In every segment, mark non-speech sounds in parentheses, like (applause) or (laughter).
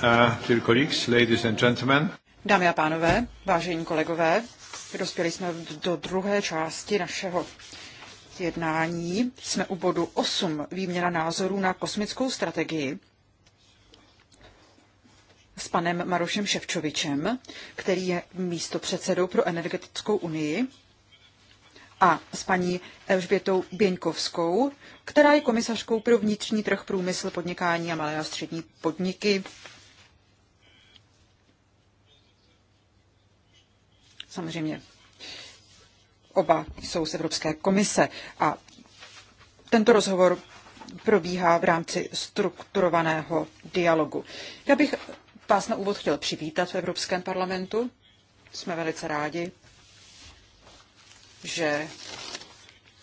Uh, Dámy a pánové, vážení kolegové, dospěli jsme do druhé části našeho jednání. Jsme u bodu 8 výměna názorů na kosmickou strategii s panem Marošem Ševčovičem, který je místo předsedou pro energetickou unii a s paní Elžbětou Běňkovskou, která je komisařkou pro vnitřní trh, průmysl, podnikání a malé a střední podniky Samozřejmě oba jsou z Evropské komise a tento rozhovor probíhá v rámci strukturovaného dialogu. Já bych vás na úvod chtěl přivítat v Evropském parlamentu. Jsme velice rádi, že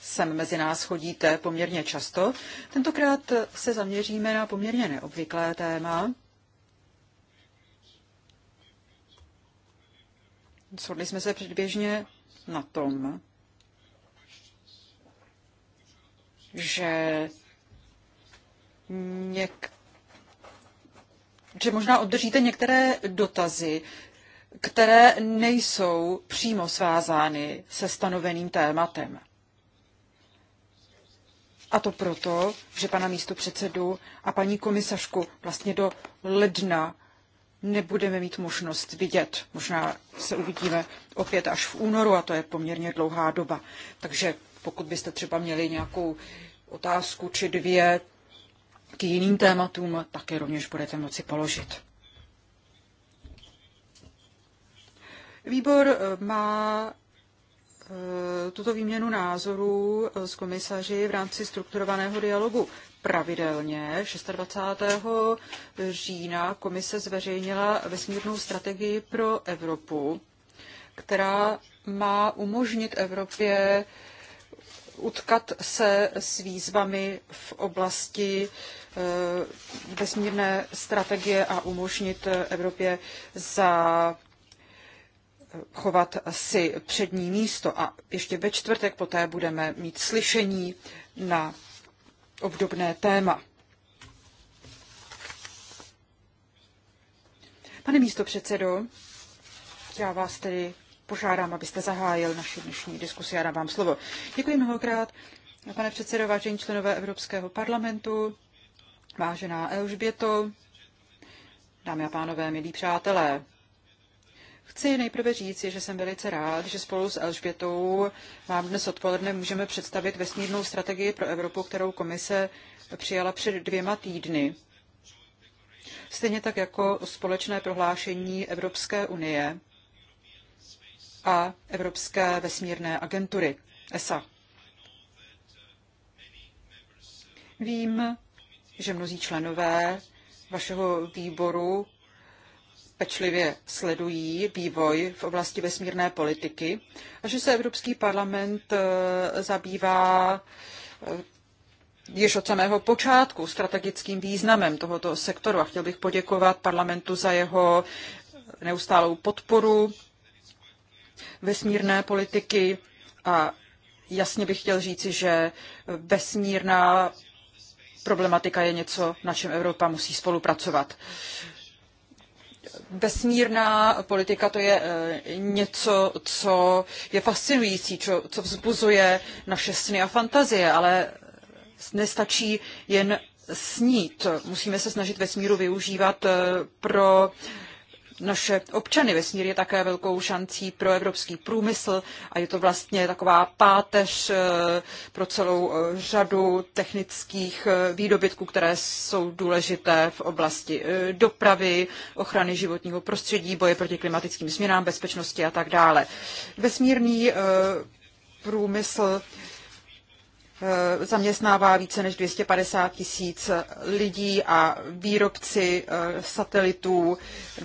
sem mezi nás chodíte poměrně často. Tentokrát se zaměříme na poměrně neobvyklé téma, shodli jsme se předběžně na tom, že něk... že možná obdržíte některé dotazy, které nejsou přímo svázány se stanoveným tématem. A to proto, že pana místopředsedu a paní komisařku vlastně do ledna nebudeme mít možnost vidět. Možná se uvidíme opět až v únoru a to je poměrně dlouhá doba. Takže pokud byste třeba měli nějakou otázku či dvě k jiným tématům, tak je rovněž budete moci položit. Výbor eh, má eh, tuto výměnu názorů eh, s komisaři v rámci strukturovaného dialogu pravidelně. 26. října komise zveřejnila vesmírnou strategii pro Evropu, která má umožnit Evropě utkat se s výzvami v oblasti eh, vesmírné strategie a umožnit Evropě za eh, chovat si přední místo. A ještě ve čtvrtek poté budeme mít slyšení na obdobné téma. Pane místo předsedo, já vás tedy požádám, abyste zahájil naši dnešní diskusi. Já dám vám slovo. Děkuji mnohokrát, pane předsedo, vážení členové Evropského parlamentu, vážená Elžběto, dámy a pánové, milí přátelé. Chci nejprve říct, že jsem velice rád, že spolu s Elžbětou vám dnes odpoledne můžeme představit vesmírnou strategii pro Evropu, kterou komise přijala před dvěma týdny. Stejně tak jako společné prohlášení Evropské unie a Evropské vesmírné agentury ESA. Vím, že mnozí členové vašeho výboru pečlivě sledují vývoj v oblasti vesmírné politiky a že se Evropský parlament eh, zabývá eh, již od samého počátku strategickým významem tohoto sektoru a chtěl bych poděkovat parlamentu za jeho neustálou podporu vesmírné politiky a jasně bych chtěl říci, že vesmírná problematika je něco, na čem Evropa musí spolupracovat vesmírná politika to je eh, něco, co je fascinující, co, co vzbuzuje naše sny a fantazie, ale nestačí jen snít. Musíme se snažit vesmíru využívat eh, pro uh, naše občany. Vesmír je také velkou šancí pro evropský průmysl a je to vlastně taková páteř eh, pro celou eh, řadu technických eh, výdobytků, které jsou důležité v oblasti dopravy, ochrany životního prostředí, boje proti klimatickým změnám, bezpečnosti a tak dále. Vesmírný průmysl Eh, zaměstnává více než 250 tisíc lidí a výrobci eh, satelitů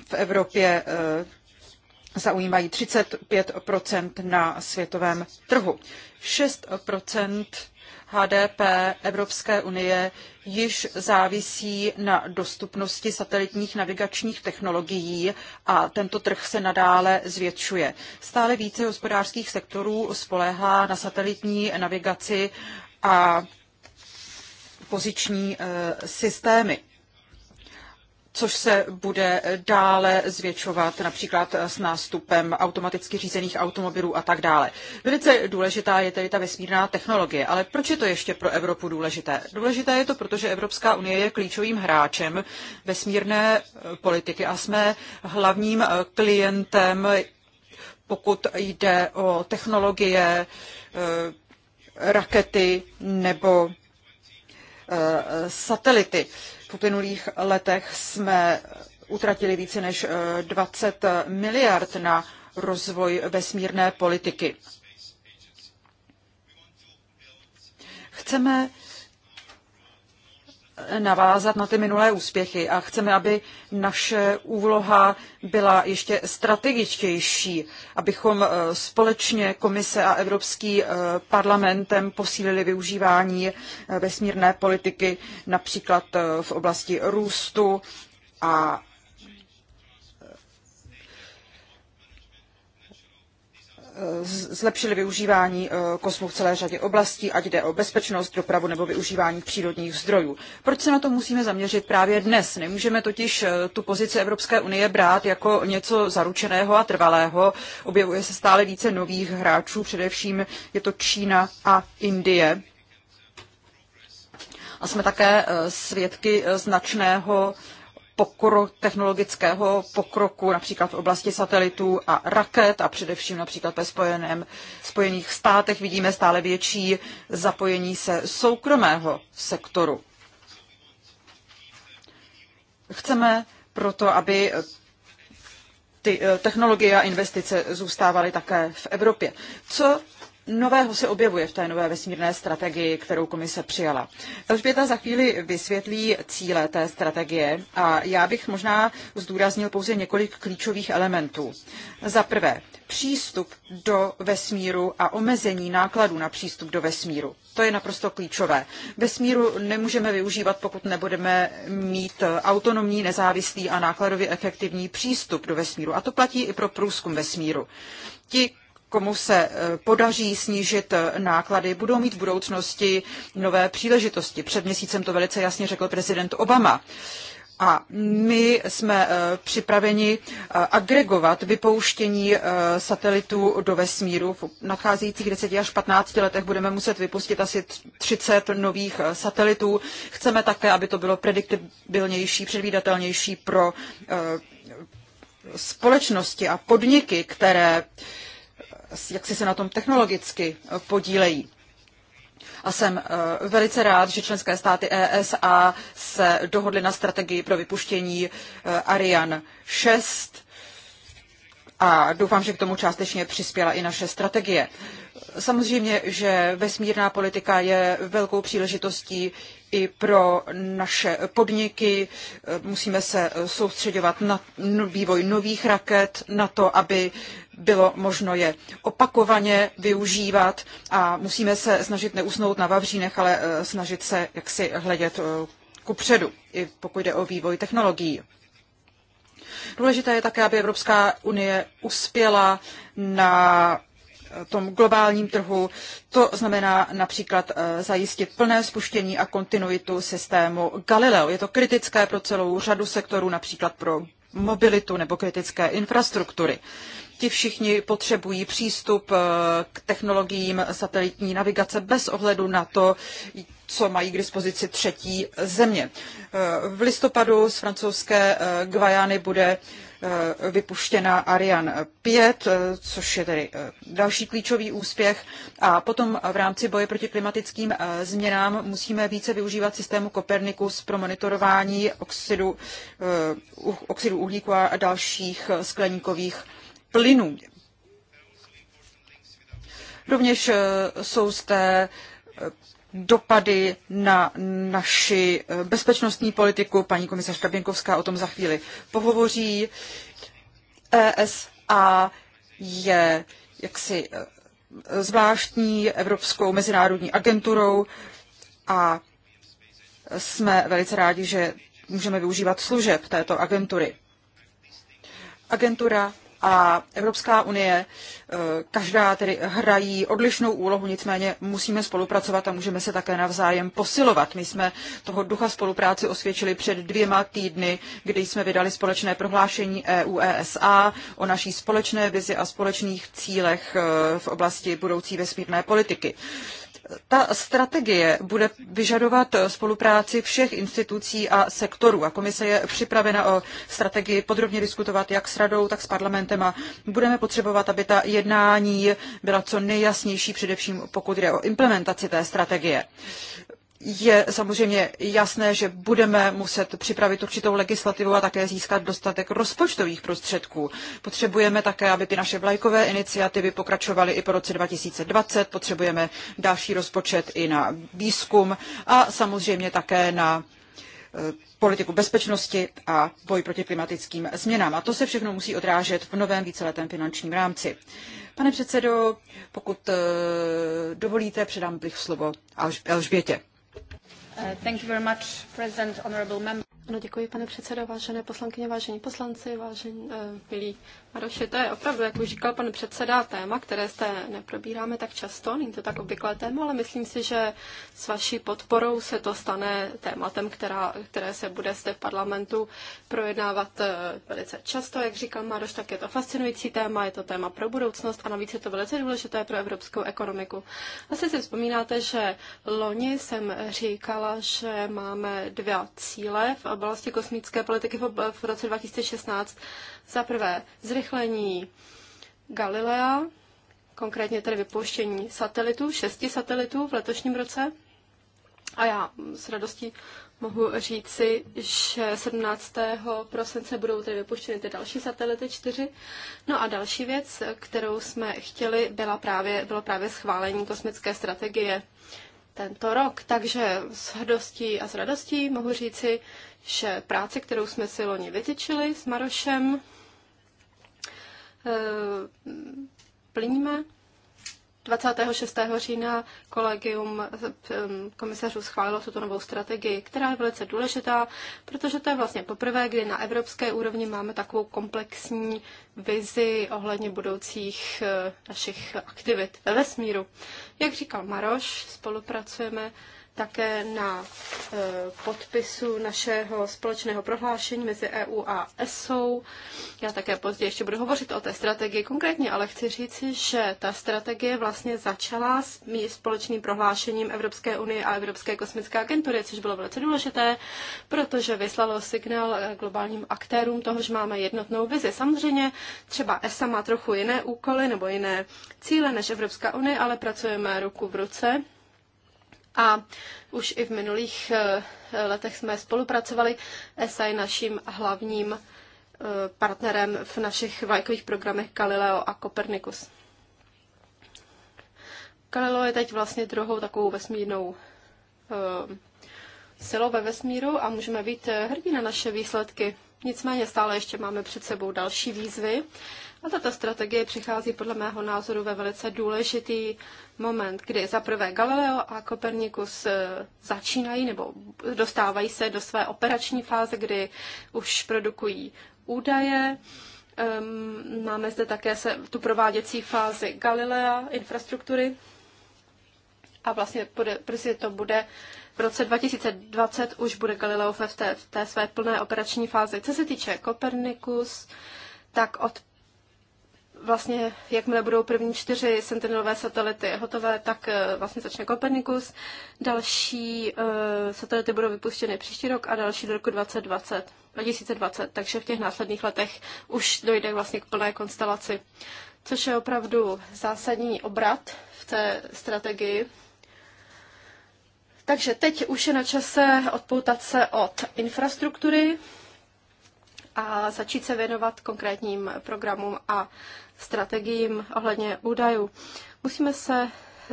v Evropě eh, zaujímají 35 na světovém trhu. 6 HDP Evropské unie již závisí na dostupnosti satelitních navigačních technologií a tento trh se nadále zvětšuje. Stále více hospodářských sektorů spoléhá na satelitní navigaci a poziční e, systémy což se bude dále zvětšovat například s nástupem automaticky řízených automobilů a tak dále. Velice důležitá je tedy ta vesmírná technologie, ale proč je to ještě pro Evropu důležité? Důležité je to, protože Evropská unie je klíčovým hráčem vesmírné e, politiky a jsme hlavním e, klientem, pokud jde o technologie, rakety nebo eh, satelity. V uplynulých letech jsme utratili více než 20 eh, miliard na rozvoj vesmírné politiky. Chceme navázat na ty minulé úspěchy a chceme, aby naše úloha byla ještě strategičtější, abychom eh, společně komise a Evropský eh, parlamentem posílili využívání eh, vesmírné politiky například v oblasti růstu a zlepšili využívání eh, kosmu v celé řadě oblastí, ať jde o bezpečnost, dopravu nebo využívání přírodních zdrojů. Proč se na to musíme zaměřit právě dnes? Nemůžeme totiž eh, tu pozici Evropské unie brát jako něco zaručeného a trvalého. Objevuje se stále více nových hráčů, především je to Čína a Indie. A jsme také eh, svědky značného pokro, technologického pokroku, například v oblasti satelitů a raket a především například ve spojeném, Spojených státech vidíme stále větší zapojení se soukromého sektoru. Chceme proto, aby ty eh, technologie a investice zůstávaly také v Evropě. Co nového se objevuje v té nové vesmírné strategii, kterou komise přijala. Elžběta za chvíli vysvětlí cíle té strategie a já bych možná zdůraznil pouze několik klíčových elementů. Za prvé, přístup do vesmíru a omezení nákladů na přístup do vesmíru. To je naprosto klíčové. Vesmíru nemůžeme využívat, pokud nebudeme mít autonomní, nezávislý a nákladově efektivní přístup do vesmíru. A to platí i pro průzkum vesmíru. Ti, komu se e, podaří snížit e, náklady, budou mít v budoucnosti nové příležitosti. Před měsícem to velice jasně řekl prezident Obama. A my jsme e, připraveni agregovat vypouštění satelitů do vesmíru. V nadcházejících 10 až 15 letech budeme muset vypustit asi 30 nových satelitů. Chceme také, aby to bylo prediktibilnější, předvídatelnější pro společnosti a podniky, které uh, jak si se na tom technologicky eh, podílejí. A jsem eh, velice rád, že členské státy ESA se dohodly na strategii pro vypuštění eh, Ariane 6 a doufám, že k tomu částečně přispěla i naše strategie. Samozřejmě, že vesmírná politika je velkou příležitostí i pro naše podniky. Musíme se soustředovat na no, vývoj nových raket, na to, aby bylo možno je opakovaně využívat a musíme se snažit neusnout na vavřínech, ale eh, snažit se jaksi hledět eh, kupředu, i pokud jde o vývoj technologií. Důležité je také, aby Evropská unie uspěla na tom globálním trhu. To znamená například eh, zajistit plné spuštění a kontinuitu systému Galileo. Je to kritické pro celou řadu sektorů, například pro mobilitu nebo kritické infrastruktury. Ti všichni potřebují přístup eh, k technologiím satelitní navigace bez ohledu na to, co mají k dispozici třetí země. Eh, v listopadu z francouzské Guajány bude Eh, vypuštěna Ariane 5, eh, což je tedy eh, další klíčový úspěch. A potom v rámci boje proti klimatickým změnám musíme více využívat systému Copernicus pro monitorování oxidu, oxidu uhlíku a dalších skleníkových plynů. Rovněž jsou zde dopady na naši eh, bezpečnostní politiku. Paní komisařka Běnkovská o tom za chvíli pohovoří. ESA je jaksi eh, zvláštní evropskou mezinárodní agenturou a jsme velice rádi, že můžeme využívat služeb této agentury. Agentura a Evropská unie, eh, každá tedy hrají odlišnou úlohu, nicméně musíme spolupracovat a můžeme se také navzájem posilovat. My jsme toho ducha spolupráci osvědčili před dvěma týdny, kdy jsme vydali společné prohlášení EU-ESA o naší společné vizi a společných cílech eh, v oblasti budoucí vesmírné politiky ta strategie bude vyžadovat spolupráci všech institucí a sektorů a komise je připravena o strategii podrobně diskutovat jak s radou, tak s parlamentem a budeme potřebovat, aby ta jednání byla co nejjasnější, především pokud jde o implementaci té strategie je samozřejmě jasné, že budeme muset připravit určitou legislativu a také získat dostatek rozpočtových prostředků. Potřebujeme také, aby ty naše vlajkové iniciativy pokračovaly i po roce 2020. Potřebujeme další rozpočet i na výzkum a samozřejmě také na eh, politiku bezpečnosti a boj proti klimatickým změnám. A to se všechno musí odrážet v novém víceletém finančním rámci. Pane předsedo, pokud eh, dovolíte, předám bych slovo Alžbětě. Uh, thank you very much, President, honorable member. No, děkuji, pane předsedo, vážené poslankyně, vážení poslanci, vážení uh, milí Maroši, to je opravdu, jak už říkal pan předseda, téma, které zde neprobíráme tak často, není to tak obvyklé téma, ale myslím si, že s vaší podporou se to stane tématem, která, které se bude zde v parlamentu projednávat eh, velice často. Jak říkal Maroš, tak je to fascinující téma, je to téma pro budoucnost a navíc je to velice důležité pro evropskou ekonomiku. Asi si vzpomínáte, že loni jsem říkala, že máme dva cíle v oblasti kosmické politiky v roce 2016 za prvé zrychlení Galilea, konkrétně tedy vypouštění satelitů, šesti satelitů v letošním roce. A já s radostí mohu říci, že 17. prosince budou tedy vypuštěny ty další satelity čtyři. No a další věc, kterou jsme chtěli, byla právě, bylo právě schválení kosmické strategie tento rok. Takže s hrdostí a s radostí mohu říci, vše práce, kterou jsme si loni vytyčili s Marošem, eh, plníme. 26. října kolegium eh, eh, komisařů schválilo tuto novou strategii, která je velice důležitá, protože to je vlastně poprvé, kdy na evropské úrovni máme takovou komplexní vizi ohledně budoucích našich aktivit ve vesmíru. Jak říkal Maroš, spolupracujeme také na e, podpisu našeho společného prohlášení mezi EU a ESO. Já také později ještě budu hovořit o té strategii konkrétně, ale chci říci, že ta strategie vlastně začala s společným prohlášením Evropské unie a Evropské kosmické agentury, což bylo velice důležité, protože vyslalo signál e, globálním aktérům toho, že máme jednotnou vizi. Samozřejmě třeba ESA má trochu jiné úkoly nebo jiné cíle než Evropská unie, ale pracujeme ruku v ruce a už i v minulých eh, letech jsme spolupracovali. ESA je naším hlavním eh, partnerem v našich vlajkových programech Galileo a Copernicus. Galileo je teď vlastně druhou takovou vesmírnou eh, silou ve vesmíru a můžeme být hrdí na naše výsledky. Nicméně stále ještě máme před sebou další výzvy a tato strategie přichází podle mého názoru ve velice důležitý moment, kdy za prvé Galileo a Kopernikus eh, začínají nebo dostávají se do své operační fáze, kdy už produkují údaje. Ehm, máme zde také se, tu prováděcí fázi Galilea infrastruktury a vlastně bude, prostě to bude v roce 2020 už bude Galileo v té, v té své plné operační fázi. Co se týče Kopernikus, tak od vlastně, jakmile budou první čtyři sentinelové satelity hotové, tak eh, vlastně začne Copernicus. Další uh, satelity budou vypuštěny příští rok a další do roku 2020, 2020. Takže v těch následných letech už dojde vlastně k plné konstelaci, což je opravdu zásadní obrat v té strategii. Takže teď už je na čase odpoutat se od infrastruktury a začít se věnovat konkrétním programům a strategiím ohledně údajů. Musíme se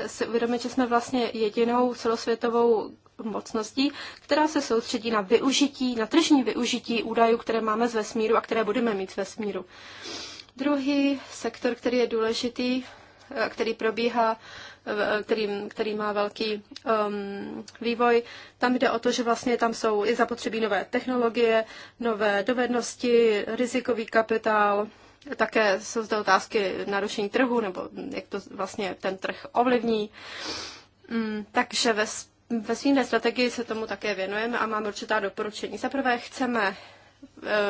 si uvědomit, že jsme vlastně jedinou celosvětovou mocností, která se soustředí na využití, na tržní využití údajů, které máme z vesmíru a které budeme mít z vesmíru. Druhý sektor, který je důležitý, eh, který probíhá, eh, který, který má velký um, vývoj. Tam jde o to, že vlastně tam jsou i zapotřebí nové technologie, nové dovednosti, rizikový kapitál, také jsou zde otázky narušení trhu, nebo jak to vlastně ten trh ovlivní. Mm, takže ve, ve svým strategii se tomu také věnujeme a máme určitá doporučení. Zaprvé chceme chceme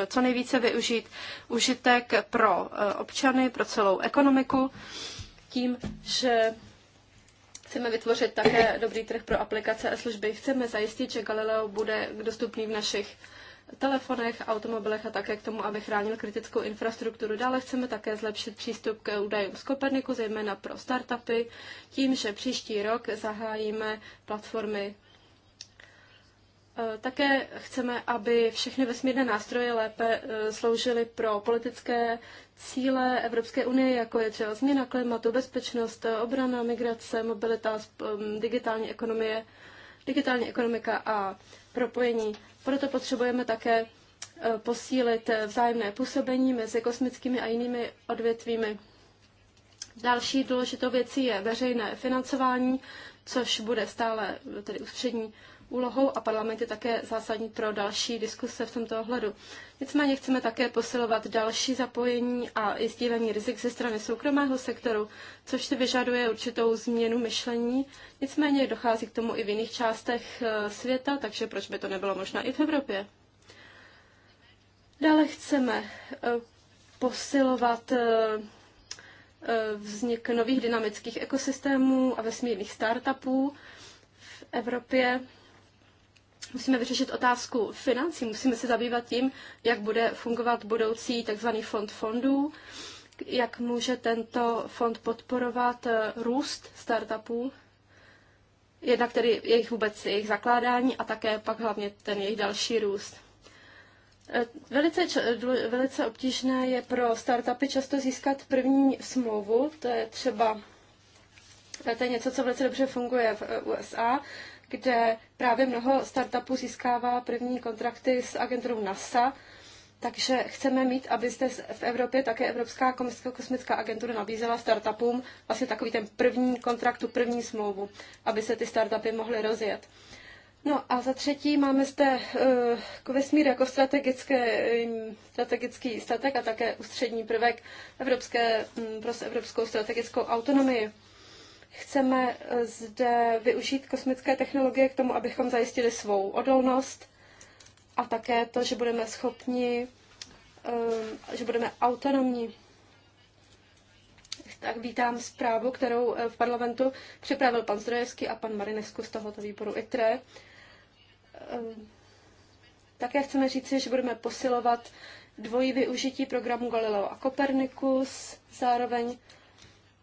co nejvíce využít užitek pro e, občany, pro celou ekonomiku, tím, že Chceme vytvořit také dobrý trh pro aplikace a služby. Chceme zajistit, že Galileo bude dostupný v našich telefonech, automobilech a také k tomu, aby chránil kritickou infrastrukturu. Dále chceme také zlepšit přístup k údajům z Koperniku, zejména pro startupy, tím, že příští rok zahájíme platformy eh, také chceme, aby všechny vesmírné nástroje lépe eh, sloužily pro politické cíle Evropské unie, jako je třeba změna klimatu, bezpečnost, eh, obrana, migrace, mobilita, digitální ekonomie, digitální ekonomika a propojení. Proto potřebujeme také e, posílit vzájemné působení mezi kosmickými a jinými odvětvími. Další důležitou věcí je veřejné financování, což bude stále e, tedy ústřední úlohou a parlament je také zásadní pro další diskuse v tomto ohledu. Nicméně chceme také posilovat další zapojení a i sdílení rizik ze strany soukromého sektoru, což si vyžaduje určitou změnu myšlení. Nicméně dochází k tomu i v jiných částech eh, světa, takže proč by to nebylo možná i v Evropě? Dále chceme eh, posilovat eh, vznik nových dynamických ekosystémů a vesmírných startupů v Evropě. Musíme vyřešit otázku financí, musíme se zabývat tím, jak bude fungovat budoucí tzv. fond fondů, jak může tento fond podporovat eh, růst startupů, jednak tedy jejich vůbec jejich zakládání a také pak hlavně ten jejich další růst. Eh, velice, velice obtížné je pro startupy často získat první smlouvu, to je třeba to je něco, co velice dobře funguje v eh, USA kde právě mnoho startupů získává první kontrakty s agenturou NASA, takže chceme mít, aby v Evropě také Evropská kosmická agentura nabízela startupům vlastně takový ten první kontrakt, tu první smlouvu, aby se ty startupy mohly rozjet. No a za třetí máme zde uh, eh, vesmír jako strategické, um, strategický statek a také ústřední prvek evropské, um, pro evropskou strategickou autonomii. Chceme eh, zde využít kosmické technologie k tomu, abychom zajistili svou odolnost a také to, že budeme schopni, eh, že budeme autonomní. Tak vítám zprávu, kterou eh, v parlamentu připravil pan Zdrojevský a pan Marinesku z tohoto výboru ITRE. Také chceme říci, že budeme posilovat dvojí využití programu Galileo a Copernicus, zároveň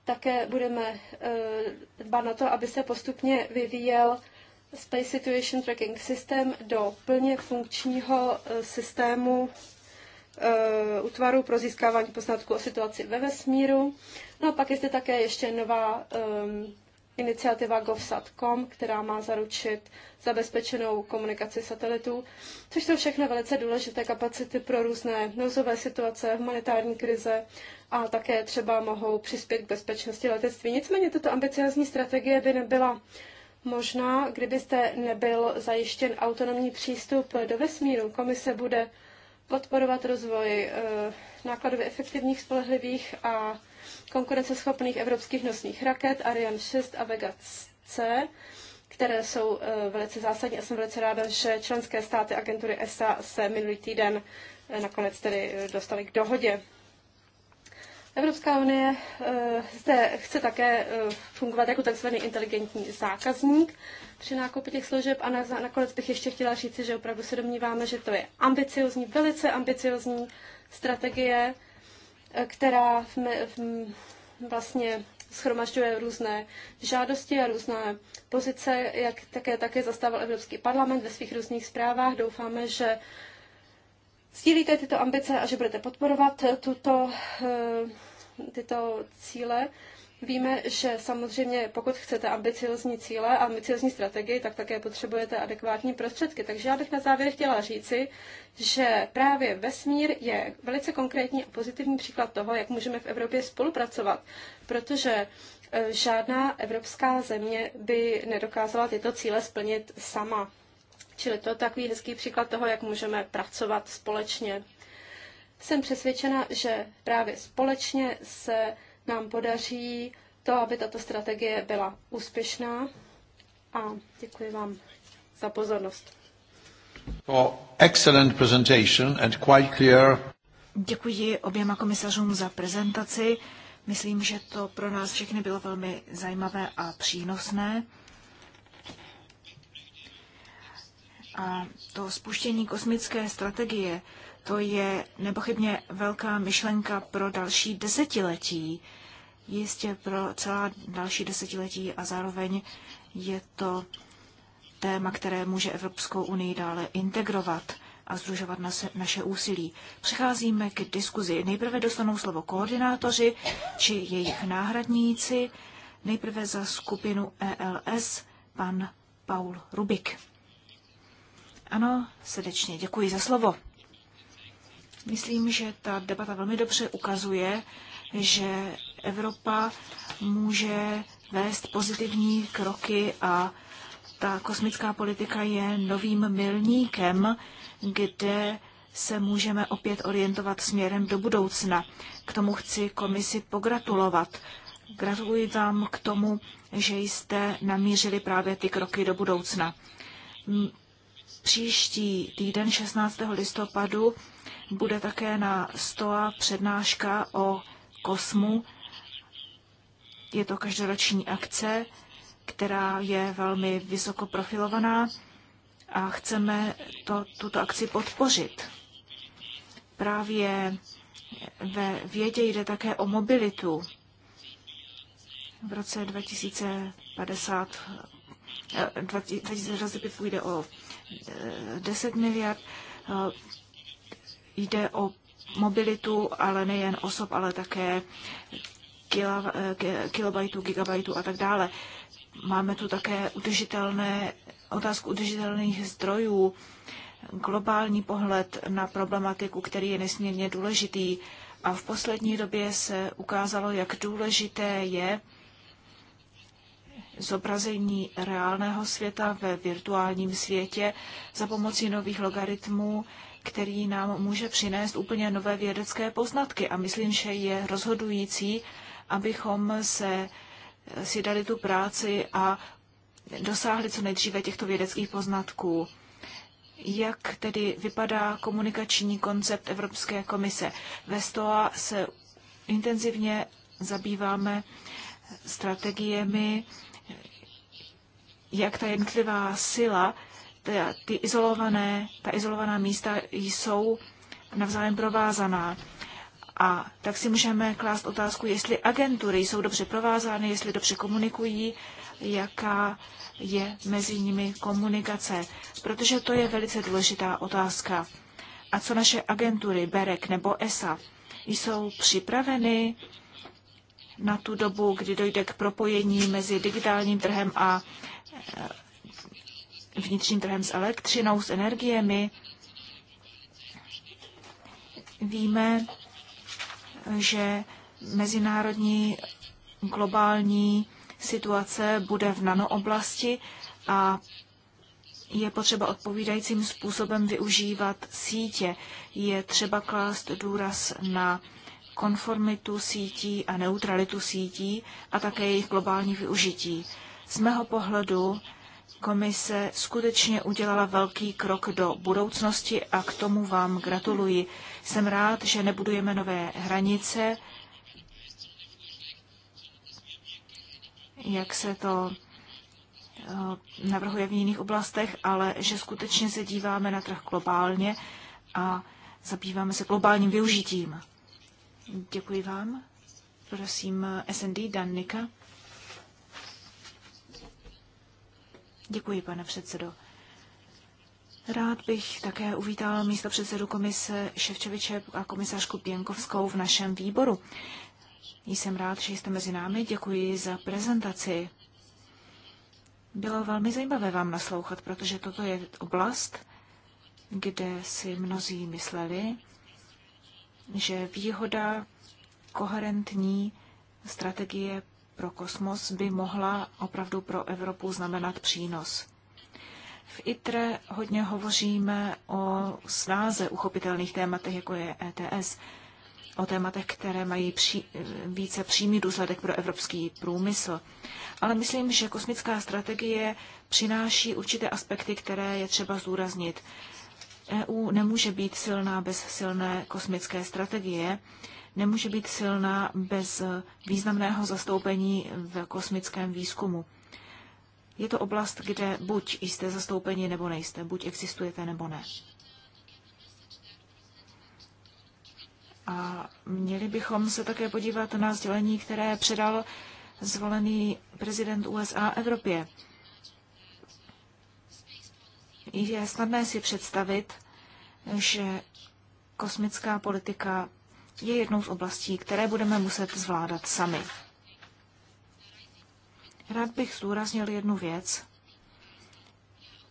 také budeme eh, dbát na to, aby se postupně vyvíjel Space Situation Tracking System do plně funkčního eh, systému eh, útvaru pro získávání poznatků o situaci ve vesmíru. No a pak je zde také ještě nová ehm, iniciativa govsat.com, která má zaručit zabezpečenou komunikaci satelitů, což jsou všechno velice důležité kapacity pro různé nouzové situace, humanitární krize a také třeba mohou přispět k bezpečnosti letectví. Nicméně tato ambiciozní strategie by nebyla možná, kdybyste nebyl zajištěn autonomní přístup do vesmíru. Komise bude podporovat rozvoj eh, nákladově efektivních, spolehlivých a konkurenceschopných evropských nosných raket Ariane 6 a Vega C, které jsou eh, velice zásadní a jsem velice ráda, že členské státy agentury ESA se minulý týden eh, nakonec tedy eh, dostali k dohodě. Evropská unie zde chce také fungovat jako tzv. inteligentní zákazník při nákupu těch služeb a nakonec bych ještě chtěla říci, že opravdu se domníváme, že to je ambiciozní, velice ambiciozní strategie, která v, v, vlastně schromažďuje různé žádosti a různé pozice, jak také, také zastával Evropský parlament ve svých různých zprávách. Doufáme, že sdílíte tyto ambice a že budete podporovat tuto, eh, tyto cíle. Víme, že samozřejmě pokud chcete ambiciozní cíle a ambiciozní strategii, tak také potřebujete adekvátní prostředky. Takže já bych na závěr chtěla říci, že právě vesmír je velice konkrétní a pozitivní příklad toho, jak můžeme v Evropě spolupracovat, protože e, žádná evropská země by nedokázala tyto cíle splnit sama. Čili to je takový hezký příklad toho, jak můžeme pracovat společně. Jsem přesvědčena, že právě společně se nám podaří to, aby tato strategie byla úspěšná. A děkuji vám za pozornost. For excellent presentation and quite clear. Děkuji oběma komisařům za prezentaci. Myslím, že to pro nás všechny bylo velmi zajímavé a přínosné. A to spuštění kosmické strategie to je nepochybně velká myšlenka pro další desetiletí, jistě pro celá další desetiletí a zároveň je to téma, které může Evropskou unii dále integrovat a združovat naše, naše úsilí. Přecházíme k diskuzi. Nejprve dostanou slovo koordinátoři či jejich náhradníci. Nejprve za skupinu ELS pan Paul Rubik. Ano, srdečně děkuji za slovo. Myslím, že ta debata velmi dobře ukazuje, že Evropa může vést pozitivní kroky a ta kosmická politika je novým milníkem, kde se můžeme opět orientovat směrem do budoucna. K tomu chci komisi pogratulovat. Gratuluji vám k tomu, že jste namířili právě ty kroky do budoucna. Příští týden 16. listopadu bude také na stoa přednáška o kosmu. Je to každoroční akce, která je velmi vysoko profilovaná a chceme to, tuto akci podpořit. Právě ve vědě jde také o mobilitu. V roce 2050 2025 eh, půjde o 10 eh, miliard, eh, Jde o mobilitu, ale nejen osob, ale také kila, kilobajtů, gigabajtů a tak dále. Máme tu také udržitelné, otázku udržitelných zdrojů, globální pohled na problematiku, který je nesmírně důležitý. A v poslední době se ukázalo, jak důležité je zobrazení reálného světa ve virtuálním světě za pomocí nových logaritmů, který nám může přinést úplně nové vědecké poznatky. A myslím, že je rozhodující, abychom se eh, si dali tu práci a dosáhli co nejdříve těchto vědeckých poznatků. Jak tedy vypadá komunikační koncept Evropské komise? Ve STOA se intenzivně zabýváme strategiemi, jak ta jednotlivá sila ty izolované, ta izolovaná místa jsou navzájem provázaná. A tak si můžeme klást otázku, jestli agentury jsou dobře provázány, jestli dobře komunikují, jaká je mezi nimi komunikace, protože to je velice důležitá otázka. A co naše agentury, BEREK nebo ESA, jsou připraveny na tu dobu, kdy dojde k propojení mezi digitálním trhem a vnitřním trhem s elektřinou, s energiemi. Víme, že mezinárodní globální situace bude v nanooblasti a je potřeba odpovídajícím způsobem využívat sítě. Je třeba klást důraz na konformitu sítí a neutralitu sítí a také jejich globální využití. Z mého pohledu komise skutečně udělala velký krok do budoucnosti a k tomu vám gratuluji. Jsem rád, že nebudujeme nové hranice, jak se to eh, navrhuje v jiných oblastech, ale že skutečně se díváme na trh globálně a zabýváme se globálním využitím. Děkuji vám. Prosím eh, SND Dan Nika. Děkuji, pane předsedo. Rád bych také uvítal místo předsedu komise Ševčeviče a komisařku Pěnkovskou v našem výboru. Jsem rád, že jste mezi námi. Děkuji za prezentaci. Bylo velmi zajímavé vám naslouchat, protože toto je oblast, kde si mnozí mysleli, že výhoda koherentní strategie pro kosmos by mohla opravdu pro Evropu znamenat přínos. V ITRE hodně hovoříme o snáze uchopitelných tématech, jako je ETS, o tématech, které mají pří, více přímý důsledek pro evropský průmysl. Ale myslím, že kosmická strategie přináší určité aspekty, které je třeba zdůraznit. EU nemůže být silná bez silné kosmické strategie, nemůže být silná bez významného zastoupení v kosmickém výzkumu. Je to oblast, kde buď jste zastoupeni nebo nejste, buď existujete nebo ne. A měli bychom se také podívat na sdělení, které předal zvolený prezident USA Evropě. Je snadné si představit, že kosmická politika je jednou z oblastí, které budeme muset zvládat sami. Rád bych zdůraznil jednu věc,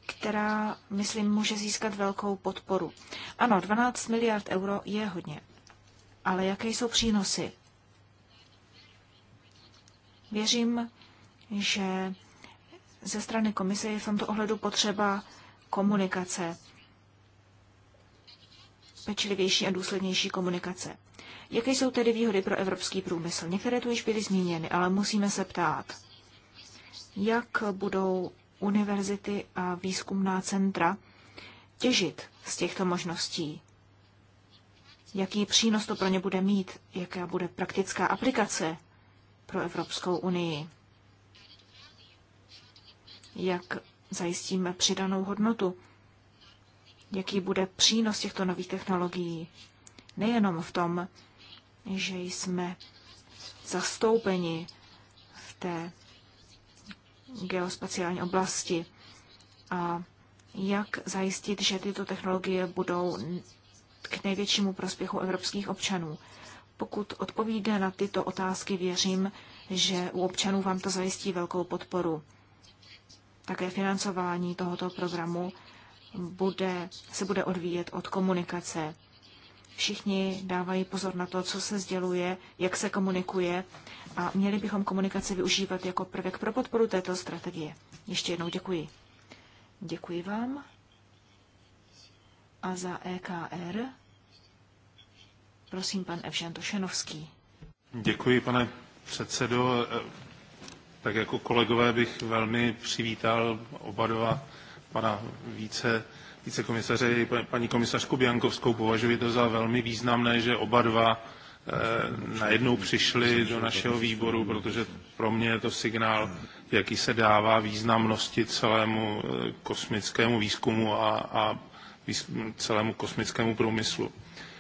která, myslím, může získat velkou podporu. Ano, 12 miliard euro je hodně, ale jaké jsou přínosy? Věřím, že ze strany komise je v tomto ohledu potřeba komunikace, pečlivější a důslednější komunikace. Jaké jsou tedy výhody pro evropský průmysl? Některé tu již byly zmíněny, ale musíme se ptát, jak budou univerzity a výzkumná centra těžit z těchto možností? Jaký přínos to pro ně bude mít? Jaká bude praktická aplikace pro Evropskou unii? Jak zajistíme přidanou hodnotu? Jaký bude přínos těchto nových technologií? Nejenom v tom, že jsme zastoupeni v té geospaciální oblasti a jak zajistit, že tyto technologie budou k největšímu prospěchu evropských občanů. Pokud odpovíde na tyto otázky, věřím, že u občanů vám to zajistí velkou podporu. Také financování tohoto programu bude, se bude odvíjet od komunikace všichni dávají pozor na to, co se sděluje, jak se komunikuje a měli bychom komunikaci využívat jako prvek pro podporu této strategie. Ještě jednou děkuji. Děkuji vám. A za EKR prosím pan Evžen Tošenovský. Děkuji, pane předsedo. Tak jako kolegové bych velmi přivítal oba dva pana více vicekomisaře paní komisařku Biankovskou považuji to za velmi významné, že oba dva eh, najednou přišli do našeho výboru, protože pro mě je to signál, jaký se dává významnosti celému eh, kosmickému výzkumu a, a celému kosmickému průmyslu.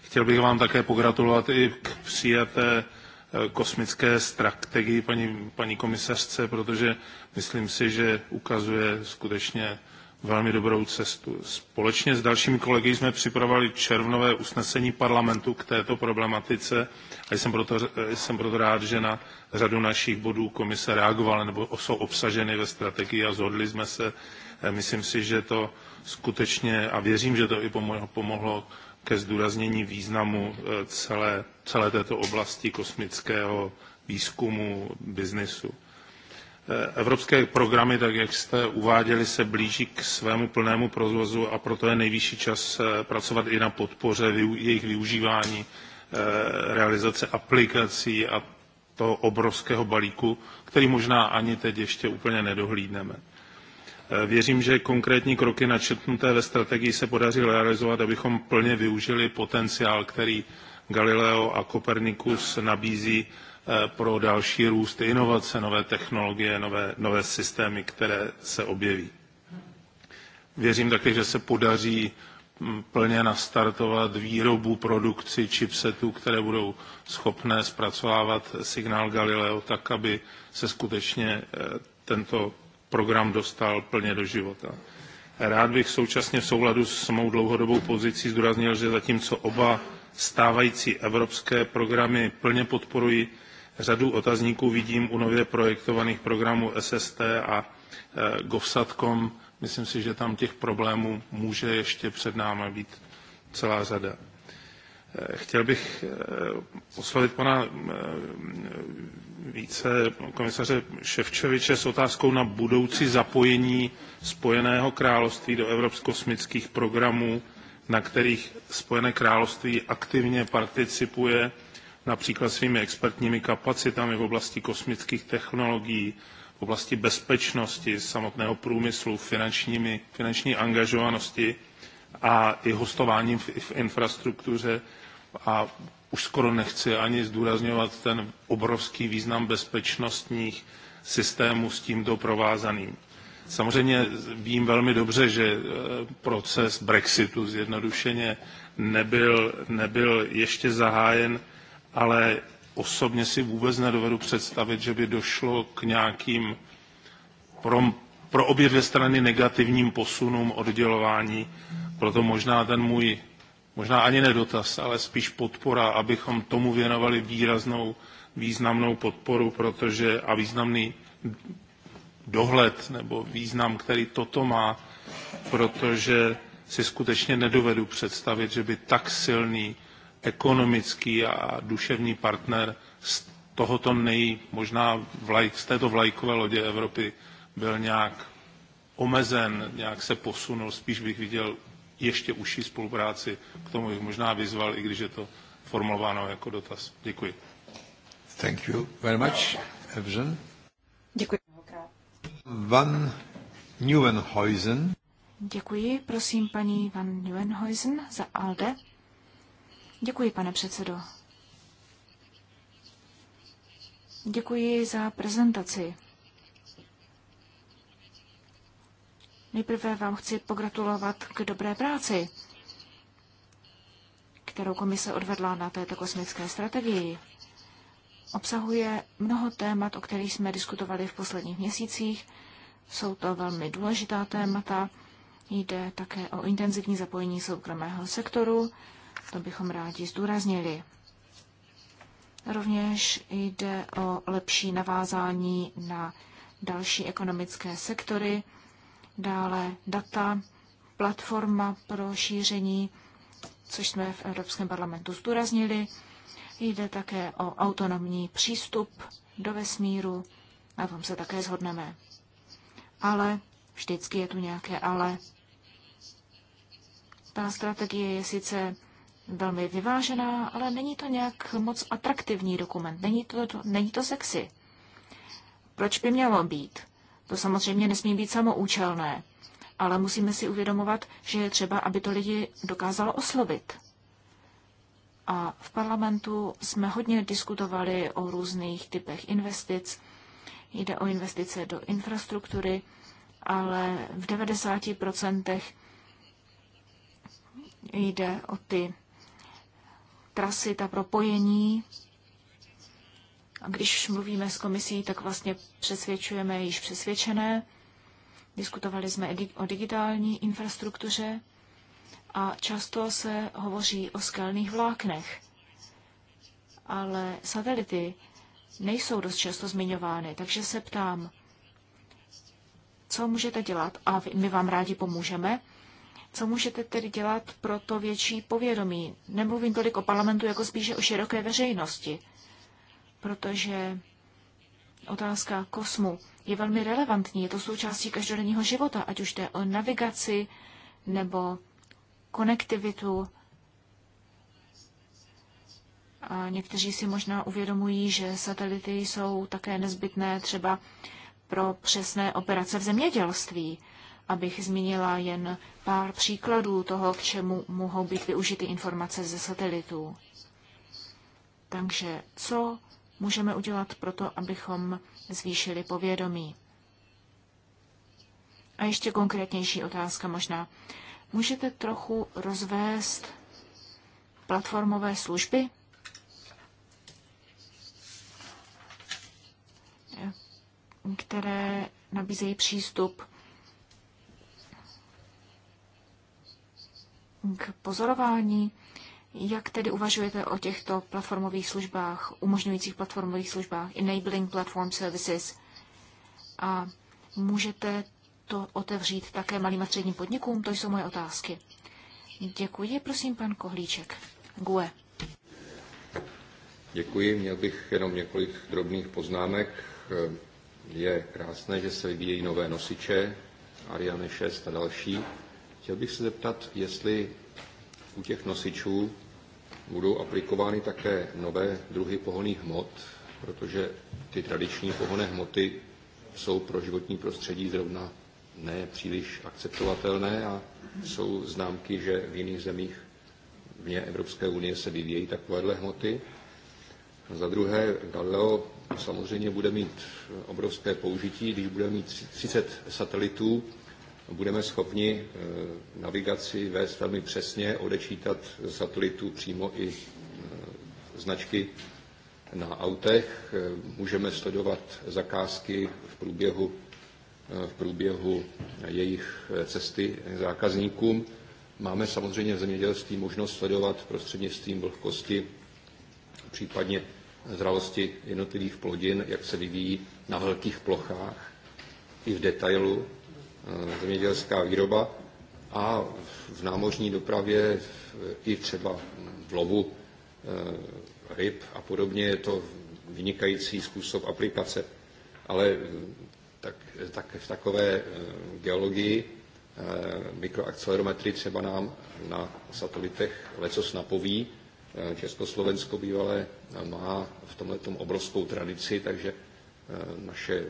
Chtěl bych vám také pogratulovat i k přijaté eh, kosmické strategii paní, paní komisařce, protože myslím si, že ukazuje skutečně velmi dobrou cestu. Společně s dalšími kolegy jsme připravovali červnové usnesení parlamentu k této problematice a jsem proto, jsem proto rád, že na řadu našich bodů komise reagovala nebo jsou obsaženy ve strategii a zhodli jsme se. Eh, myslím si, že to skutečně a věřím, že to i pomohlo, pomohlo ke zdůraznění významu eh, celé, celé této oblasti kosmického výzkumu, biznisu. Eh, evropské programy, tak jak jste uváděli, se blíží k svému plnému provozu a proto je nejvyšší čas eh, pracovat i na podpoře jejich využívání, eh, realizace aplikací a toho obrovského balíku, který možná ani teď ještě úplně nedohlídneme. Věřím, že konkrétní kroky načetnuté ve strategii se podaří realizovat, abychom plně využili potenciál, který Galileo a Copernicus nabízí Eh, pro další růst, inovace, nové technologie, nové, nové systémy, které se objeví. Věřím také, že se podaří mm, plně nastartovat výrobu, produkci chipsetů, které budou schopné zpracovávat signál Galileo tak, aby se skutečně eh, tento program dostal plně do života. Rád bych současně v souladu s mou dlouhodobou pozicí zdůraznil, že zatímco oba stávající evropské programy plně podporují Řadu otazníků vidím u nově projektovaných programů SST a e, GovSatcom. Myslím si, že tam těch problémů může ještě před námi být celá řada. E, chtěl bych e, oslovit pana více komisaře Ševčeviče s otázkou na budoucí zapojení Spojeného království do evropskosmických programů, na kterých Spojené království aktivně participuje například svými expertními kapacitami v oblasti kosmických technologií, v oblasti bezpečnosti, samotného průmyslu, finančními, finanční angažovanosti a i hostováním v, v infrastruktuře. A už skoro nechci ani zdůrazňovat ten obrovský význam bezpečnostních systémů s tímto provázaným. Samozřejmě vím velmi dobře, že e, proces Brexitu zjednodušeně nebyl, nebyl ještě zahájen ale osobně si vůbec nedovedu představit, že by došlo k nějakým pro, pro obě dvě strany negativním posunům oddělování. Proto možná ten můj, možná ani nedotaz, ale spíš podpora, abychom tomu věnovali výraznou, významnou podporu, protože a významný dohled nebo význam, který toto má, protože si skutečně nedovedu představit, že by tak silný ekonomický a duševní partner z tohoto nej, možná vlajk, z této vlajkové lodě Evropy byl nějak omezen, nějak se posunul, spíš bych viděl ještě užší spolupráci, k tomu bych možná vyzval, i když je to formulováno jako dotaz. Děkuji. Thank you very much, Evžen. Děkuji Van Neuenhuizen. Děkuji, prosím paní Van Neuenhuizen za ALDE. Děkuji, pane předsedo. Děkuji za prezentaci. Nejprve vám chci pogratulovat k dobré práci, kterou komise odvedla na této kosmické strategii. Obsahuje mnoho témat, o kterých jsme diskutovali v posledních měsících. Jsou to velmi důležitá témata. Jde také o intenzivní zapojení soukromého sektoru, to bychom rádi zdůraznili. Rovněž jde o lepší navázání na další ekonomické sektory, dále data, platforma pro šíření, což jsme v Evropském parlamentu zdůraznili. Jde také o autonomní přístup do vesmíru, na tom se také zhodneme. Ale, vždycky je tu nějaké ale. Ta strategie je sice velmi vyvážená, ale není to nějak moc atraktivní dokument, není to, to, není to sexy. Proč by mělo být? To samozřejmě nesmí být samoučelné, ale musíme si uvědomovat, že je třeba, aby to lidi dokázalo oslovit. A v parlamentu jsme hodně diskutovali o různých typech investic. Jde o investice do infrastruktury, ale v 90% jde o ty trasy, ta propojení. A když mluvíme s komisí, tak vlastně přesvědčujeme již přesvědčené. Diskutovali jsme o digitální infrastruktuře a často se hovoří o skelných vláknech. Ale satelity nejsou dost často zmiňovány, takže se ptám, co můžete dělat a my vám rádi pomůžeme, co můžete tedy dělat pro to větší povědomí? Nemluvím tolik o parlamentu, jako spíše o široké veřejnosti, protože otázka kosmu je velmi relevantní. Je to součástí každodenního života, ať už jde o navigaci nebo konektivitu. A někteří si možná uvědomují, že satelity jsou také nezbytné třeba pro přesné operace v zemědělství abych zmínila jen pár příkladů toho, k čemu mohou být využity informace ze satelitů. Takže co můžeme udělat pro to, abychom zvýšili povědomí? A ještě konkrétnější otázka možná. Můžete trochu rozvést platformové služby? které nabízejí přístup k pozorování. Jak tedy uvažujete o těchto platformových službách, umožňujících platformových službách, enabling platform services? A můžete to otevřít také malým a středním podnikům? To jsou moje otázky. Děkuji, prosím, pan Kohlíček. GUE. Děkuji, měl bych jenom několik drobných poznámek. Je krásné, že se vyvíjejí nové nosiče, Ariane 6 a další Chtěl bych se zeptat, jestli u těch nosičů budou aplikovány také nové druhy pohonných hmot, protože ty tradiční pohonné hmoty jsou pro životní prostředí zrovna ne příliš akceptovatelné a jsou známky, že v jiných zemích vně Evropské unie se vyvíjejí takovéhle hmoty. Za druhé, Galileo samozřejmě bude mít obrovské použití, když bude mít 30 satelitů, budeme schopni eh, navigaci vést velmi přesně, odečítat satelitu přímo i eh, značky na autech. Eh, můžeme sledovat zakázky v průběhu, v průběhu jejich cesty zákazníkům. Máme samozřejmě v zemědělství možnost sledovat prostřednictvím vlhkosti, případně zralosti jednotlivých plodin, jak se vyvíjí na velkých plochách i v detailu Eh, zemědělská výroba a v námořní dopravě i třeba v lovu eh, ryb a podobně je to vynikající způsob aplikace. Ale eh, tak, tak v takové geologii mikroakcelerometry třeba nám na satelitech lecos napoví. Československo bývalé má v tomhle obrovskou tradici, takže Eh, naše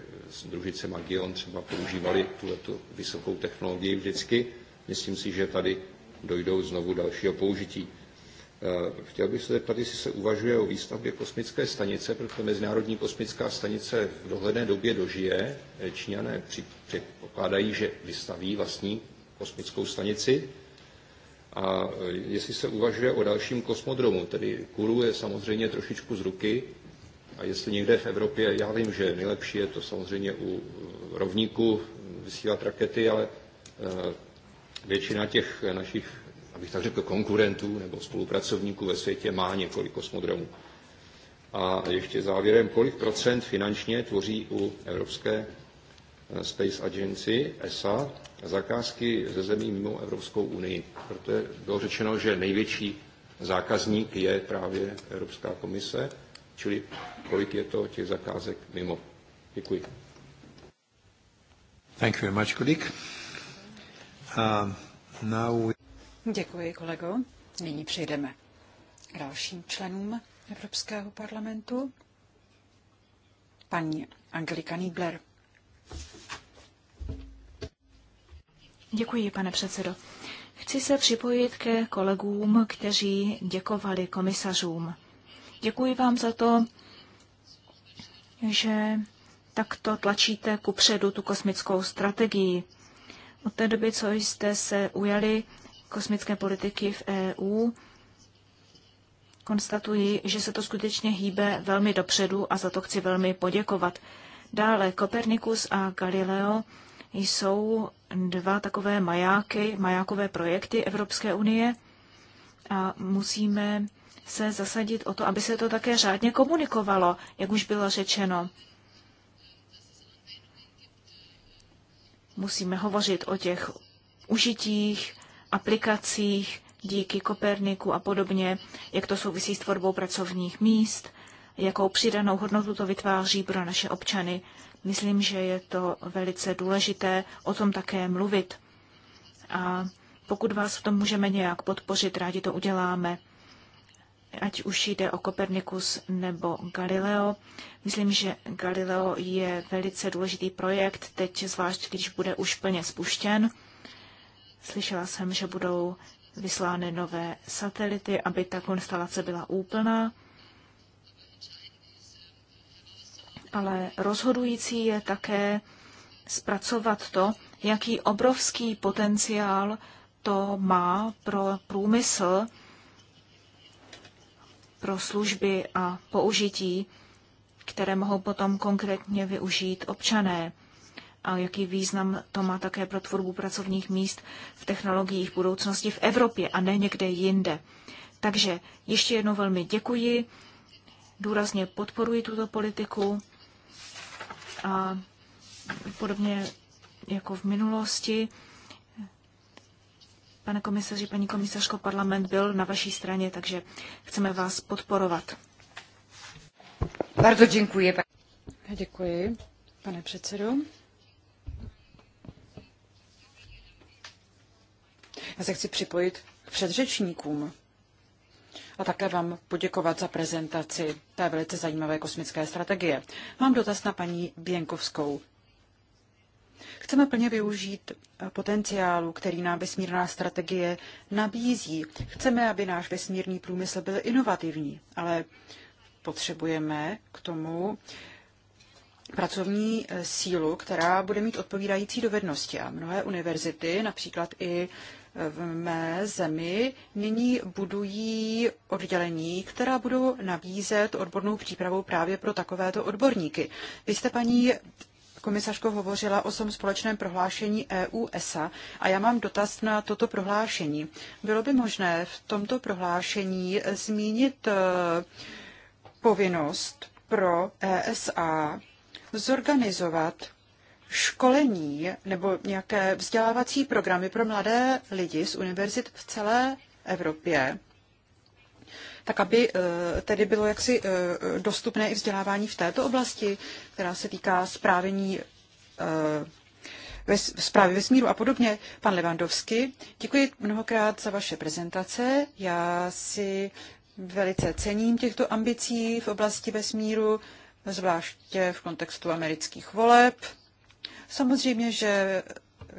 družice Magion třeba používali tuto vysokou technologii vždycky. Myslím si, že tady dojdou znovu dalšího použití. Eh, chtěl bych se zeptat, jestli se uvažuje o výstavbě kosmické stanice, protože Mezinárodní kosmická stanice v dohledné době dožije. Eh, Číňané předpokládají, že vystaví vlastní kosmickou stanici. A jestli se uvažuje o dalším kosmodromu, tedy Kuru je samozřejmě trošičku z ruky, a jestli někde v Evropě, já vím, že nejlepší je to samozřejmě u eh, rovníku vysílat rakety, ale eh, většina těch našich, abych tak řekl, konkurentů nebo spolupracovníků ve světě má několik kosmodromů. A ještě závěrem, kolik procent finančně tvoří u Evropské eh, Space Agency, ESA, zakázky ze zemí mimo Evropskou unii. Proto bylo řečeno, že největší zákazník je právě Evropská komise Čili kolik je to těch zakázek mimo. Děkuji. Thank you very much, kolik. Uh, um, now we... Děkuji, kolego. Nyní přejdeme k dalším členům Evropského parlamentu. Paní Angelika Niebler. Děkuji, pane předsedo. Chci se připojit ke kolegům, kteří děkovali komisařům. Děkuji vám za to, že takto tlačíte ku předu tu kosmickou strategii. Od té doby, co jste se ujali kosmické politiky v EU, konstatuji, že se to skutečně hýbe velmi dopředu a za to chci velmi poděkovat. Dále Kopernikus a Galileo jsou dva takové majáky, majákové projekty Evropské unie a musíme se zasadit o to, aby se to také řádně komunikovalo, jak už bylo řečeno. Musíme hovořit o těch užitích, aplikacích díky Koperniku a podobně, jak to souvisí s tvorbou pracovních míst, jakou přidanou hodnotu to vytváří pro naše občany. Myslím, že je to velice důležité o tom také mluvit. A pokud vás v tom můžeme nějak podpořit, rádi to uděláme ať už jde o Kopernikus nebo Galileo. Myslím, že Galileo je velice důležitý projekt, teď zvlášť, když bude už plně spuštěn. Slyšela jsem, že budou vyslány nové satelity, aby ta konstelace byla úplná. Ale rozhodující je také zpracovat to, jaký obrovský potenciál to má pro průmysl, pro služby a použití, které mohou potom konkrétně využít občané a jaký význam to má také pro tvorbu pracovních míst v technologiích budoucnosti v Evropě a ne někde jinde. Takže ještě jednou velmi děkuji, důrazně podporuji tuto politiku a podobně jako v minulosti Pane komisaři, paní komisařko, parlament byl na vaší straně, takže chceme vás podporovat. Bardzo děkuji. Děkuji, pane předsedo. Já se chci připojit k předřečníkům a také vám poděkovat za prezentaci té velice zajímavé kosmické strategie. Mám dotaz na paní Běnkovskou Chceme plně využít eh, potenciálu, který nám vesmírná strategie nabízí. Chceme, aby náš vesmírný průmysl byl inovativní, ale potřebujeme k tomu pracovní eh, sílu, která bude mít odpovídající dovednosti. A mnohé univerzity, například i eh, v mé zemi, nyní budují oddělení, která budou nabízet odbornou přípravu právě pro takovéto odborníky. Vy jste, paní komisařko hovořila o tom společném prohlášení EU-ESA a já mám dotaz na toto prohlášení. Bylo by možné v tomto prohlášení zmínit e, povinnost pro ESA zorganizovat školení nebo nějaké vzdělávací programy pro mladé lidi z univerzit v celé Evropě, tak aby eh, tedy bylo jaksi eh, dostupné i vzdělávání v této oblasti, která se týká správení zprávy eh, vesmíru a podobně. Pan Levandovský, děkuji mnohokrát za vaše prezentace. Já si velice cením těchto ambicí v oblasti vesmíru, zvláště v kontextu amerických voleb. Samozřejmě, že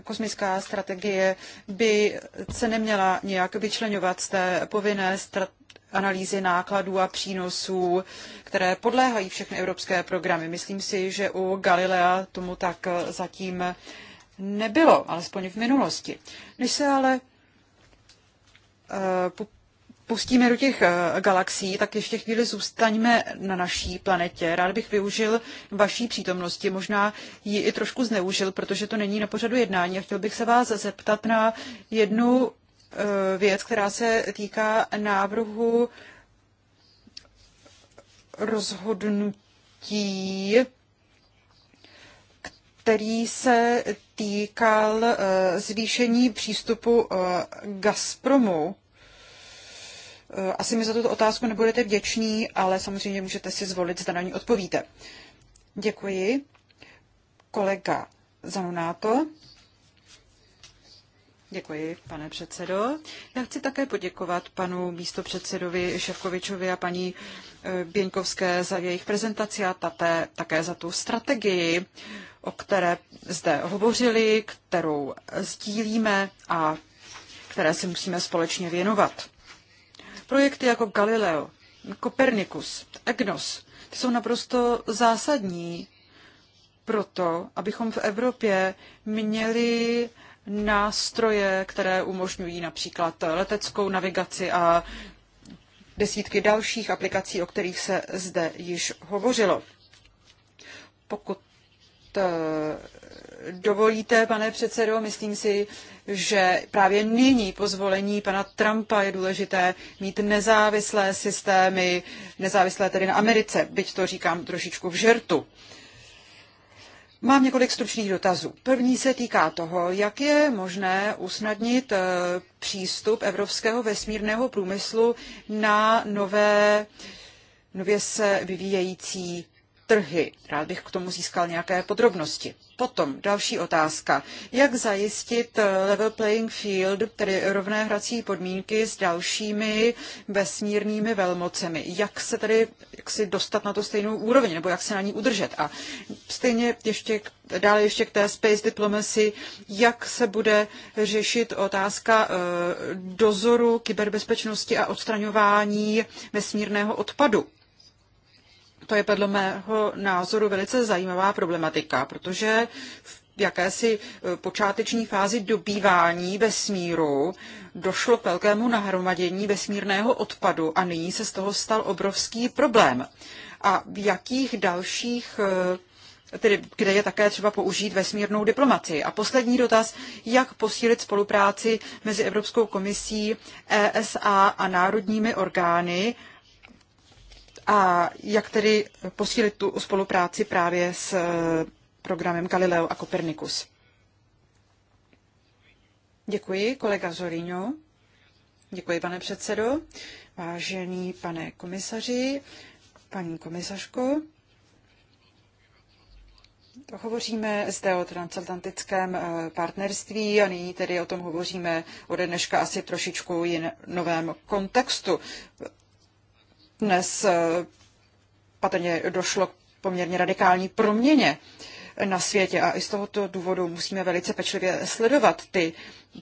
kosmická strategie by se neměla nějak vyčlenovat z té povinné strategie, analýzy nákladů a přínosů, které podléhají všechny evropské programy. Myslím si, že u Galilea tomu tak zatím nebylo, alespoň v minulosti. Než se ale eh, pustíme do těch eh, galaxií, tak ještě chvíli zůstaňme na naší planetě. Rád bych využil vaší přítomnosti, možná ji i trošku zneužil, protože to není na pořadu jednání a chtěl bych se vás zeptat na jednu Eh, věc, která se týká návrhu rozhodnutí, který se týkal eh, zvýšení přístupu eh, Gazpromu. Asi mi za tuto otázku nebudete vděční, ale samozřejmě můžete si zvolit, zda na ní odpovíte. Děkuji. Kolega Zanonáto. Děkuji, pane předsedo. Já chci také poděkovat panu místopředsedovi Ševkovičovi a paní eh, Běňkovské za jejich prezentaci a tate, také za tu strategii, o které zde hovořili, kterou sdílíme a které se musíme společně věnovat. Projekty jako Galileo, Kopernikus, EGNOS, ty jsou naprosto zásadní proto, abychom v Evropě měli nástroje, které umožňují například leteckou navigaci a desítky dalších aplikací, o kterých se zde již hovořilo. Pokud eh, dovolíte, pane předsedo, myslím si, že právě nyní po zvolení pana Trumpa je důležité mít nezávislé systémy, nezávislé tedy na Americe, byť to říkám trošičku v žertu. Mám několik stručných dotazů. První se týká toho, jak je možné usnadnit eh, přístup evropského vesmírného průmyslu na nové, nově se vyvíjející trhy. Rád bych k tomu získal nějaké podrobnosti. Potom další otázka. Jak zajistit eh, level playing field, tedy rovné hrací podmínky s dalšími vesmírnými velmocemi? Jak se tedy jak si dostat na to stejnou úroveň, nebo jak se na ní udržet? A stejně ještě dále ještě k té space diplomacy, jak se bude řešit otázka eh, dozoru kyberbezpečnosti a odstraňování vesmírného odpadu? to je podle mého názoru velice zajímavá problematika, protože v jakési eh, počáteční fázi dobývání vesmíru došlo k velkému nahromadění vesmírného odpadu a nyní se z toho stal obrovský problém. A v jakých dalších eh, tedy kde je také třeba použít vesmírnou diplomaci. A poslední dotaz, jak posílit spolupráci mezi Evropskou komisí, ESA a národními orgány a jak tedy posílit tu spolupráci právě s eh, programem Galileo a Copernicus. Děkuji, kolega Zorino. Děkuji, pane předsedo. Vážený pane komisaři, paní komisařko, to hovoříme zde o transatlantickém eh, partnerství a nyní tedy o tom hovoříme ode dneška asi trošičku jin novém kontextu. Dnes eh, patrně došlo k poměrně radikální proměně na světě a i z tohoto důvodu musíme velice pečlivě sledovat ty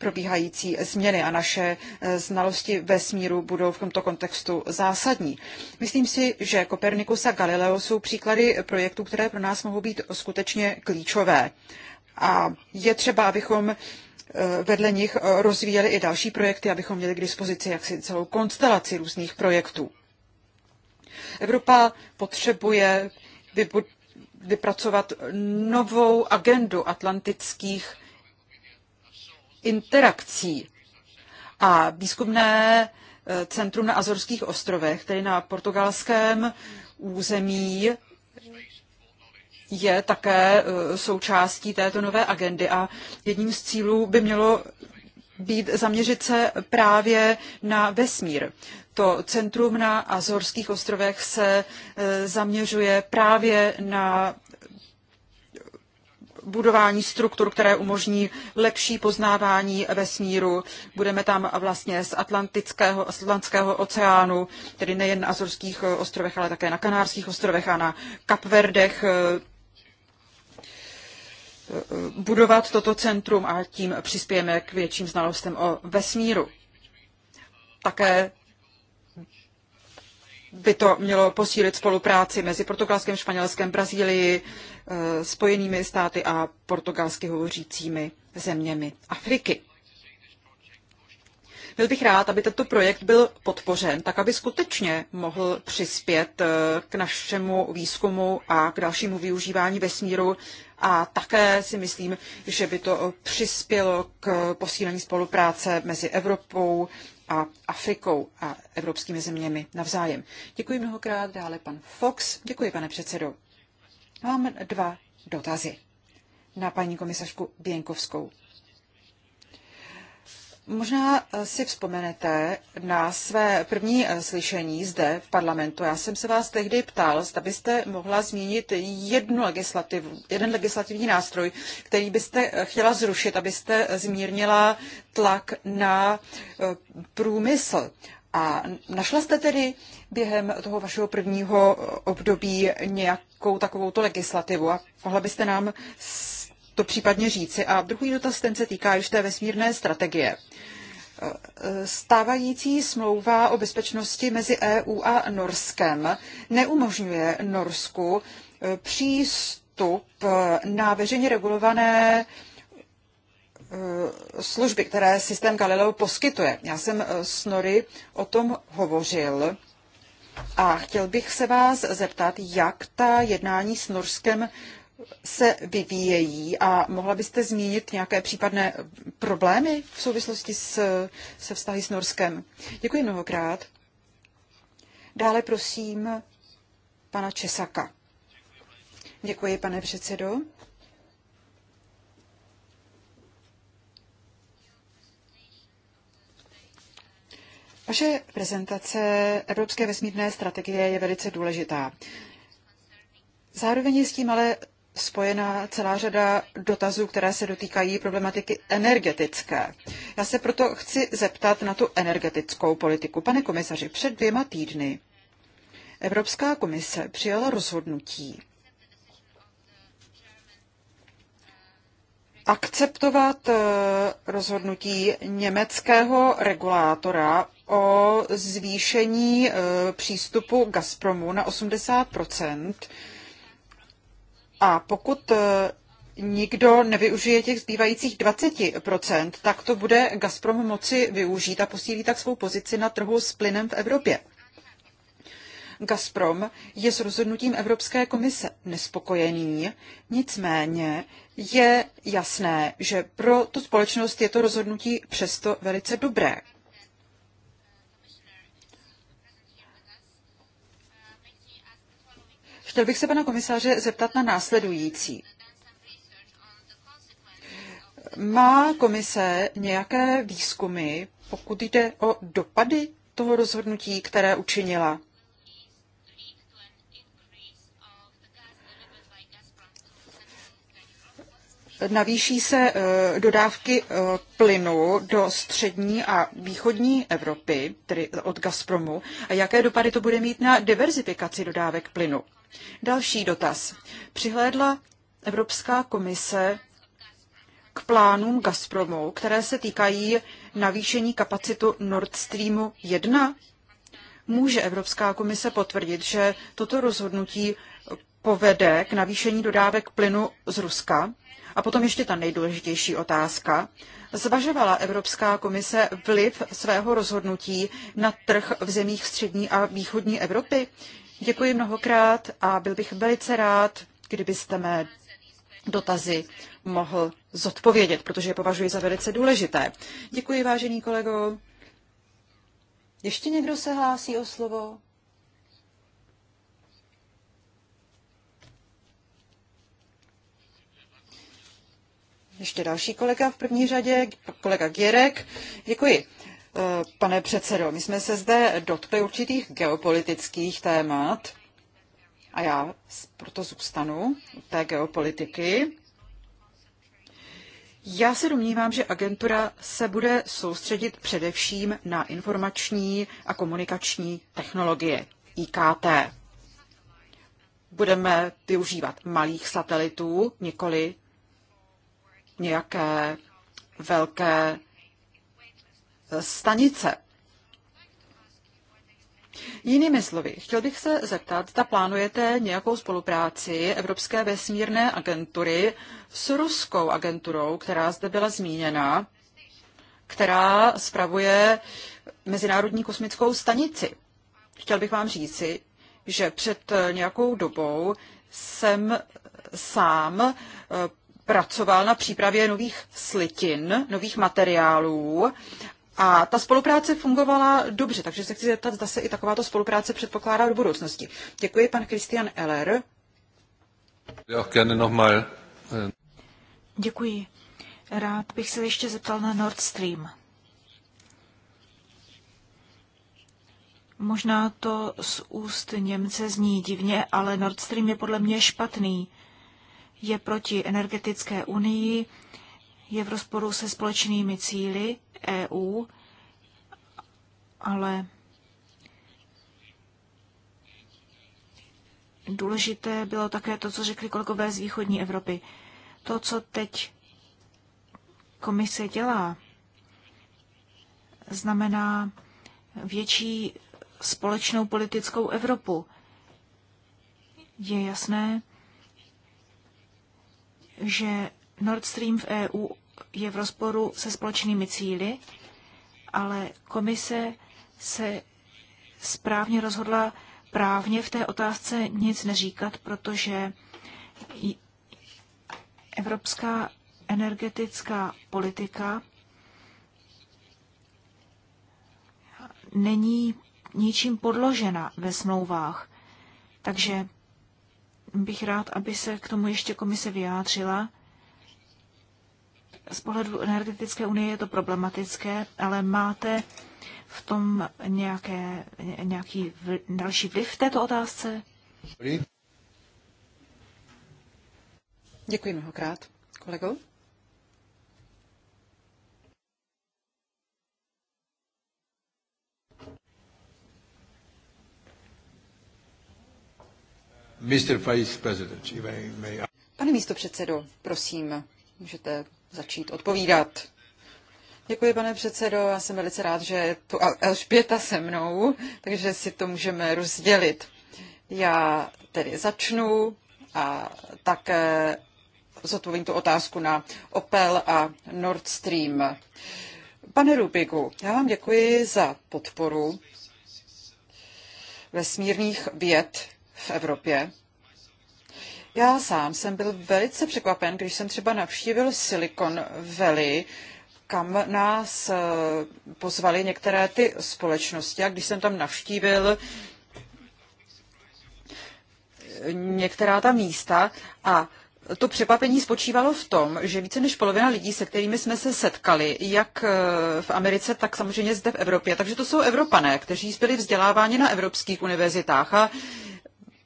probíhající změny a naše eh, znalosti ve smíru budou v tomto kontextu zásadní. Myslím si, že Kopernikus a Galileo jsou příklady projektů, které pro nás mohou být skutečně klíčové. A je třeba, abychom eh, vedle nich rozvíjeli i další projekty, abychom měli k dispozici jaksi celou konstelaci různých projektů. Evropa potřebuje vypracovat novou agendu atlantických interakcí. A výzkumné eh, centrum na Azorských ostrovech, tedy na portugalském území, je také eh, součástí této nové agendy a jedním z cílů by mělo být, zaměřit se právě na vesmír. To centrum na Azorských ostrovech se e, zaměřuje právě na budování struktur, které umožní lepší poznávání vesmíru. Budeme tam vlastně z Atlantického, z Atlantského oceánu, tedy nejen na Azorských ostrovech, ale také na Kanárských ostrovech a na Kapverdech e, budovat toto centrum a tím přispějeme k větším znalostem o vesmíru. Také by to mělo posílit spolupráci mezi portugalském, španělském, Brazílií, eh, spojenými státy a portugalsky hovořícími zeměmi Afriky. Byl bych rád, aby tento projekt byl podpořen, tak aby skutečně mohl přispět eh, k našemu výzkumu a k dalšímu využívání vesmíru a také si myslím, že by to přispělo k posílení spolupráce mezi Evropou a Afrikou a evropskými zeměmi navzájem. Děkuji mnohokrát, dále pan Fox. Děkuji, pane předsedo. Mám dva dotazy na paní komisařku Běnkovskou. Možná eh, si vzpomenete na své první eh, slyšení zde v parlamentu. Já jsem se vás tehdy ptal, zda byste mohla změnit jednu legislativu, jeden legislativní nástroj, který byste eh, chtěla zrušit, abyste zmírnila tlak na průmysl. A našla jste tedy během toho vašeho prvního období nějakou takovouto legislativu a mohla byste nám to případně říci. A druhý dotaz, ten se týká už té vesmírné strategie. Stávající smlouva o bezpečnosti mezi EU a Norskem neumožňuje Norsku eh, přístup eh, na veřejně regulované eh, služby, které systém Galileo poskytuje. Já jsem s Nory o tom hovořil a chtěl bych se vás zeptat, jak ta jednání s Norskem se vyvíjejí a mohla byste zmínit nějaké případné problémy v souvislosti s, se vztahy s Norskem? Děkuji mnohokrát. Dále prosím pana Česaka. Děkuji, pane předsedo. Vaše prezentace Evropské vesmírné strategie je velice důležitá. Zároveň je s tím ale spojená celá řada dotazů, které se dotýkají problematiky energetické. Já se proto chci zeptat na tu energetickou politiku. Pane komisaři, před dvěma týdny Evropská komise přijala rozhodnutí akceptovat eh, rozhodnutí německého regulátora o zvýšení eh, přístupu Gazpromu na 80 a pokud e, nikdo nevyužije těch zbývajících 20%, tak to bude Gazprom moci využít a posílí tak svou pozici na trhu s plynem v Evropě. Gazprom je s rozhodnutím Evropské komise nespokojený, nicméně je jasné, že pro tu společnost je to rozhodnutí přesto velice dobré. Chtěl bych se pana komisaře zeptat na následující. Má komise nějaké výzkumy, pokud jde o dopady toho rozhodnutí, které učinila? Navýší se eh, dodávky eh, plynu do střední a východní Evropy, tedy od Gazpromu. A jaké dopady to bude mít na diverzifikaci dodávek plynu? Další dotaz. Přihlédla Evropská komise k plánům Gazpromu, které se týkají navýšení kapacitu Nord Streamu 1? Může Evropská komise potvrdit, že toto rozhodnutí povede k navýšení dodávek plynu z Ruska? A potom ještě ta nejdůležitější otázka. Zvažovala Evropská komise vliv svého rozhodnutí na trh v zemích střední a východní Evropy? Děkuji mnohokrát a byl bych velice rád, kdybyste mé dotazy mohl zodpovědět, protože je považuji za velice důležité. Děkuji, vážený kolego. Ještě někdo se hlásí o slovo? Ještě další kolega v první řadě, kolega Gierek. Děkuji. Eh, pane předsedo. My jsme se zde dotkli určitých geopolitických témat a já proto zůstanu té geopolitiky. Já se domnívám, že agentura se bude soustředit především na informační a komunikační technologie, IKT. Budeme využívat malých satelitů, nikoli nějaké velké stanice. Jinými slovy, chtěl bych se zeptat, zda plánujete nějakou spolupráci Evropské vesmírné agentury s ruskou agenturou, která zde byla zmíněna, která spravuje Mezinárodní kosmickou stanici. Chtěl bych vám říci, že před nějakou dobou jsem sám eh, pracoval na přípravě nových slitin, nových materiálů a ta spolupráce fungovala dobře, takže se chci zeptat, zda se i takováto spolupráce předpokládá do budoucnosti. Děkuji, pan Christian Eller. Eh, Děkuji. Rád bych se ještě zeptal na Nord Stream. Možná to z úst Němce zní divně, ale Nord Stream je podle mě špatný. Je proti energetické unii, je v rozporu se společnými cíly EU, ale důležité bylo také to, co řekli kolegové z východní Evropy. To, co teď komise dělá, znamená větší společnou politickou Evropu. Je jasné, že Nord Stream v EU je v rozporu se společnými cíly, ale komise se správně rozhodla právně v té otázce nic neříkat, protože evropská energetická politika není ničím podložena ve smlouvách. Takže bych rád, aby se k tomu ještě komise vyjádřila z pohledu energetické unie je to problematické, ale máte v tom nějaké, nějaký vl, další vliv v této otázce? Děkuji mnohokrát, kolego. Mr. Vice President, Pane místo předsedo, prosím, můžete začít odpovídat. Děkuji, pane předsedo. Já jsem velice rád, že tu Elžběta se mnou, takže si to můžeme rozdělit. Já tedy začnu a tak zodpovím tu otázku na Opel a Nord Stream. Pane Rubiku, já vám děkuji za podporu vesmírných věd v Evropě. Já sám jsem byl velice překvapen, když jsem třeba navštívil Silicon Valley, kam nás eh, pozvali některé ty společnosti a když jsem tam navštívil eh, některá ta místa a to překvapení spočívalo v tom, že více než polovina lidí, se kterými jsme se setkali, jak eh, v Americe, tak samozřejmě zde v Evropě, takže to jsou Evropané, kteří byli vzděláváni na evropských univerzitách a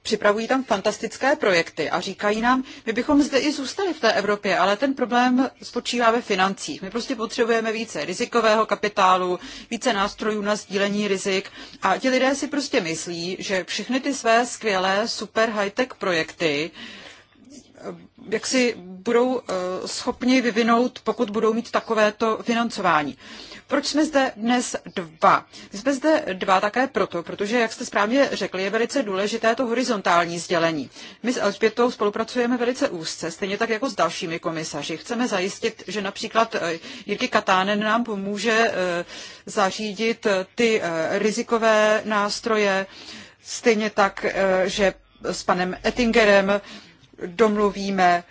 připravují tam fantastické projekty a říkají nám, my bychom zde i zůstali v té Evropě, ale ten problém spočívá ve financích. My prostě potřebujeme více rizikového kapitálu, více nástrojů na sdílení rizik a ti lidé si prostě myslí, že všechny ty své skvělé super high-tech projekty, uh, Eh, jak si budou eh, schopni vyvinout, pokud budou mít takovéto financování. Proč jsme zde dnes dva? My jsme zde dva také proto, protože, jak jste správně řekli, je velice důležité to horizontální sdělení. My s Elžbětou spolupracujeme velice úzce, stejně tak jako s dalšími komisaři. Chceme zajistit, že například eh, Jirky Katánen nám pomůže zařídit ty rizikové nástroje, stejně tak, že s panem Ettingerem domluvíme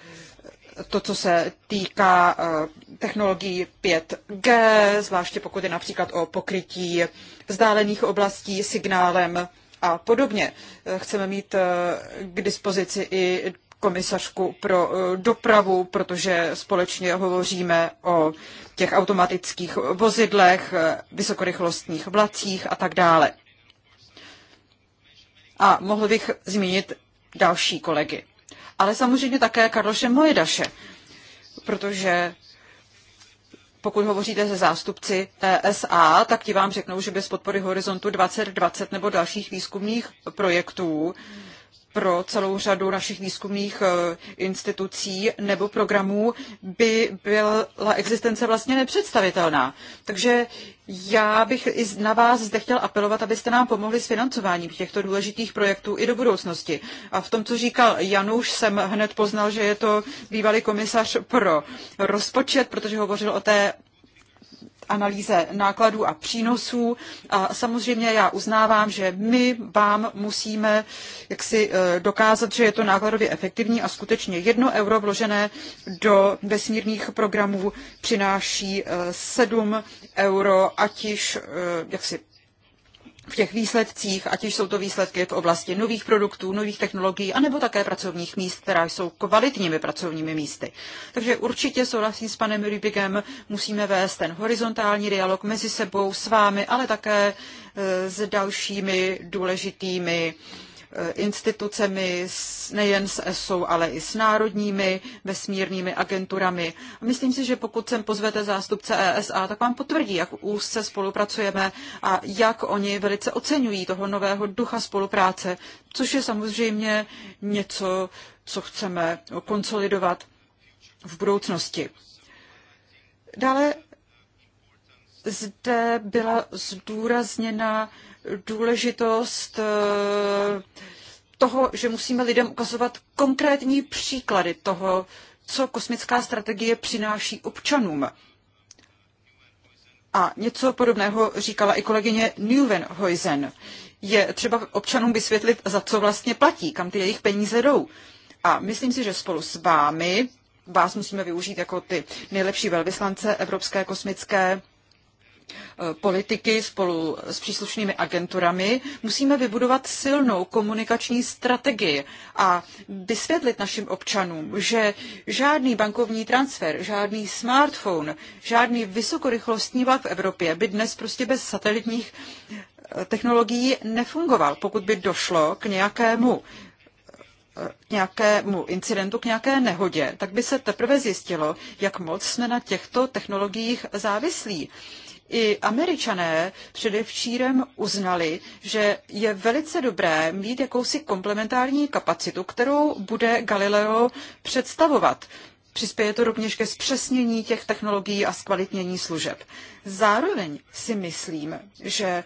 to, co se týká eh, technologií 5G, zvláště pokud je například o pokrytí vzdálených oblastí signálem a podobně. Eh, chceme mít eh, k dispozici i komisařku pro dopravu, protože společně hovoříme o těch automatických vozidlech, vysokorychlostních vlacích a tak dále. A mohl bych zmínit další kolegy ale samozřejmě také Karloše Mojedaše, protože pokud hovoříte se zástupci ESA, tak ti vám řeknou, že bez podpory Horizontu 2020 nebo dalších výzkumných projektů hmm pro celou řadu našich výzkumných eh, institucí nebo programů by byla existence vlastně nepředstavitelná. Takže já bych i na vás zde chtěl apelovat, abyste nám pomohli s financováním těchto důležitých projektů i do budoucnosti. A v tom, co říkal Januš, jsem hned poznal, že je to bývalý komisař pro rozpočet, protože hovořil o té analýze nákladů a přínosů. A samozřejmě já uznávám, že my vám musíme jaksi eh, dokázat, že je to nákladově efektivní a skutečně jedno euro vložené do vesmírných programů přináší 7 eh, euro, ať již eh, jaksi v těch výsledcích, ať už jsou to výsledky v oblasti nových produktů, nových technologií, anebo také pracovních míst, která jsou kvalitními pracovními místy. Takže určitě souhlasím s panem Rybigem, musíme vést ten horizontální dialog mezi sebou, s vámi, ale také eh, s dalšími důležitými Eh, institucemi nejen s ESO, ale i s národními vesmírnými agenturami. A myslím si, že pokud sem pozvete zástupce ESA, tak vám potvrdí, jak úzce spolupracujeme a jak oni velice oceňují toho nového ducha spolupráce, což je samozřejmě něco, co chceme konsolidovat v budoucnosti. Dále zde byla zdůrazněna důležitost eh, toho, že musíme lidem ukazovat konkrétní příklady toho, co kosmická strategie přináší občanům. A něco podobného říkala i kolegyně Neuwenhuizen. Je třeba občanům vysvětlit, za co vlastně platí, kam ty jejich peníze jdou. A myslím si, že spolu s vámi, vás musíme využít jako ty nejlepší velvyslance Evropské kosmické Eh, politiky spolu s příslušnými agenturami, musíme vybudovat silnou komunikační strategii a vysvětlit našim občanům, že žádný bankovní transfer, žádný smartphone, žádný vysokorychlostní vlak v Evropě by dnes prostě bez satelitních eh, technologií nefungoval, pokud by došlo k nějakému k eh, nějakému incidentu, k nějaké nehodě, tak by se teprve zjistilo, jak moc jsme na těchto technologiích závislí. I američané předevčírem uznali, že je velice dobré mít jakousi komplementární kapacitu, kterou bude Galileo představovat. Přispěje to rovněž ke zpřesnění těch technologií a zkvalitnění služeb. Zároveň si myslím, že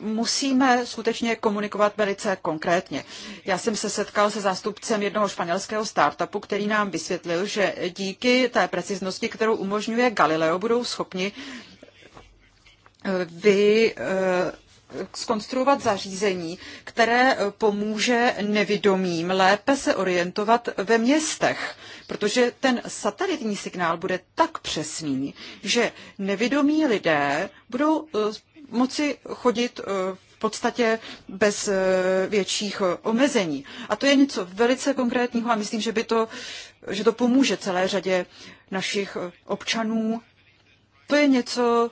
musíme skutečně komunikovat velice konkrétně. Já jsem se setkal se zástupcem jednoho španělského startupu, který nám vysvětlil, že díky té preciznosti, kterou umožňuje Galileo, budou schopni vy eh, skonstruovat zařízení, které pomůže nevidomým lépe se orientovat ve městech, protože ten satelitní signál bude tak přesný, že nevidomí lidé budou eh, moci chodit eh, v podstatě bez větších omezení. A to je něco velice konkrétního a myslím, že, by to, že to pomůže celé řadě našich občanů. To je něco,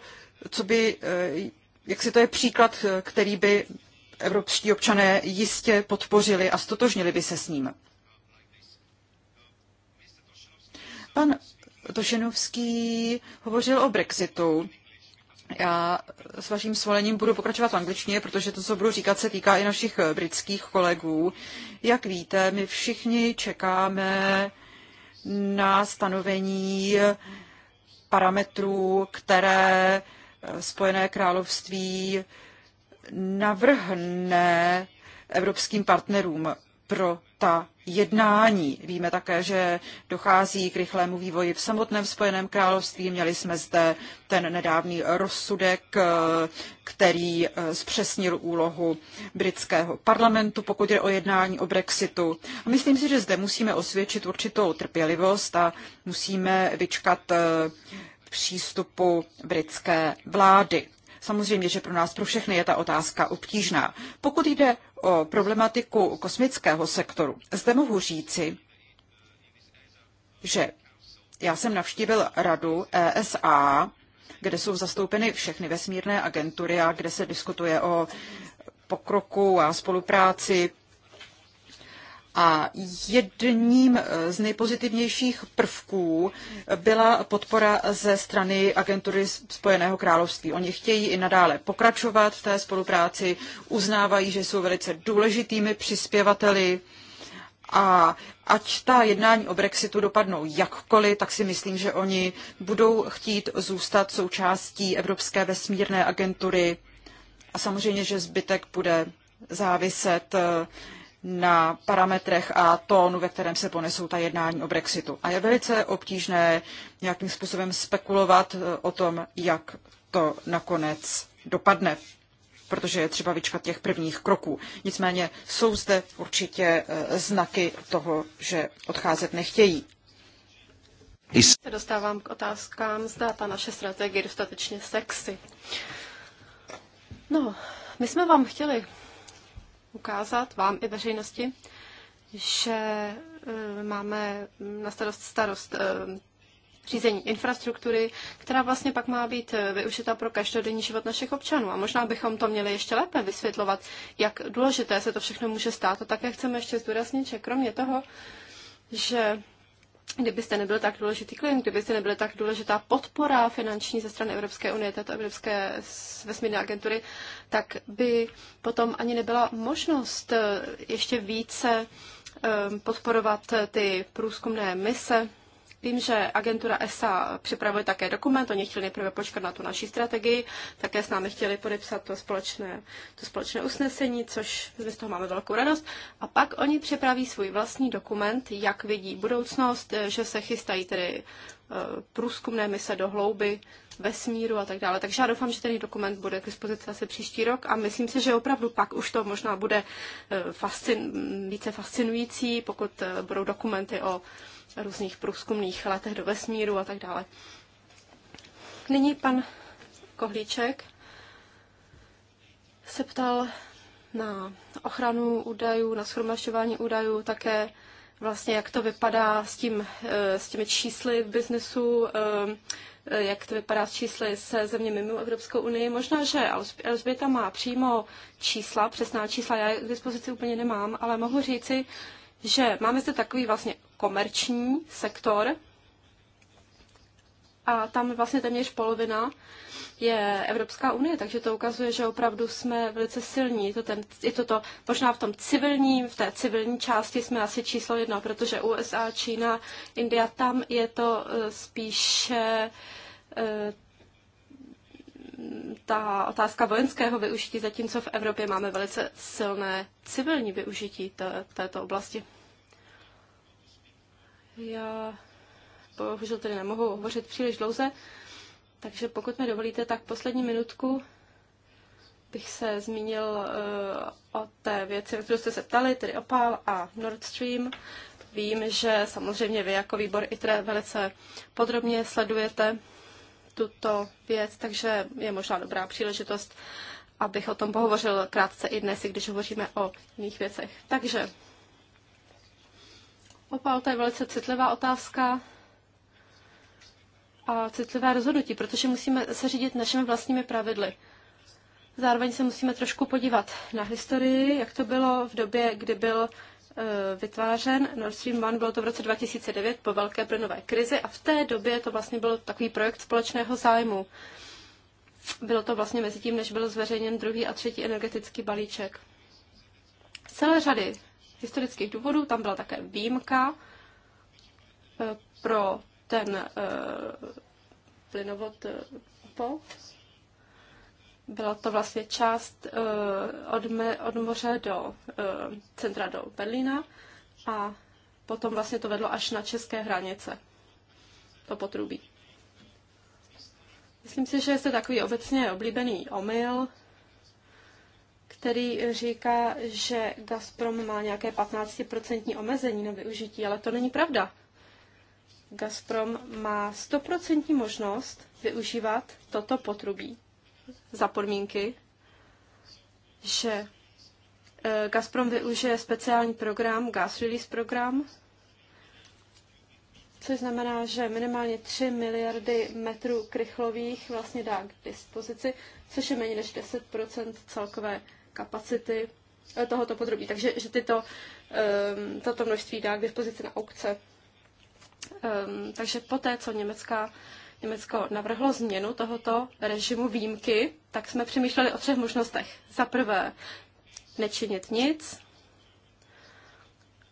co by, eh, jak si to je příklad, eh, který by evropští občané jistě podpořili a stotožnili by se s ním. Pan Tošenovský hovořil o Brexitu. Já s vaším svolením budu pokračovat v angličtině, protože to, co budu říkat, se týká i našich eh, britských kolegů. Jak víte, my všichni čekáme na stanovení parametrů, které uh, Spojené království navrhne evropským partnerům pro ta jednání. Víme také, že dochází k rychlému vývoji v samotném Spojeném království. Měli jsme zde ten nedávný rozsudek, který zpřesnil úlohu britského parlamentu, pokud je o jednání o Brexitu. A myslím si, že zde musíme osvědčit určitou trpělivost a musíme vyčkat přístupu britské vlády. Samozřejmě, že pro nás, pro všechny je ta otázka obtížná. Pokud jde o problematiku kosmického sektoru, zde mohu říci, že já jsem navštívil radu ESA, kde jsou zastoupeny všechny vesmírné agentury a kde se diskutuje o pokroku a spolupráci a jedním eh, z nejpozitivnějších prvků byla podpora ze strany agentury Spojeného království. Oni chtějí i nadále pokračovat v té spolupráci, uznávají, že jsou velice důležitými přispěvateli a ať ta jednání o Brexitu dopadnou jakkoliv, tak si myslím, že oni budou chtít zůstat součástí Evropské vesmírné agentury a samozřejmě, že zbytek bude záviset eh, na parametrech a tónu, ve kterém se ponesou ta jednání o Brexitu. A je velice obtížné nějakým způsobem spekulovat eh, o tom, jak to nakonec dopadne, protože je třeba vyčkat těch prvních kroků. Nicméně jsou zde určitě eh, znaky toho, že odcházet nechtějí. Se dostávám k otázkám, zda ta naše strategie je dostatečně sexy. No, my jsme vám chtěli ukázat vám i veřejnosti, že e, máme na starost starost e, řízení infrastruktury, která vlastně pak má být e, využita pro každodenní život našich občanů. A možná bychom to měli ještě lépe vysvětlovat, jak důležité se to všechno může stát. A také chceme ještě zdůraznit, že kromě toho, že kdybyste nebyl tak důležitý klient, kdybyste nebyla tak důležitá podpora finanční ze strany Evropské unie, této Evropské vesmírné agentury, tak by potom ani nebyla možnost eh, ještě více eh, podporovat ty průzkumné mise Vím, že agentura ESA připravuje také dokument, oni chtěli nejprve počkat na tu naší strategii, také s námi chtěli podepsat to společné, to společné usnesení, což my z toho máme velkou radost. A pak oni připraví svůj vlastní dokument, jak vidí budoucnost, že se chystají tedy eh, průzkumné mise do hlouby vesmíru a tak dále. Takže já doufám, že ten dokument bude k dispozici asi příští rok a myslím si, že opravdu pak už to možná bude eh, fascin, více fascinující, pokud eh, budou dokumenty o různých průzkumných letech do vesmíru a tak dále. Nyní pan Kohlíček se ptal na ochranu údajů, na schromažďování údajů, také vlastně jak to vypadá s, tím, eh, s těmi čísly v biznesu, eh, jak to vypadá s čísly se země mimo Evropskou unii. Možná, že Elžběta má přímo čísla, přesná čísla, já je k dispozici úplně nemám, ale mohu říci, že máme zde takový vlastně komerční sektor a tam vlastně téměř polovina je Evropská unie, takže to ukazuje, že opravdu jsme velice silní. Je to, ten, je to, to možná v tom civilním, v té civilní části jsme asi číslo jedno, protože USA, Čína, India, tam je to eh, spíše eh, ta otázka vojenského využití, zatímco v Evropě máme velice silné civilní využití této oblasti. Já bohužel tedy nemohu hovořit příliš dlouze, takže pokud mi dovolíte, tak poslední minutku bych se zmínil uh, o té věci, na kterou jste se ptali, tedy Opal a Nord Stream. Vím, že samozřejmě vy jako výbor ITRE velice podrobně sledujete tuto věc, takže je možná dobrá příležitost, abych o tom pohovořil krátce i dnes, i když hovoříme o jiných věcech. Takže Opal, to je velice citlivá otázka a citlivé rozhodnutí, protože musíme se řídit našimi vlastními pravidly. Zároveň se musíme trošku podívat na historii, jak to bylo v době, kdy byl eh, vytvářen Nord Stream 1, bylo to v roce 2009 po velké plynové krizi a v té době to vlastně byl takový projekt společného zájmu. Bylo to vlastně mezi tím, než byl zveřejněn druhý a třetí energetický balíček. celé řady historických důvodů. Tam byla také výjimka eh, pro ten eh, plynovod eh, po. Byla to vlastně část od, me, od moře do centra do Berlína a potom vlastně to vedlo až na české hranice. To potrubí. Myslím si, že je to takový obecně oblíbený omyl, který říká, že Gazprom má nějaké 15% omezení na využití, ale to není pravda. Gazprom má 100% možnost využívat toto potrubí za podmínky, že eh, Gazprom využije speciální program, Gas Release program, což znamená, že minimálně 3 miliardy metrů krychlových vlastně dá k dispozici, což je méně než 10 celkové kapacity eh, tohoto podrobí. Takže že tyto, ehm, toto množství dá k dispozici na aukce. Ehm, takže poté, co německá Německo navrhlo změnu tohoto režimu výjimky, tak jsme přemýšleli o třech možnostech. Za prvé, nečinit nic.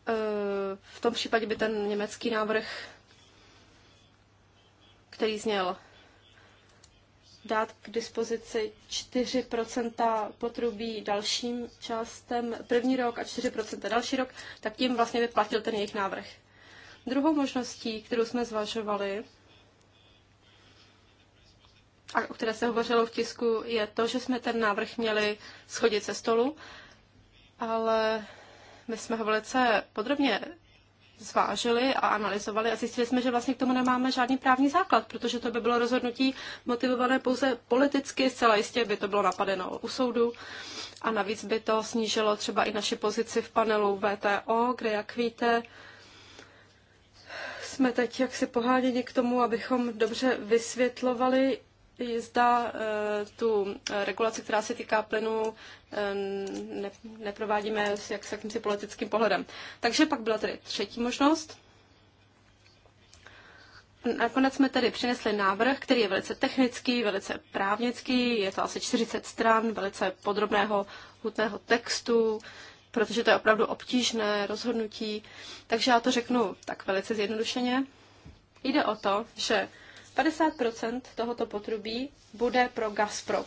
Ehm, v tom případě by ten německý návrh, který zněl dát k dispozici 4 potrubí dalším částem první rok a 4 další rok, tak tím vlastně by platil ten jejich návrh. Druhou možností, kterou jsme zvažovali, a o které se hovořilo v tisku, je to, že jsme ten návrh měli schodit ze stolu, ale my jsme ho velice podrobně zvážili a analyzovali a zjistili jsme, že vlastně k tomu nemáme žádný právní základ, protože to by bylo rozhodnutí motivované pouze politicky, zcela jistě by to bylo napadeno u soudu a navíc by to snížilo třeba i naši pozici v panelu VTO, kde, jak víte, jsme teď jaksi poháděni k tomu, abychom dobře vysvětlovali zda eh, tu eh, regulaci, která se týká plynu, eh, ne, neprovádíme s, jak, s jakýmsi politickým pohledem. Takže pak byla tedy třetí možnost. Nakonec jsme tedy přinesli návrh, který je velice technický, velice právnický, je to asi 40 stran, velice podrobného, hutného textu, protože to je opravdu obtížné rozhodnutí. Takže já to řeknu tak velice zjednodušeně. Jde o to, že 50 tohoto potrubí bude pro Gazprom.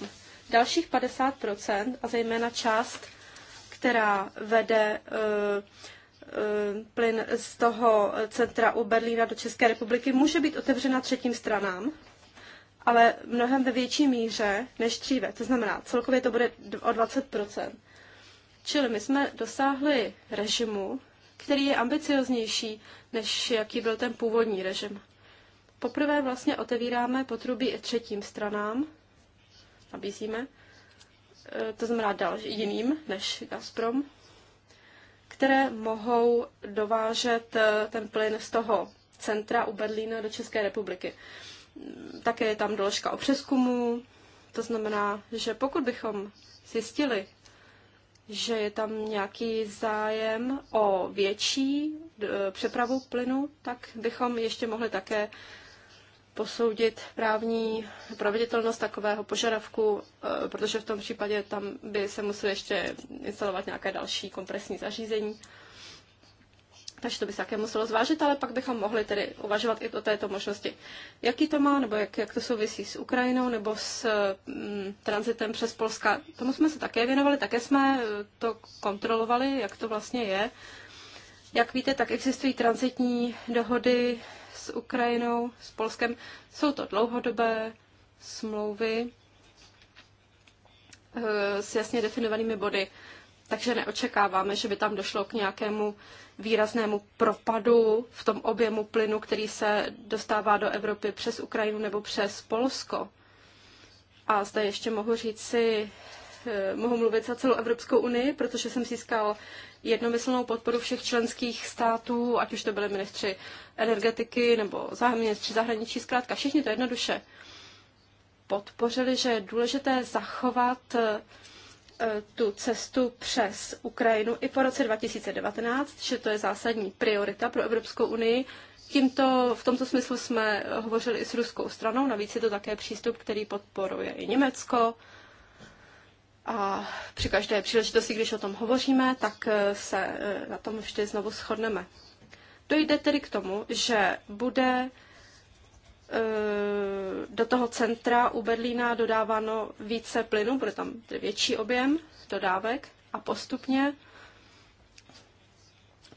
Dalších 50 a zejména část, která vede eh, eh, plyn z toho centra u Berlína do České republiky, může být otevřena třetím stranám, ale mnohem ve větší míře než dříve. To znamená, celkově to bude o 20 Čili my jsme dosáhli režimu, který je ambicioznější, než jaký byl ten původní režim. Poprvé vlastně otevíráme potrubí i třetím stranám, nabízíme, e, to znamená další jiným než Gazprom, které mohou dovážet e, ten plyn z toho centra u Berlína do České republiky. Mm, také je tam doložka o přeskumu, to znamená, že pokud bychom zjistili, že je tam nějaký zájem o větší e, přepravu plynu, tak bychom ještě mohli také posoudit právní proveditelnost takového požadavku, eh, protože v tom případě tam by se muselo ještě instalovat nějaké další kompresní zařízení. Takže to by se také muselo zvážit, ale pak bychom mohli tedy uvažovat i o této možnosti. Jaký to má, nebo jak, jak to souvisí s Ukrajinou, nebo s mm, transitem přes Polska, tomu jsme se také věnovali, také jsme eh, to kontrolovali, jak to vlastně je. Jak víte, tak existují transitní dohody s Ukrajinou, s Polskem. Jsou to dlouhodobé smlouvy eh, s jasně definovanými body, takže neočekáváme, že by tam došlo k nějakému výraznému propadu v tom objemu plynu, který se dostává do Evropy přes Ukrajinu nebo přes Polsko. A zde ještě mohu říct si Eh, mohu mluvit za celou Evropskou unii, protože jsem získal jednomyslnou podporu všech členských států, ať už to byly ministři energetiky nebo ministři zahraničí, zkrátka všichni to jednoduše podpořili, že je důležité zachovat eh, tu cestu přes Ukrajinu i po roce 2019, že to je zásadní priorita pro Evropskou unii. Tímto, v tomto smyslu jsme hovořili i s ruskou stranou, navíc je to také přístup, který podporuje i Německo, a při každé příležitosti, když o tom hovoříme, tak eh, se eh, na tom vždy znovu shodneme. Dojde tedy k tomu, že bude eh, do toho centra u Berlína dodáváno více plynu, bude tam větší objem dodávek a postupně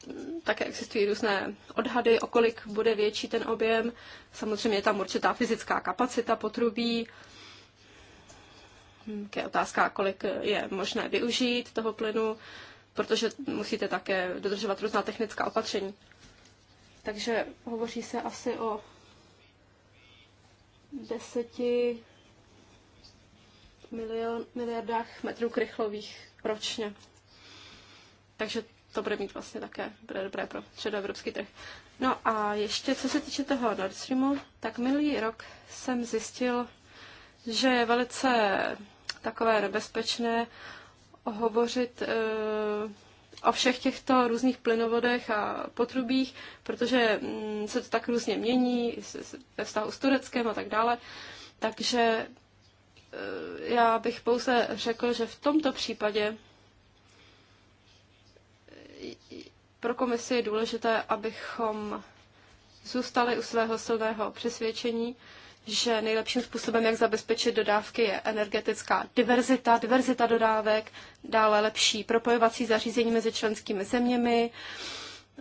mm, také existují různé odhady, o kolik bude větší ten objem. Samozřejmě je tam určitá fyzická kapacita potrubí, Hmm, je otázka, kolik je možné využít toho plynu, protože musíte také dodržovat různá technická opatření. Takže hovoří se asi o deseti milion, miliardách metrů krychlových ročně. Takže to bude mít vlastně také bude dobré pro středoevropský trh. No a ještě co se týče toho Nord Streamu, tak minulý rok jsem zjistil, že je velice takové nebezpečné hovořit eh, o všech těchto různých plynovodech a potrubích, protože mm, se to tak různě mění ve vztahu s Tureckem a tak dále. Takže eh, já bych pouze řekl, že v tomto případě pro komisi je důležité, abychom zůstali u svého silného přesvědčení, že nejlepším způsobem, jak zabezpečit dodávky, je energetická diverzita, diverzita dodávek, dále lepší propojovací zařízení mezi členskými zeměmi.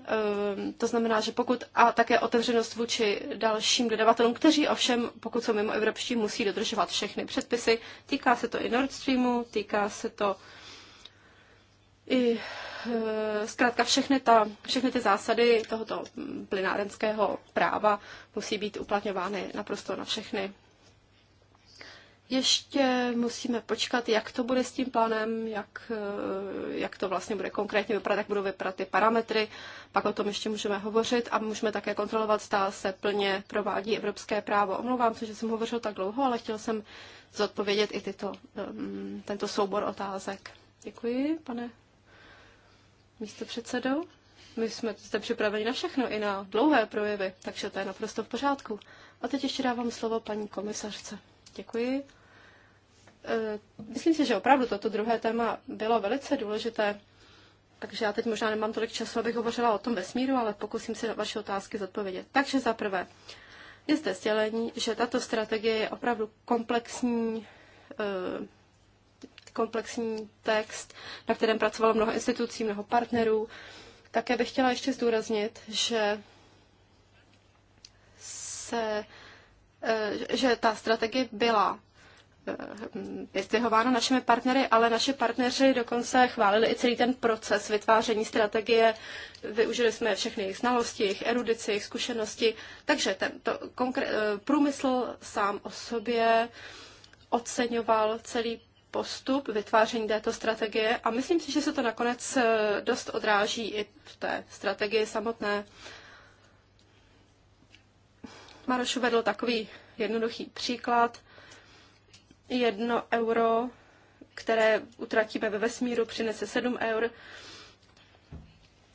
Ehm, to znamená, že pokud a také otevřenost vůči dalším dodavatelům, kteří ovšem, pokud jsou mimo evropští, musí dodržovat všechny předpisy. Týká se to i Nord Streamu, týká se to i Eh, zkrátka všechny, ta, všechny ty zásady tohoto mm, plynárenského práva musí být uplatňovány naprosto na všechny. Ještě musíme počkat, jak to bude s tím plánem, jak, eh, jak to vlastně bude konkrétně vypadat, jak budou vypadat ty parametry. Pak o tom ještě můžeme hovořit a můžeme také kontrolovat, zda se plně provádí evropské právo. Omlouvám se, že jsem hovořil tak dlouho, ale chtěl jsem zodpovědět i tyto, mm, tento soubor otázek. Děkuji, pane místo předsedou. My jsme zde připraveni na všechno, i na dlouhé projevy, takže to je naprosto v pořádku. A teď ještě dávám slovo paní komisařce. Děkuji. E, myslím si, že opravdu toto druhé téma bylo velice důležité, takže já teď možná nemám tolik času, abych hovořila o tom vesmíru, ale pokusím se vaše otázky zodpovědět. Takže za prvé, je zde sdělení, že tato strategie je opravdu komplexní, e, komplexní text, na kterém pracovalo mnoho institucí, mnoho partnerů. Také bych chtěla ještě zdůraznit, že se, eh, že ta strategie byla eh, vyzdvihována našimi partnery, ale naši partneři dokonce chválili i celý ten proces vytváření strategie. Využili jsme všechny jejich znalosti, jejich erudici, jejich zkušenosti. Takže ten eh, průmysl sám o sobě oceňoval celý postup vytváření této strategie a myslím si, že se to nakonec eh, dost odráží i v té strategii samotné. Maroš uvedl takový jednoduchý příklad. Jedno euro, které utratíme ve vesmíru, přinese sedm eur.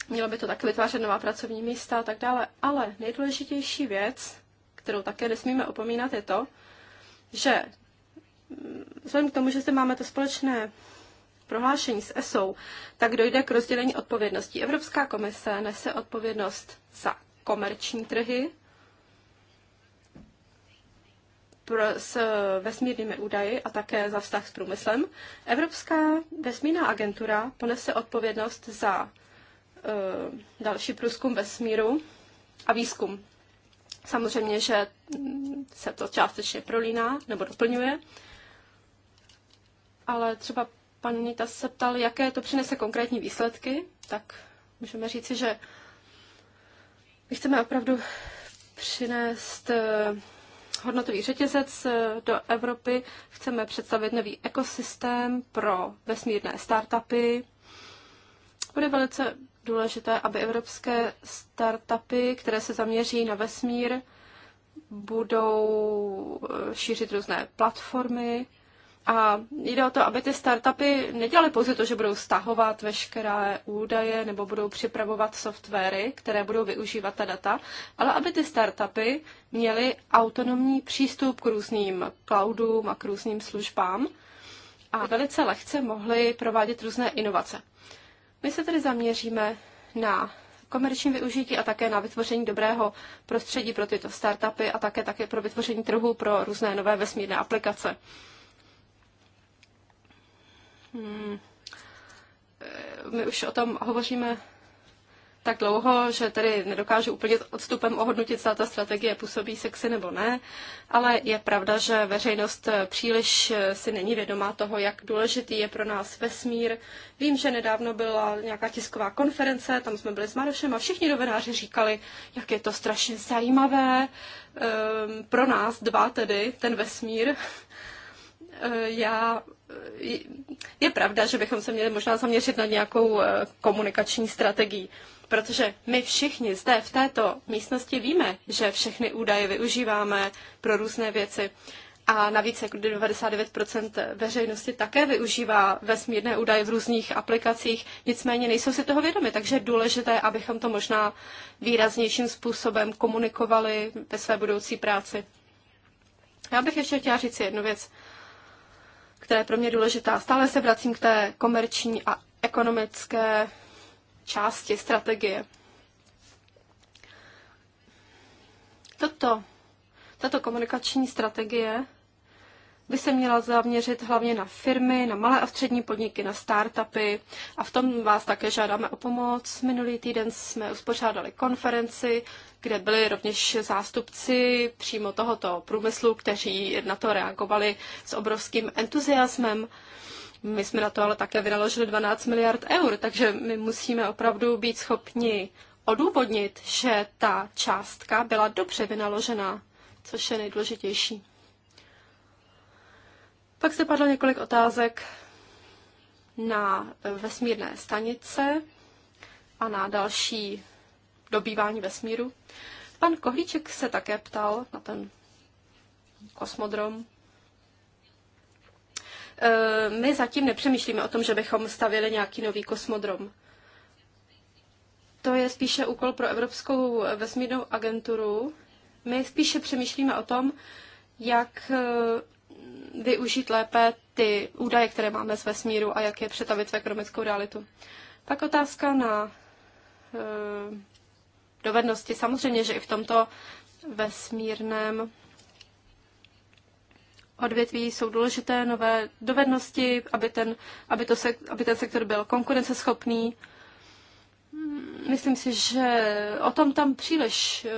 Mělo by to také vytvářet nová pracovní místa a tak dále. Ale nejdůležitější věc, kterou také nesmíme opomínat, je to, že vzhledem k tomu, že zde máme to společné prohlášení s ESO, tak dojde k rozdělení odpovědností. Evropská komise nese odpovědnost za komerční trhy pro, s vesmírnými údaji a také za vztah s průmyslem. Evropská vesmírná agentura ponese odpovědnost za uh, další průzkum vesmíru a výzkum. Samozřejmě, že se to částečně prolíná nebo doplňuje. Uh, ale třeba pan Nita se ptal, jaké to přinese konkrétní výsledky, tak můžeme říci, že my chceme opravdu přinést eh, hodnotový řetězec eh, do Evropy. Chceme představit nový ekosystém pro vesmírné startupy. Bude velice důležité, aby evropské startupy, které se zaměří na vesmír, budou eh, šířit různé platformy, a jde o to, aby ty startupy nedělaly pouze to, že budou stahovat veškeré údaje nebo budou připravovat softwary, které budou využívat ta data, ale aby ty startupy měly autonomní přístup k různým cloudům a k různým službám a velice lehce mohly provádět různé inovace. My se tedy zaměříme na komerční využití a také na vytvoření dobrého prostředí pro tyto startupy a také, také pro vytvoření trhu pro různé nové vesmírné aplikace. Hmm. my už o tom hovoříme tak dlouho, že tedy nedokážu úplně odstupem ohodnotit, zda ta strategie působí sexy nebo ne, ale je pravda, že veřejnost příliš si není vědomá toho, jak důležitý je pro nás vesmír. Vím, že nedávno byla nějaká tisková konference, tam jsme byli s Marošem a všichni novináři říkali, jak je to strašně zajímavé um, pro nás dva tedy, ten vesmír. (laughs) Já je pravda, že bychom se měli možná zaměřit na nějakou eh, komunikační strategii, protože my všichni zde v této místnosti víme, že všechny údaje využíváme pro různé věci. A navíc jako 99% veřejnosti také využívá vesmírné údaje v různých aplikacích, nicméně nejsou si toho vědomi, takže je důležité, abychom to možná výraznějším způsobem komunikovali ve své budoucí práci. Já bych ještě chtěla říct jednu věc která je pro mě důležitá. Stále se vracím k té komerční a ekonomické části strategie. Toto, tato komunikační strategie by se měla zaměřit hlavně na firmy, na malé a střední podniky, na startupy. A v tom vás také žádáme o pomoc. Minulý týden jsme uspořádali konferenci, kde byli rovněž zástupci přímo tohoto průmyslu, kteří na to reagovali s obrovským entuziasmem. My jsme na to ale také vynaložili 12 miliard eur, takže my musíme opravdu být schopni odůvodnit, že ta částka byla dobře vynaložená, což je nejdůležitější. Pak se padlo několik otázek na vesmírné stanice a na další dobývání vesmíru. Pan Kohlíček se také ptal na ten kosmodrom. E, my zatím nepřemýšlíme o tom, že bychom stavěli nějaký nový kosmodrom. To je spíše úkol pro Evropskou vesmírnou agenturu. My spíše přemýšlíme o tom, jak e, využít lépe ty údaje, které máme z vesmíru a jak je přetavit v ekonomickou realitu. Pak otázka na e, dovednosti. Samozřejmě, že i v tomto vesmírném odvětví jsou důležité nové dovednosti, aby ten, aby to se, aby ten sektor byl konkurenceschopný. Myslím si, že o tom tam příliš e,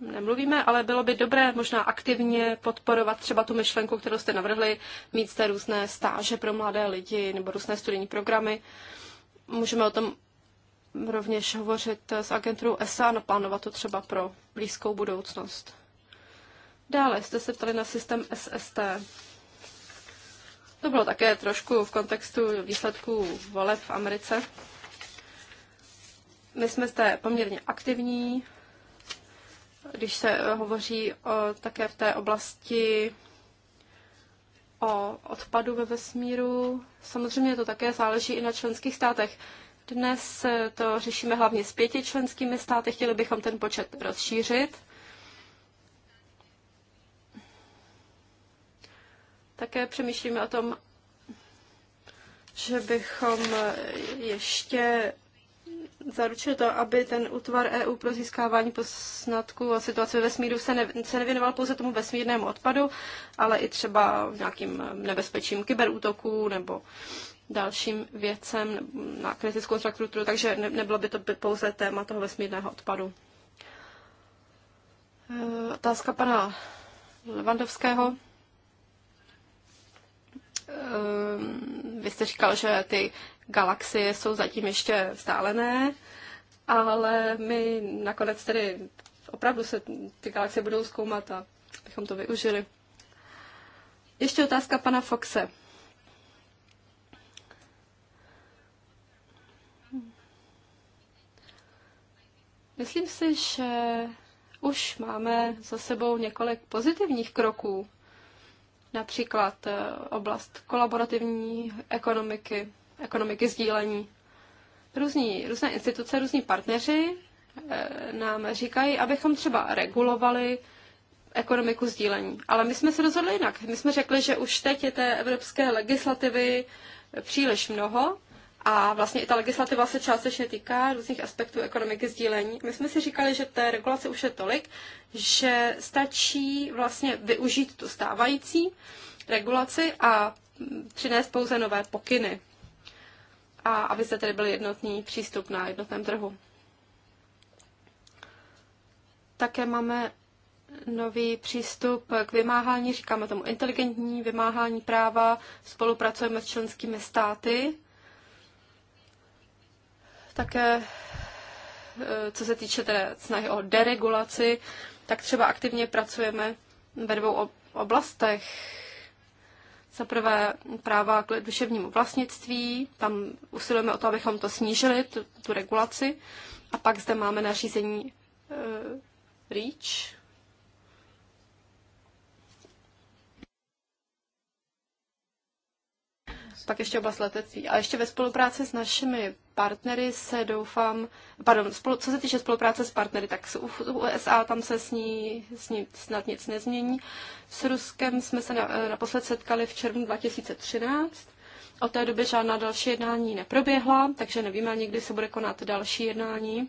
nemluvíme, ale bylo by dobré možná aktivně podporovat třeba tu myšlenku, kterou jste navrhli, mít zde různé stáže pro mladé lidi nebo různé studijní programy. Můžeme o tom rovněž hovořit s agenturou ESA a naplánovat to třeba pro blízkou budoucnost. Dále jste se ptali na systém SST. To bylo také trošku v kontextu výsledků voleb v Americe. My jsme zde poměrně aktivní, když se eh, hovoří o, také v té oblasti o odpadu ve vesmíru. Samozřejmě to také záleží i na členských státech. Dnes eh, to řešíme hlavně s pěti členskými státy, chtěli bychom ten počet rozšířit. Také přemýšlíme o tom, že bychom eh, ještě zaručil to, aby ten útvar EU pro získávání posnatků a situace ve vesmíru se, ne, se nevěnoval pouze tomu vesmírnému odpadu, ale i třeba nějakým nebezpečím kyberútoků nebo dalším věcem na kritickou infrastrukturu, takže ne, nebylo by to by pouze téma toho vesmírného odpadu. E, otázka pana Levandovského. E, vy jste říkal, že ty galaxie jsou zatím ještě vzdálené, ale my nakonec tedy opravdu se ty galaxie budou zkoumat a bychom to využili. Ještě otázka pana Foxe. Myslím si, že už máme za sebou několik pozitivních kroků, například eh, oblast kolaborativní ekonomiky ekonomiky sdílení. Různí, různé instituce, různí partneři eh, nám říkají, abychom třeba regulovali ekonomiku sdílení. Ale my jsme se rozhodli jinak. My jsme řekli, že už teď je té evropské legislativy příliš mnoho a vlastně i ta legislativa se částečně týká různých aspektů ekonomiky sdílení. My jsme si říkali, že té regulace už je tolik, že stačí vlastně využít tu stávající regulaci a přinést pouze nové pokyny a aby se tedy byl jednotný přístup na jednotném trhu. Také máme nový přístup k vymáhání, říkáme tomu inteligentní vymáhání práva, spolupracujeme s členskými státy. Také e, co se týče té snahy o deregulaci, tak třeba aktivně pracujeme ve dvou oblastech za prvé práva k duševnímu vlastnictví, tam usilujeme o to, abychom to snížili, tu, tu regulaci. A pak zde máme nařízení e, REACH, pak ještě oblast letectví. A ještě ve spolupráci s našimi partnery se doufám, pardon, spolu, co se týče spolupráce s partnery, tak u USA tam se s ní, s ní snad nic nezmění. S Ruskem jsme se na, naposled setkali v červnu 2013. Od té doby žádná další jednání neproběhla, takže nevíme ani, kdy se bude konat další jednání.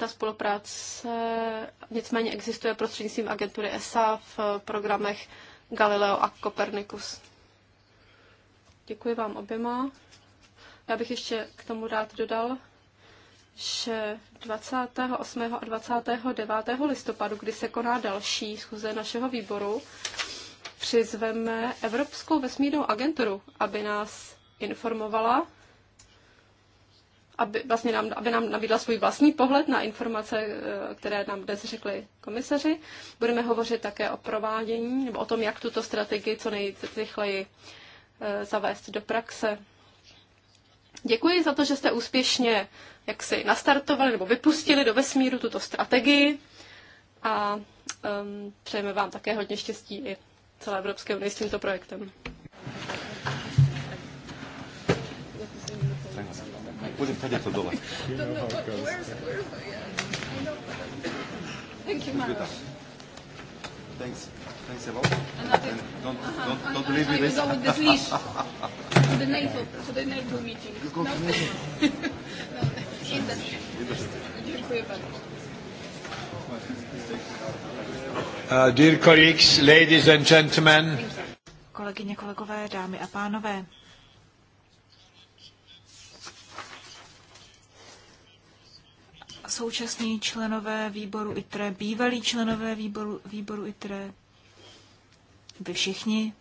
ta spolupráce nicméně existuje prostřednictvím agentury ESA v programech Galileo a Copernicus. Děkuji vám oběma. Já bych ještě k tomu rád dodal, že 28. a 29. listopadu, kdy se koná další schůze našeho výboru, přizveme Evropskou vesmírnou agenturu, aby nás informovala aby, vlastně nám, aby nám nabídla svůj vlastní pohled na informace, eh, které nám dnes řekli komisaři. Budeme hovořit také o provádění nebo o tom, jak tuto strategii co nejrychleji eh, zavést do praxe. Děkuji za to, že jste úspěšně jak si nastartovali nebo vypustili do vesmíru tuto strategii a um, přejeme vám také hodně štěstí i celé Evropské unii s tímto projektem. Budem tady to dole. Thank you, Mara. Thanks. Thanks a lot. and don't, uh-huh, don't, don't uh leave me this. with this leash (laughs) to the NATO, to the NATO meeting. You go no, to NATO. Děkuji (laughs) Uh, dear colleagues, ladies and gentlemen. Kolegyně, kolegové, dámy a pánové. současní členové výboru ITRE, bývalí členové výboru, výboru ITRE, vy všichni.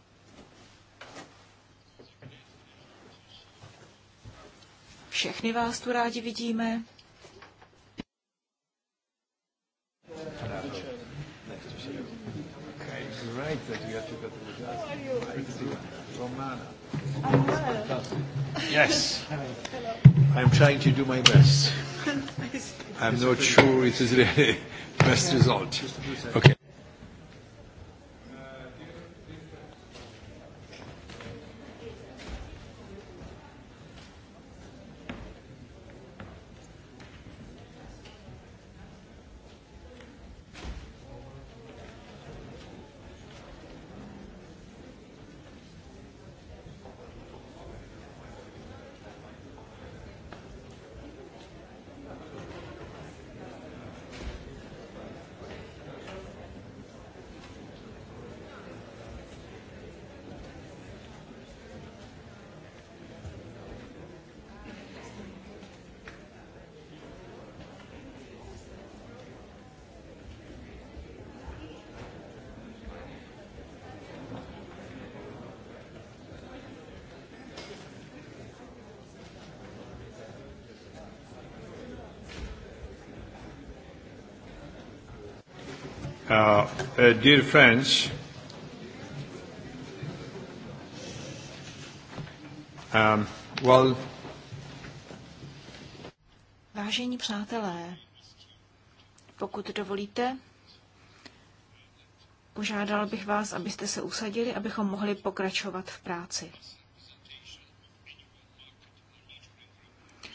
Všechny vás tu rádi vidíme. Romana. Yes. Hello. I'm trying to do my best. (laughs) I'm not sure it is really (laughs) best result. Okay. Uh, dear friends, um, well, Vážení přátelé, pokud dovolíte, požádal bych vás, abyste se usadili, abychom mohli pokračovat v práci.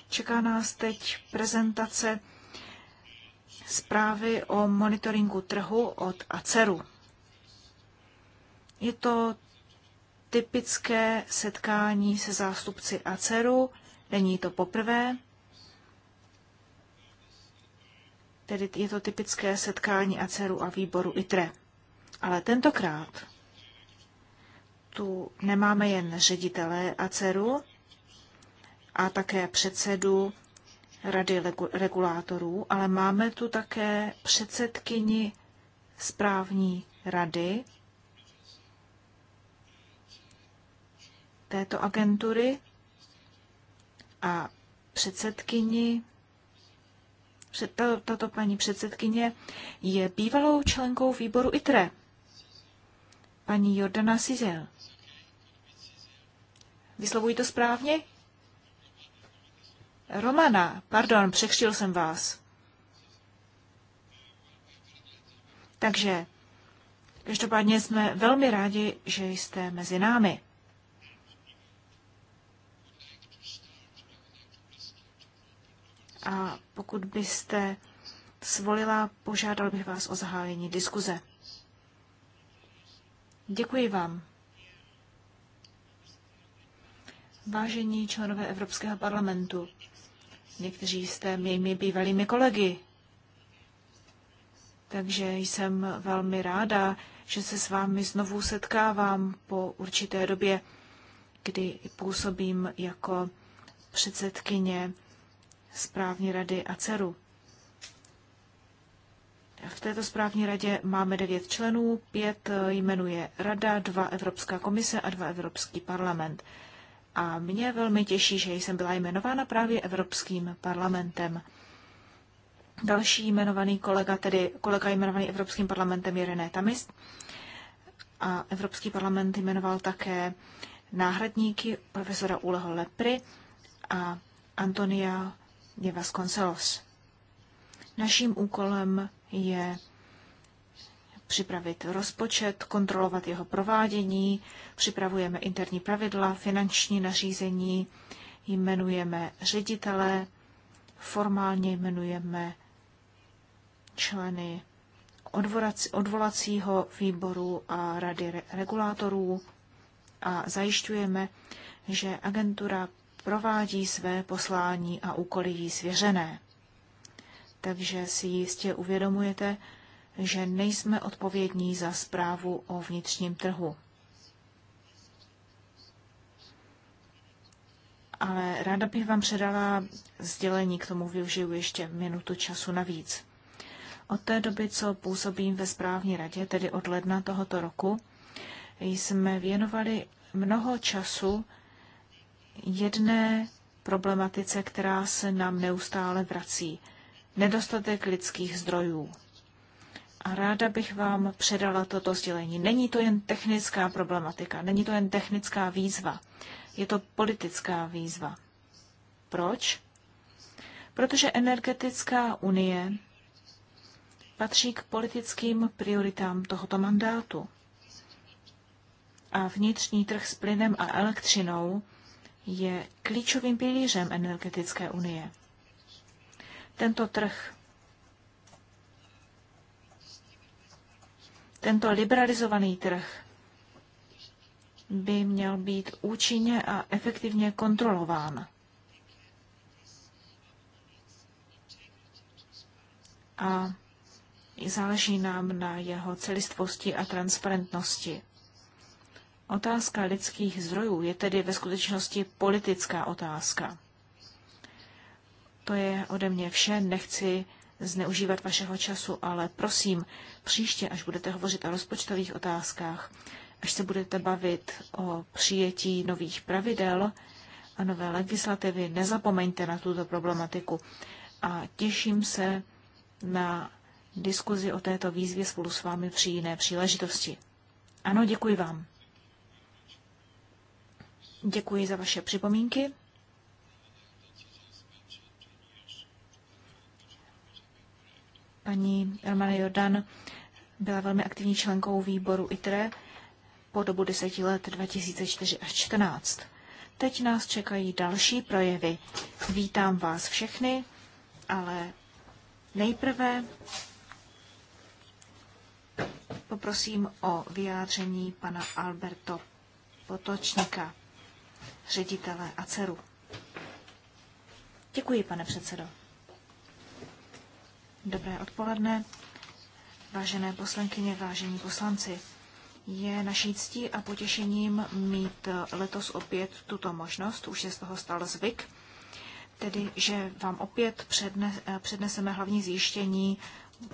Čeká nás teď prezentace zprávy o monitoringu trhu od ACERu. Je to typické setkání se zástupci ACERu, není to poprvé, tedy je to typické setkání ACERu a výboru ITRE. Ale tentokrát tu nemáme jen ředitele ACERu a také předsedu rady regulátorů, ale máme tu také předsedkyni správní rady této agentury a předsedkyni tato paní předsedkyně je bývalou členkou výboru ITRE, paní Jordana Sizel. Vyslovuji to správně? Romana, pardon, překštil jsem vás. Takže, každopádně jsme velmi rádi, že jste mezi námi. A pokud byste svolila, požádal bych vás o zahájení diskuze. Děkuji vám. Vážení členové Evropského parlamentu, Někteří jste mými bývalými kolegy. Takže jsem velmi ráda, že se s vámi znovu setkávám po určité době, kdy působím jako předsedkyně správní rady a dceru. V této správní radě máme devět členů, pět jmenuje Rada, dva Evropská komise a dva Evropský parlament a mě velmi těší, že jsem byla jmenována právě Evropským parlamentem. Další jmenovaný kolega, tedy kolega jmenovaný Evropským parlamentem je René Tamist. A Evropský parlament jmenoval také náhradníky profesora Uleho Lepry a Antonia Vasconcelos. Naším úkolem je připravit rozpočet, kontrolovat jeho provádění, připravujeme interní pravidla, finanční nařízení, jmenujeme ředitele, formálně jmenujeme členy odvolacího výboru a rady regulátorů a zajišťujeme, že agentura provádí své poslání a úkoly jí svěřené. Takže si jistě uvědomujete, že nejsme odpovědní za zprávu o vnitřním trhu. Ale ráda bych vám předala sdělení, k tomu využiju ještě minutu času navíc. Od té doby, co působím ve správní radě, tedy od ledna tohoto roku, jsme věnovali mnoho času jedné problematice, která se nám neustále vrací. Nedostatek lidských zdrojů. A ráda bych vám předala toto sdělení. Není to jen technická problematika, není to jen technická výzva. Je to politická výzva. Proč? Protože energetická unie patří k politickým prioritám tohoto mandátu. A vnitřní trh s plynem a elektřinou je klíčovým pilířem energetické unie. Tento trh Tento liberalizovaný trh by měl být účinně a efektivně kontrolován. A záleží nám na jeho celistvosti a transparentnosti. Otázka lidských zdrojů je tedy ve skutečnosti politická otázka. To je ode mě vše, nechci zneužívat vašeho času, ale prosím, příště, až budete hovořit o rozpočtových otázkách, až se budete bavit o přijetí nových pravidel a nové legislativy, nezapomeňte na tuto problematiku. A těším se na diskuzi o této výzvě spolu s vámi při jiné příležitosti. Ano, děkuji vám. Děkuji za vaše připomínky. Paní Romana Jordan byla velmi aktivní členkou výboru ITRE po dobu deseti let 2004 až 2014. Teď nás čekají další projevy. Vítám vás všechny, ale nejprve poprosím o vyjádření pana Alberto Potočníka, ředitele ACERu. Děkuji, pane předsedo. Dobré odpoledne, vážené poslankyně, vážení poslanci. Je naší ctí a potěšením mít eh, letos opět tuto možnost, už je z toho stal zvyk, tedy, že vám opět eh, předneseme hlavní zjištění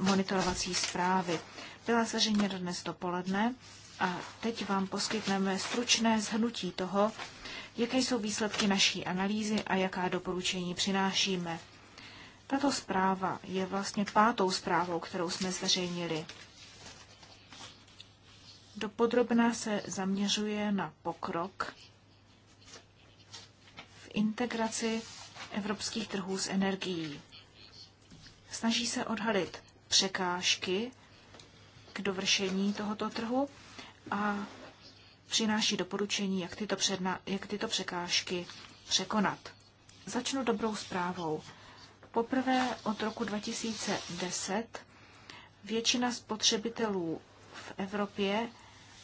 monitorovací zprávy. Byla zveřejněna dnes dopoledne a teď vám poskytneme stručné zhrnutí toho, jaké jsou výsledky naší analýzy a jaká doporučení přinášíme. Tato zpráva je vlastně pátou zprávou, kterou jsme zveřejnili. Dopodrobná se zaměřuje na pokrok v integraci evropských trhů s energií. Snaží se odhalit překážky k dovršení tohoto trhu a přináší doporučení, jak tyto, předna, jak tyto překážky překonat. Začnu dobrou zprávou. Poprvé od roku 2010 většina spotřebitelů v Evropě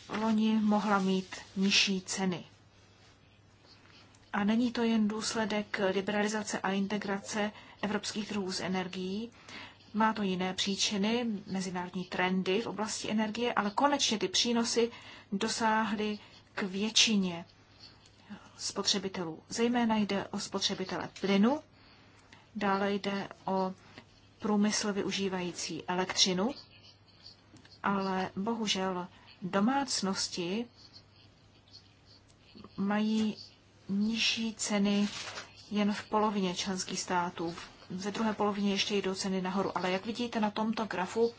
loni mohla mít nižší ceny. A není to jen důsledek liberalizace a integrace evropských trhů s energií, má to jiné příčiny, mezinárodní trendy v oblasti energie, ale konečně ty přínosy dosáhly k většině spotřebitelů. Zejména jde o spotřebitele plynu, Dále jde o průmysl využívající elektřinu, ale bohužel domácnosti mají nižší ceny jen v polovině členských států. Ze druhé polovině ještě jdou ceny nahoru. Ale jak vidíte na tomto grafu,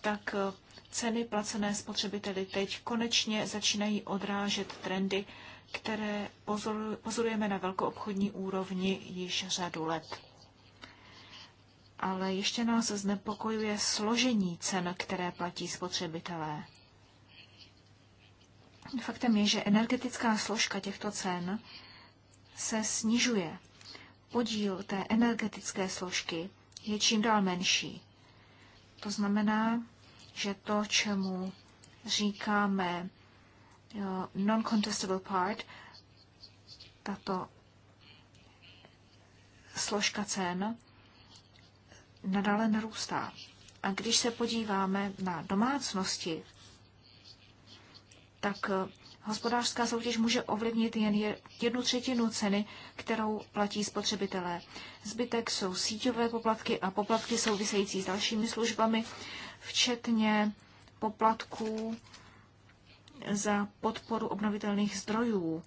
tak eh, ceny placené spotřebiteli teď konečně začínají odrážet trendy, které pozorujeme na velkoobchodní úrovni již řadu let. Ale ještě nás znepokojuje složení cen, které platí spotřebitelé. Faktem je, že energetická složka těchto cen se snižuje. Podíl té energetické složky je čím dál menší. To znamená, že to, čemu říkáme non-contestable part, tato složka cen nadále narůstá. A když se podíváme na domácnosti, tak eh, hospodářská soutěž může ovlivnit jen jednu třetinu ceny, kterou platí spotřebitelé. Zbytek jsou síťové poplatky a poplatky související s dalšími službami, včetně poplatků za podporu obnovitelných zdrojů.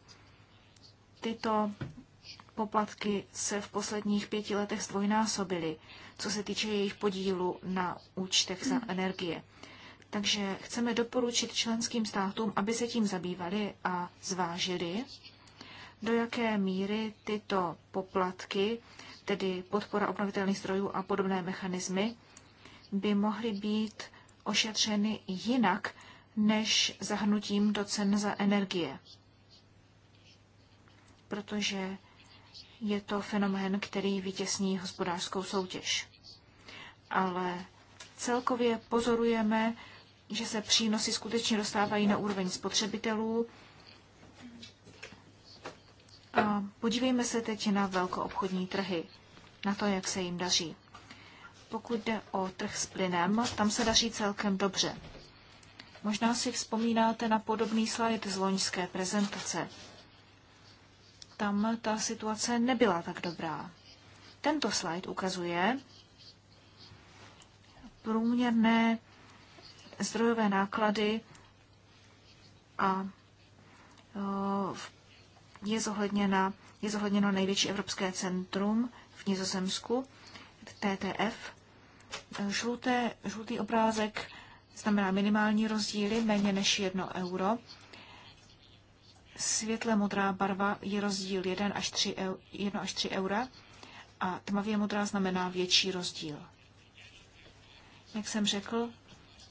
Tyto poplatky se v posledních pěti letech zdvojnásobily, co se týče jejich podílu na účtech za energie. Takže chceme doporučit členským státům, aby se tím zabývali a zvážili, do jaké míry tyto poplatky, tedy podpora obnovitelných zdrojů a podobné mechanismy, by mohly být ošetřeny jinak než zahnutím do cen za energie. Protože je to fenomén, který vytěsní hospodářskou soutěž. Ale celkově pozorujeme, že se přínosy skutečně dostávají na úroveň spotřebitelů. A podívejme se teď na velkoobchodní trhy, na to, jak se jim daří. Pokud jde o trh s plynem, tam se daří celkem dobře. Možná si vzpomínáte na podobný slide z loňské prezentace. Tam ta situace nebyla tak dobrá. Tento slide ukazuje průměrné zdrojové náklady a eh, je, zohledněna, je zohledněno největší evropské centrum v Nizozemsku, TTF. Eh, žluté, žlutý obrázek znamená minimální rozdíly, méně než 1 euro. Světle modrá barva je rozdíl 1 až 3, 1 až 3 eura a tmavě modrá znamená větší rozdíl. Jak jsem řekl,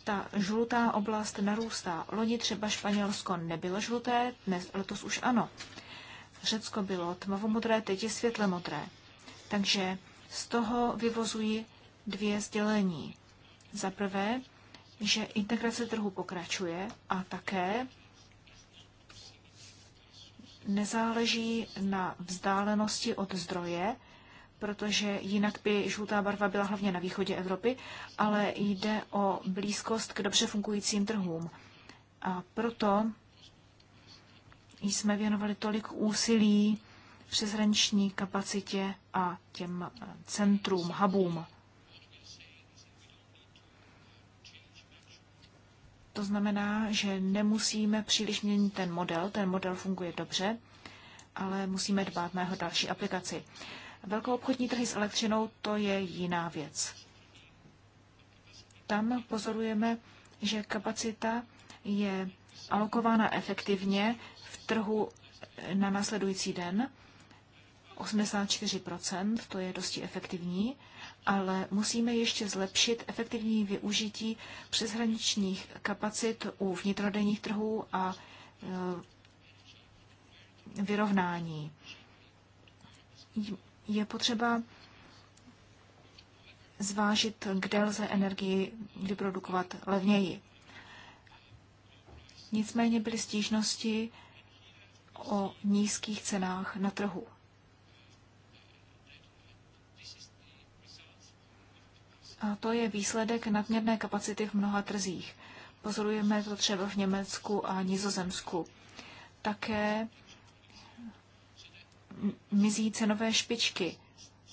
ta žlutá oblast narůstá. Loni třeba Španělsko nebylo žluté, dnes, letos už ano. Řecko bylo tmavomodré, teď je světle modré. Takže z toho vyvozují dvě sdělení. Za prvé, že integrace trhu pokračuje a také nezáleží na vzdálenosti od zdroje, protože jinak by žlutá barva byla hlavně na východě Evropy, ale jde o blízkost k dobře fungujícím trhům. A proto jsme věnovali tolik úsilí přeshraniční kapacitě a těm centrům, hubům. To znamená, že nemusíme příliš měnit ten model, ten model funguje dobře, ale musíme dbát na jeho další aplikaci. Velkou obchodní trhy s elektřinou to je jiná věc. Tam pozorujeme, že kapacita je alokována efektivně v trhu na následující den. 84%, to je dosti efektivní ale musíme ještě zlepšit efektivní využití přeshraničních kapacit u vnitrodenních trhů a e, vyrovnání. Je potřeba zvážit, kde lze energii vyprodukovat levněji. Nicméně byly stížnosti o nízkých cenách na trhu. A to je výsledek nadměrné kapacity v mnoha trzích. Pozorujeme to třeba v Německu a Nizozemsku. Také mizí cenové špičky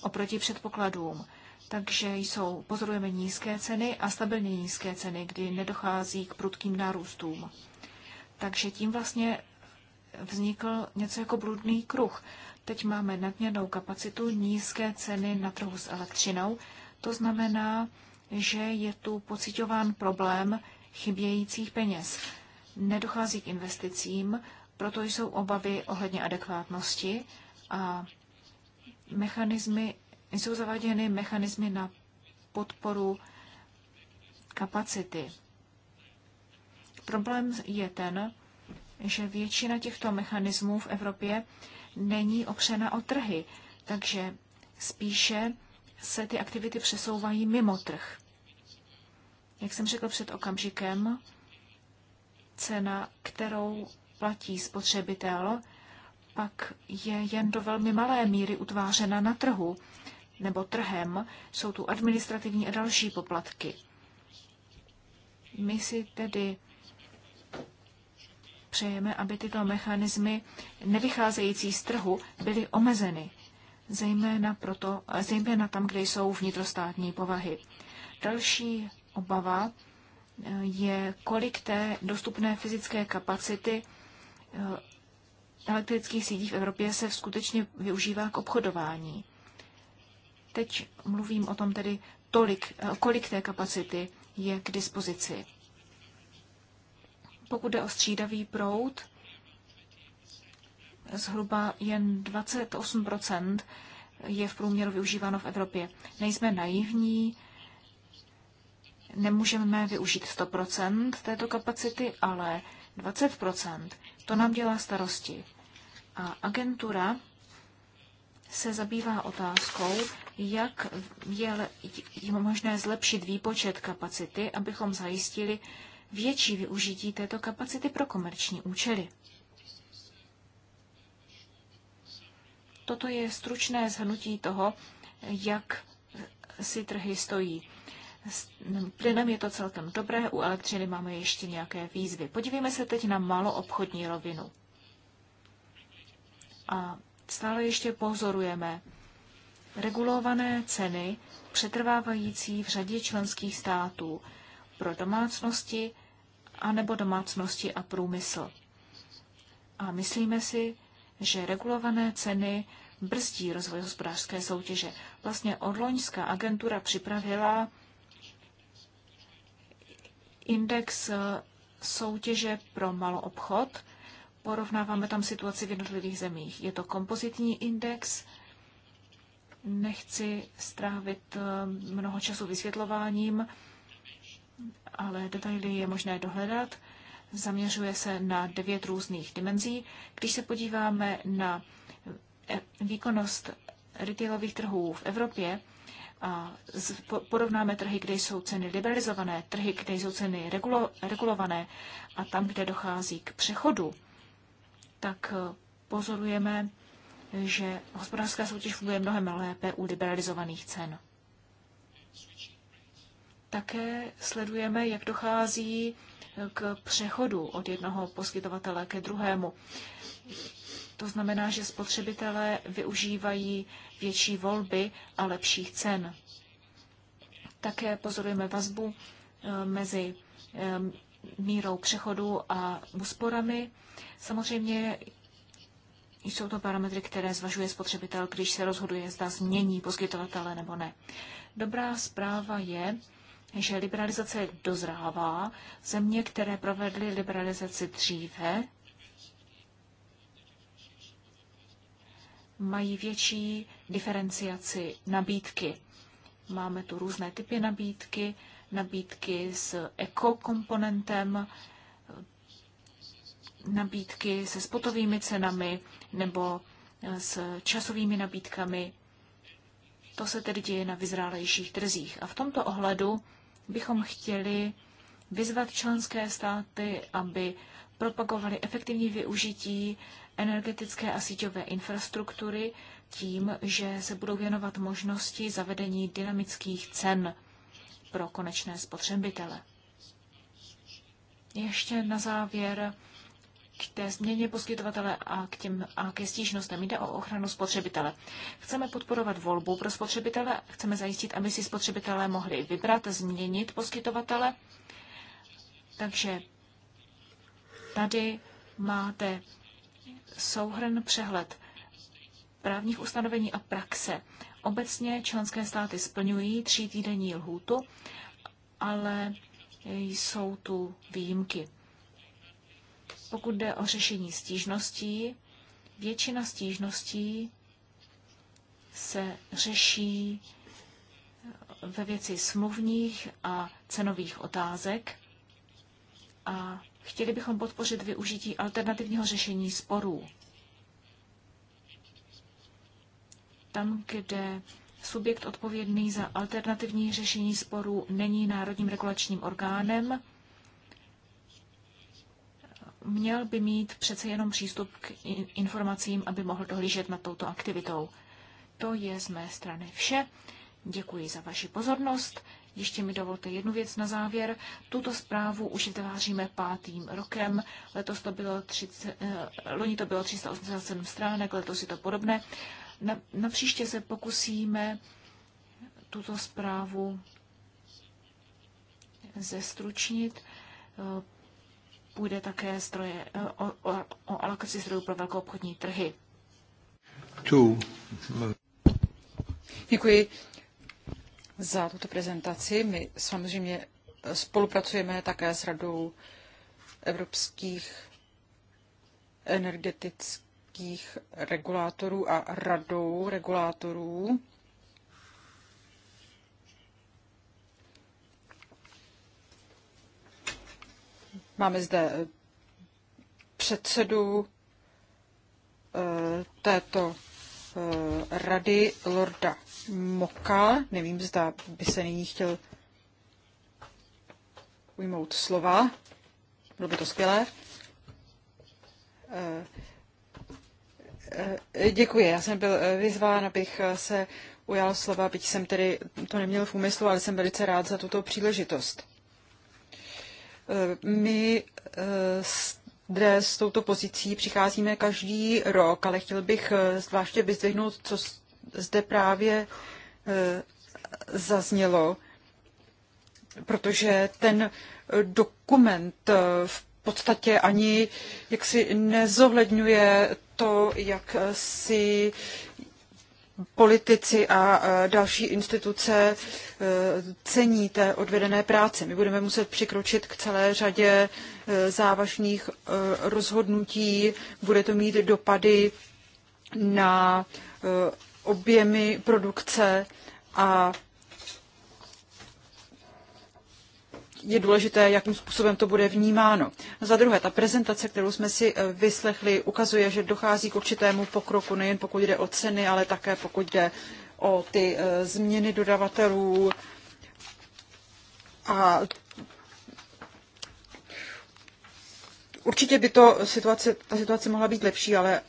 oproti předpokladům. Takže jsou, pozorujeme nízké ceny a stabilně nízké ceny, kdy nedochází k prudkým nárůstům. Takže tím vlastně vznikl něco jako bludný kruh. Teď máme nadměrnou kapacitu, nízké ceny na trhu s elektřinou to znamená, že je tu pocitován problém chybějících peněz. Nedochází k investicím, proto jsou obavy ohledně adekvátnosti a mechanizmy, jsou zaváděny mechanismy na podporu kapacity. Problém je ten, že většina těchto mechanismů v Evropě není opřena o trhy, takže spíše se ty aktivity přesouvají mimo trh. Jak jsem řekl před okamžikem, cena, kterou platí spotřebitel, pak je jen do velmi malé míry utvářena na trhu nebo trhem. Jsou tu administrativní a další poplatky. My si tedy přejeme, aby tyto mechanismy nevycházející z trhu byly omezeny zejména, proto, zejména tam, kde jsou vnitrostátní povahy. Další obava eh, je, kolik té dostupné fyzické kapacity eh, elektrických sítí v Evropě se skutečně využívá k obchodování. Teď mluvím o tom tedy, tolik, eh, kolik té kapacity je k dispozici. Pokud jde o střídavý proud, zhruba jen 28 je v průměru využíváno v Evropě. Nejsme naivní, nemůžeme využít 100 této kapacity, ale 20 to nám dělá starosti. A agentura se zabývá otázkou, jak je, je možné zlepšit výpočet kapacity, abychom zajistili větší využití této kapacity pro komerční účely. Toto je stručné zhrnutí toho, jak si trhy stojí. S plynem je to celkem dobré, u elektřiny máme ještě nějaké výzvy. Podívejme se teď na maloobchodní rovinu. A stále ještě pozorujeme regulované ceny přetrvávající v řadě členských států pro domácnosti anebo domácnosti a průmysl. A myslíme si, že regulované ceny brzdí rozvoj hospodářské soutěže. Vlastně odloňská agentura připravila index eh, soutěže pro maloobchod. Porovnáváme tam situaci v jednotlivých zemích. Je to kompozitní index. Nechci strávit eh, mnoho času vysvětlováním, ale detaily je možné dohledat zaměřuje se na devět různých dimenzí. Když se podíváme na eh, výkonnost retailových trhů v Evropě, a porovnáme trhy, kde jsou ceny liberalizované, trhy, kde jsou ceny regulo, regulované a tam, kde dochází k přechodu, tak eh, pozorujeme, že hospodářská soutěž funguje mnohem lépe u liberalizovaných cen. Také sledujeme, jak dochází k přechodu od jednoho poskytovatele ke druhému. To znamená, že spotřebitelé využívají větší volby a lepších cen. Také pozorujeme vazbu eh, mezi eh, mírou přechodu a úsporami. Samozřejmě jsou to parametry, které zvažuje spotřebitel, když se rozhoduje, zda změní poskytovatele nebo ne. Dobrá zpráva je, že liberalizace dozrává. Země, které provedly liberalizaci dříve, mají větší diferenciaci nabídky. Máme tu různé typy nabídky, nabídky s ekokomponentem, nabídky se spotovými cenami nebo s časovými nabídkami. To se tedy děje na vyzrálejších trzích. A v tomto ohledu bychom chtěli vyzvat členské státy, aby propagovali efektivní využití energetické a síťové infrastruktury tím, že se budou věnovat možnosti zavedení dynamických cen pro konečné spotřebitele. Ještě na závěr k té změně poskytovatele a k, těm, a ke stížnostem. Jde o ochranu spotřebitele. Chceme podporovat volbu pro spotřebitele, chceme zajistit, aby si spotřebitelé mohli vybrat, změnit poskytovatele. Takže tady máte souhrn přehled právních ustanovení a praxe. Obecně členské státy splňují tří týdenní lhůtu, ale jsou tu výjimky. Pokud jde o řešení stížností, většina stížností se řeší ve věci smluvních a cenových otázek a chtěli bychom podpořit využití alternativního řešení sporů. Tam, kde subjekt odpovědný za alternativní řešení sporů není národním regulačním orgánem, měl by mít přece jenom přístup k informacím, aby mohl dohlížet nad touto aktivitou. To je z mé strany vše. Děkuji za vaši pozornost. Ještě mi dovolte jednu věc na závěr. Tuto zprávu už vytváříme pátým rokem. Letos to bylo 30, eh, loni to bylo 387 stránek, letos je to podobné. Na, na příště se pokusíme tuto zprávu zestručnit eh, půjde také stroje, eh, o, o, o alokaci zdrojů pro velkou obchodní trhy. Tu. Děkuji za tuto prezentaci. My samozřejmě spolupracujeme také s Radou evropských energetických regulátorů a radou regulátorů. Máme zde eh, předsedu eh, této eh, rady Lorda Moka. Nevím, zda by se nyní chtěl ujmout slova. Bylo by to skvělé. Děkuji. Já jsem byl vyzván, abych se ujal slova, byť jsem tedy to neměl v úmyslu, ale jsem velice rád za tuto příležitost. Eh, my zde eh, s touto pozicí přicházíme každý rok, ale chtěl bych eh, zvláště vyzdvihnout, co zde právě zaznělo, protože ten dokument v podstatě ani jaksi nezohledňuje to, jak si politici a e, další instituce e, cení té odvedené práce. My budeme muset přikročit k celé řadě e, závažných rozhodnutí. Bude to mít dopady na objemy produkce a je důležité, jakým způsobem to bude vnímáno. Za druhé, ta prezentace, kterou jsme si eh, vyslechli, ukazuje, že dochází k určitému pokroku, nejen pokud jde o ceny, ale také pokud jde o ty eh, změny dodavatelů a Určitě by to situace, ta situace mohla být lepší, ale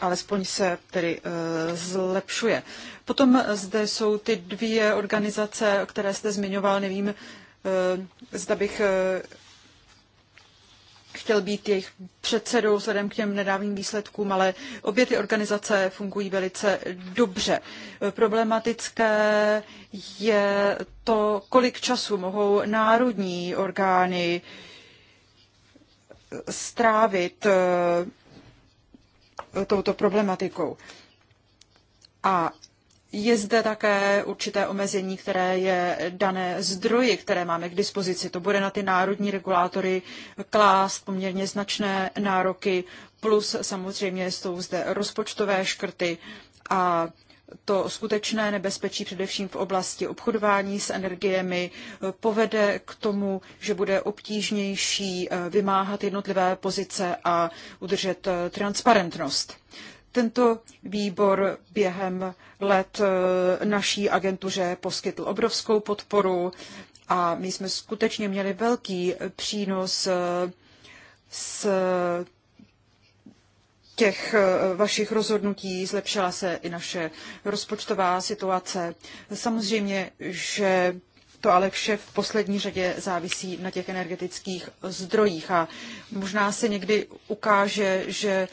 alespoň se tedy e, zlepšuje. Potom zde jsou ty dvě organizace, které jste zmiňoval, nevím, Eh, zda bych eh, chtěl být jejich předsedou vzhledem k těm nedávným výsledkům, ale obě ty organizace fungují velice dobře. Eh, problematické je to, kolik času mohou národní orgány strávit touto problematikou. A je zde také určité omezení, které je dané zdroji, které máme k dispozici. To bude na ty národní regulátory klást poměrně značné nároky, plus samozřejmě jsou zde rozpočtové škrty a to skutečné nebezpečí především v oblasti obchodování s energiemi povede k tomu, že bude obtížnější eh, vymáhat jednotlivé pozice a udržet eh, transparentnost. Tento výbor během let e, naší agentuře poskytl obrovskou podporu a my jsme skutečně měli velký přínos z e, těch e, vašich rozhodnutí zlepšila se i naše rozpočtová situace. Samozřejmě, že to ale vše v poslední řadě závisí na těch energetických zdrojích a možná se někdy ukáže, že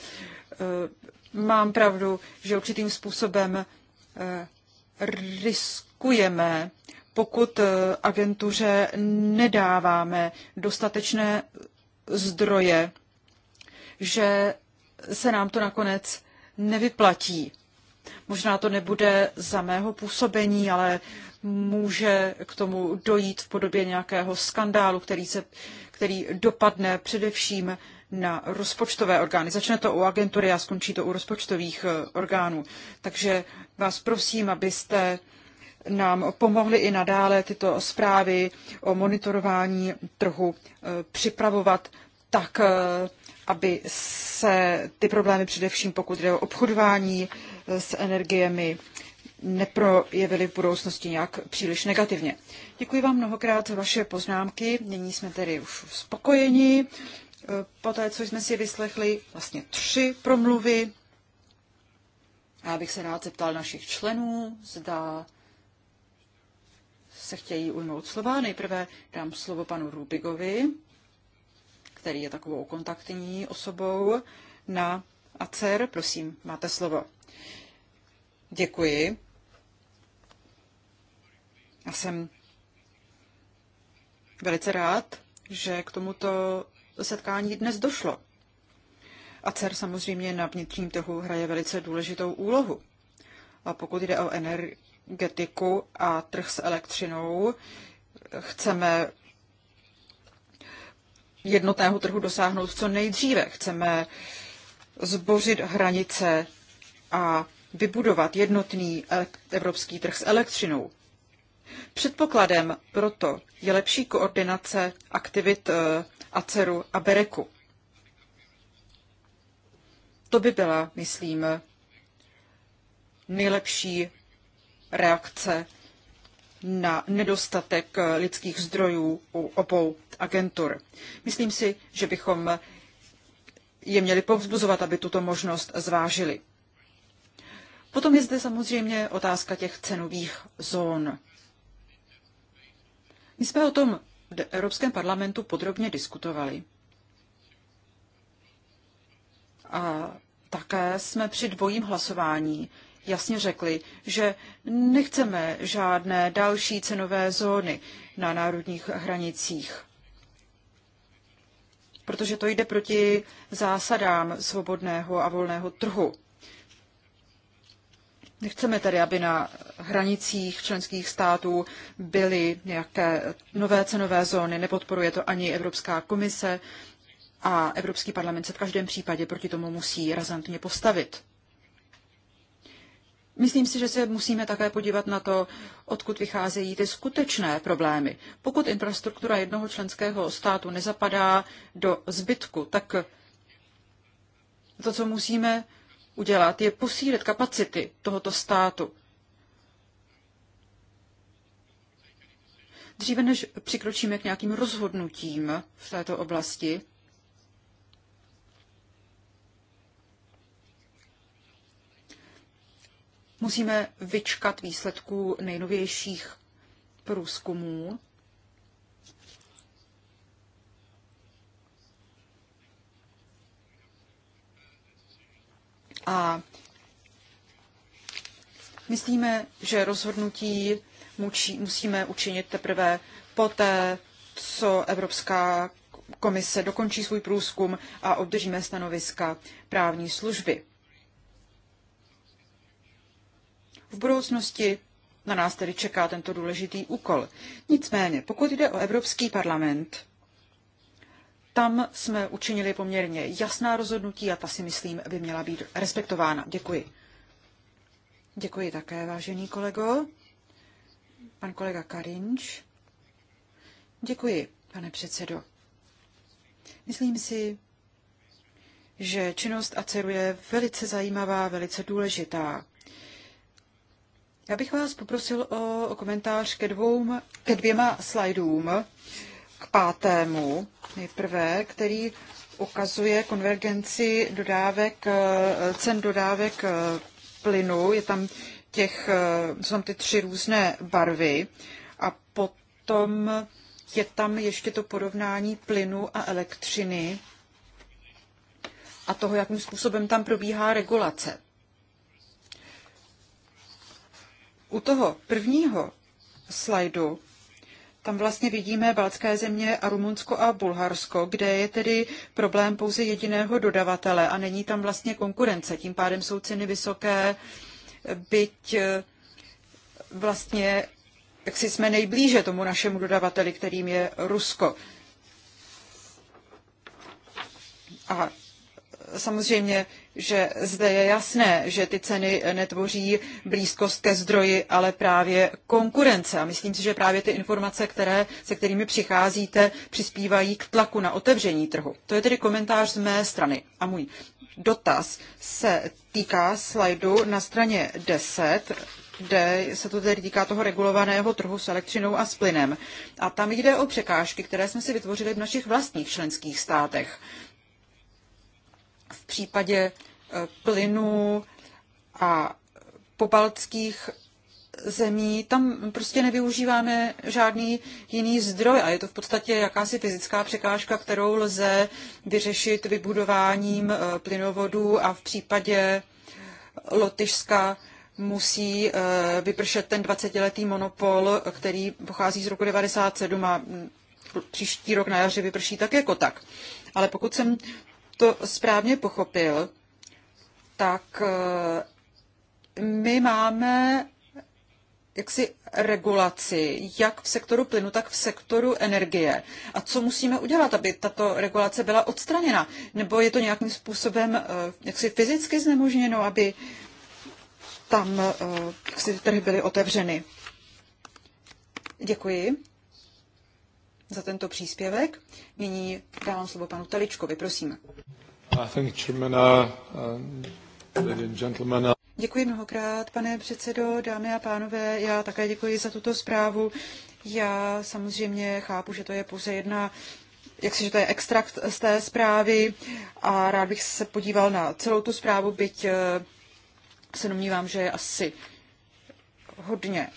mám pravdu, že určitým způsobem eh, riskujeme, pokud eh, agentuře nedáváme dostatečné zdroje, že se nám to nakonec nevyplatí. Možná to nebude za mého působení, ale může k tomu dojít v podobě nějakého skandálu, který, se, který dopadne především na rozpočtové orgány. Začne to u agentury a skončí to u rozpočtových eh, orgánů. Takže vás prosím, abyste nám pomohli i nadále tyto zprávy o monitorování trhu eh, připravovat tak, eh, aby se ty problémy především pokud jde o obchodování s energiemi neprojevily v budoucnosti nějak příliš negativně. Děkuji vám mnohokrát za vaše poznámky. Nyní jsme tedy už spokojeni poté, co jsme si vyslechli vlastně tři promluvy. A já bych se rád zeptal našich členů, zda se chtějí ujmout slova. Nejprve dám slovo panu Rubigovi, který je takovou kontaktní osobou na ACER. Prosím, máte slovo. Děkuji. Já jsem velice rád, že k tomuto setkání dnes došlo. A CER samozřejmě na vnitřním trhu hraje velice důležitou úlohu. A pokud jde o energetiku a trh s elektřinou, chceme jednotného trhu dosáhnout co nejdříve. Chceme zbořit hranice a vybudovat jednotný evropský trh s elektřinou. Předpokladem proto je lepší koordinace aktivit eh, ACERu a BEREKu. To by byla, myslím, nejlepší reakce na nedostatek eh, lidských zdrojů u obou agentur. Myslím si, že bychom je měli povzbuzovat, aby tuto možnost zvážili. Potom je zde samozřejmě otázka těch cenových zón. My jsme o tom v Evropském parlamentu podrobně diskutovali. A také jsme při dvojím hlasování jasně řekli, že nechceme žádné další cenové zóny na národních hranicích, protože to jde proti zásadám svobodného a volného trhu. Nechceme tedy, aby na hranicích členských států byly nějaké nové cenové zóny, nepodporuje to ani Evropská komise a Evropský parlament se v každém případě proti tomu musí razantně postavit. Myslím si, že se musíme také podívat na to, odkud vycházejí ty skutečné problémy. Pokud infrastruktura jednoho členského státu nezapadá do zbytku, tak to, co musíme udělat, je posílit kapacity tohoto státu. Dříve než přikročíme k nějakým rozhodnutím v této oblasti, musíme vyčkat výsledků nejnovějších průzkumů A myslíme, že rozhodnutí musíme učinit teprve poté, co Evropská komise dokončí svůj průzkum a obdržíme stanoviska právní služby. V budoucnosti na nás tedy čeká tento důležitý úkol. Nicméně, pokud jde o Evropský parlament, tam jsme učinili poměrně jasná rozhodnutí a ta si myslím by měla být respektována. Děkuji. Děkuji také, vážený kolego. Pan kolega Karinč. Děkuji, pane předsedo. Myslím si, že činnost ACERu je velice zajímavá, velice důležitá. Já bych vás poprosil o, o komentář ke, dvou, ke dvěma slajdům, k pátému nejprve, který ukazuje konvergenci dodávek, eh, cen dodávek eh, plynu. Je tam těch, eh, jsou tam ty tři různé barvy a potom je tam ještě to porovnání plynu a elektřiny a toho, jakým způsobem tam probíhá regulace. U toho prvního slajdu tam vlastně vidíme baltské země a Rumunsko a Bulharsko, kde je tedy problém pouze jediného dodavatele a není tam vlastně konkurence. Tím pádem jsou ceny vysoké, byť eh, vlastně jak si jsme nejblíže tomu našemu dodavateli, kterým je Rusko. A samozřejmě že zde je jasné, že ty ceny netvoří blízkost ke zdroji, ale právě konkurence. A myslím si, že právě ty informace, které, se kterými přicházíte, přispívají k tlaku na otevření trhu. To je tedy komentář z mé strany. A můj dotaz se týká slajdu na straně 10, kde se to tedy týká toho regulovaného trhu s elektřinou a s plynem. A tam jde o překážky, které jsme si vytvořili v našich vlastních členských státech v případě eh, plynu a pobaltských zemí, tam prostě nevyužíváme žádný jiný zdroj a je to v podstatě jakási fyzická překážka, kterou lze vyřešit vybudováním eh, plynovodu a v případě Lotyšska musí eh, vypršet ten 20-letý monopol, který pochází z roku 97 a mm, příští rok na jaře vyprší tak jako tak. Ale pokud jsem to správně pochopil, tak eh, my máme jaksi regulaci, jak v sektoru plynu, tak v sektoru energie. A co musíme udělat, aby tato regulace byla odstraněna? Nebo je to nějakým způsobem eh, jaksi fyzicky znemožněno, aby tam eh, jaksi trhy byly otevřeny? Děkuji za tento příspěvek. Nyní dávám slovo panu Teličkovi, prosím. Uh, uh, um, uh, děkuji mnohokrát, pane předsedo, dámy a pánové. Já také děkuji za tuto zprávu. Já samozřejmě chápu, že to je pouze jedna jak si, že to je extrakt z té zprávy a rád bych se podíval na celou tu zprávu, byť se domnívám, že je asi hodně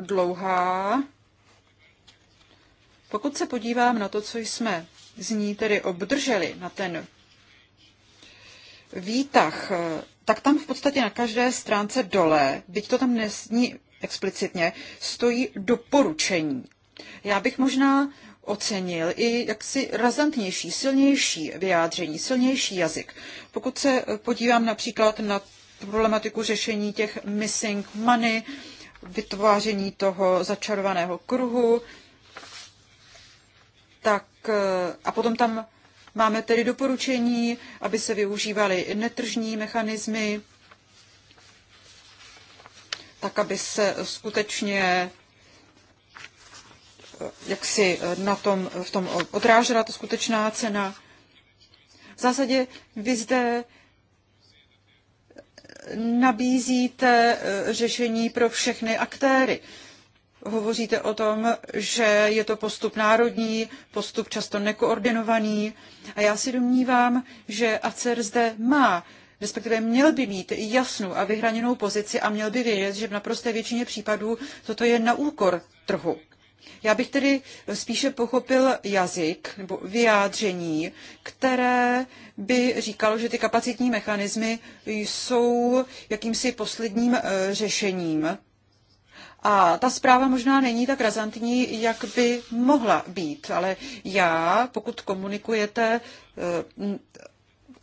dlouhá. Pokud se podívám na to, co jsme z ní tedy obdrželi, na ten výtah, tak tam v podstatě na každé stránce dole, byť to tam nesní explicitně, stojí doporučení. Já bych možná ocenil i jaksi razantnější, silnější vyjádření, silnější jazyk. Pokud se podívám například na problematiku řešení těch missing money, vytváření toho začarovaného kruhu, tak eh, a potom tam máme tedy doporučení, aby se využívaly netržní mechanismy, tak aby se skutečně eh, jak si eh, na tom, v tom odrážela ta skutečná cena. V zásadě vy zde nabízíte řešení pro všechny aktéry hovoříte o tom, že je to postup národní, postup často nekoordinovaný a já si domnívám, že ACER zde má respektive měl by mít jasnou a vyhraněnou pozici a měl by vědět, že v naprosté většině případů toto je na úkor trhu. Já bych tedy spíše pochopil jazyk nebo vyjádření, které by říkalo, že ty kapacitní mechanismy jsou jakýmsi posledním eh, řešením a ta zpráva možná není tak razantní, jak by mohla být, ale já, pokud komunikujete eh,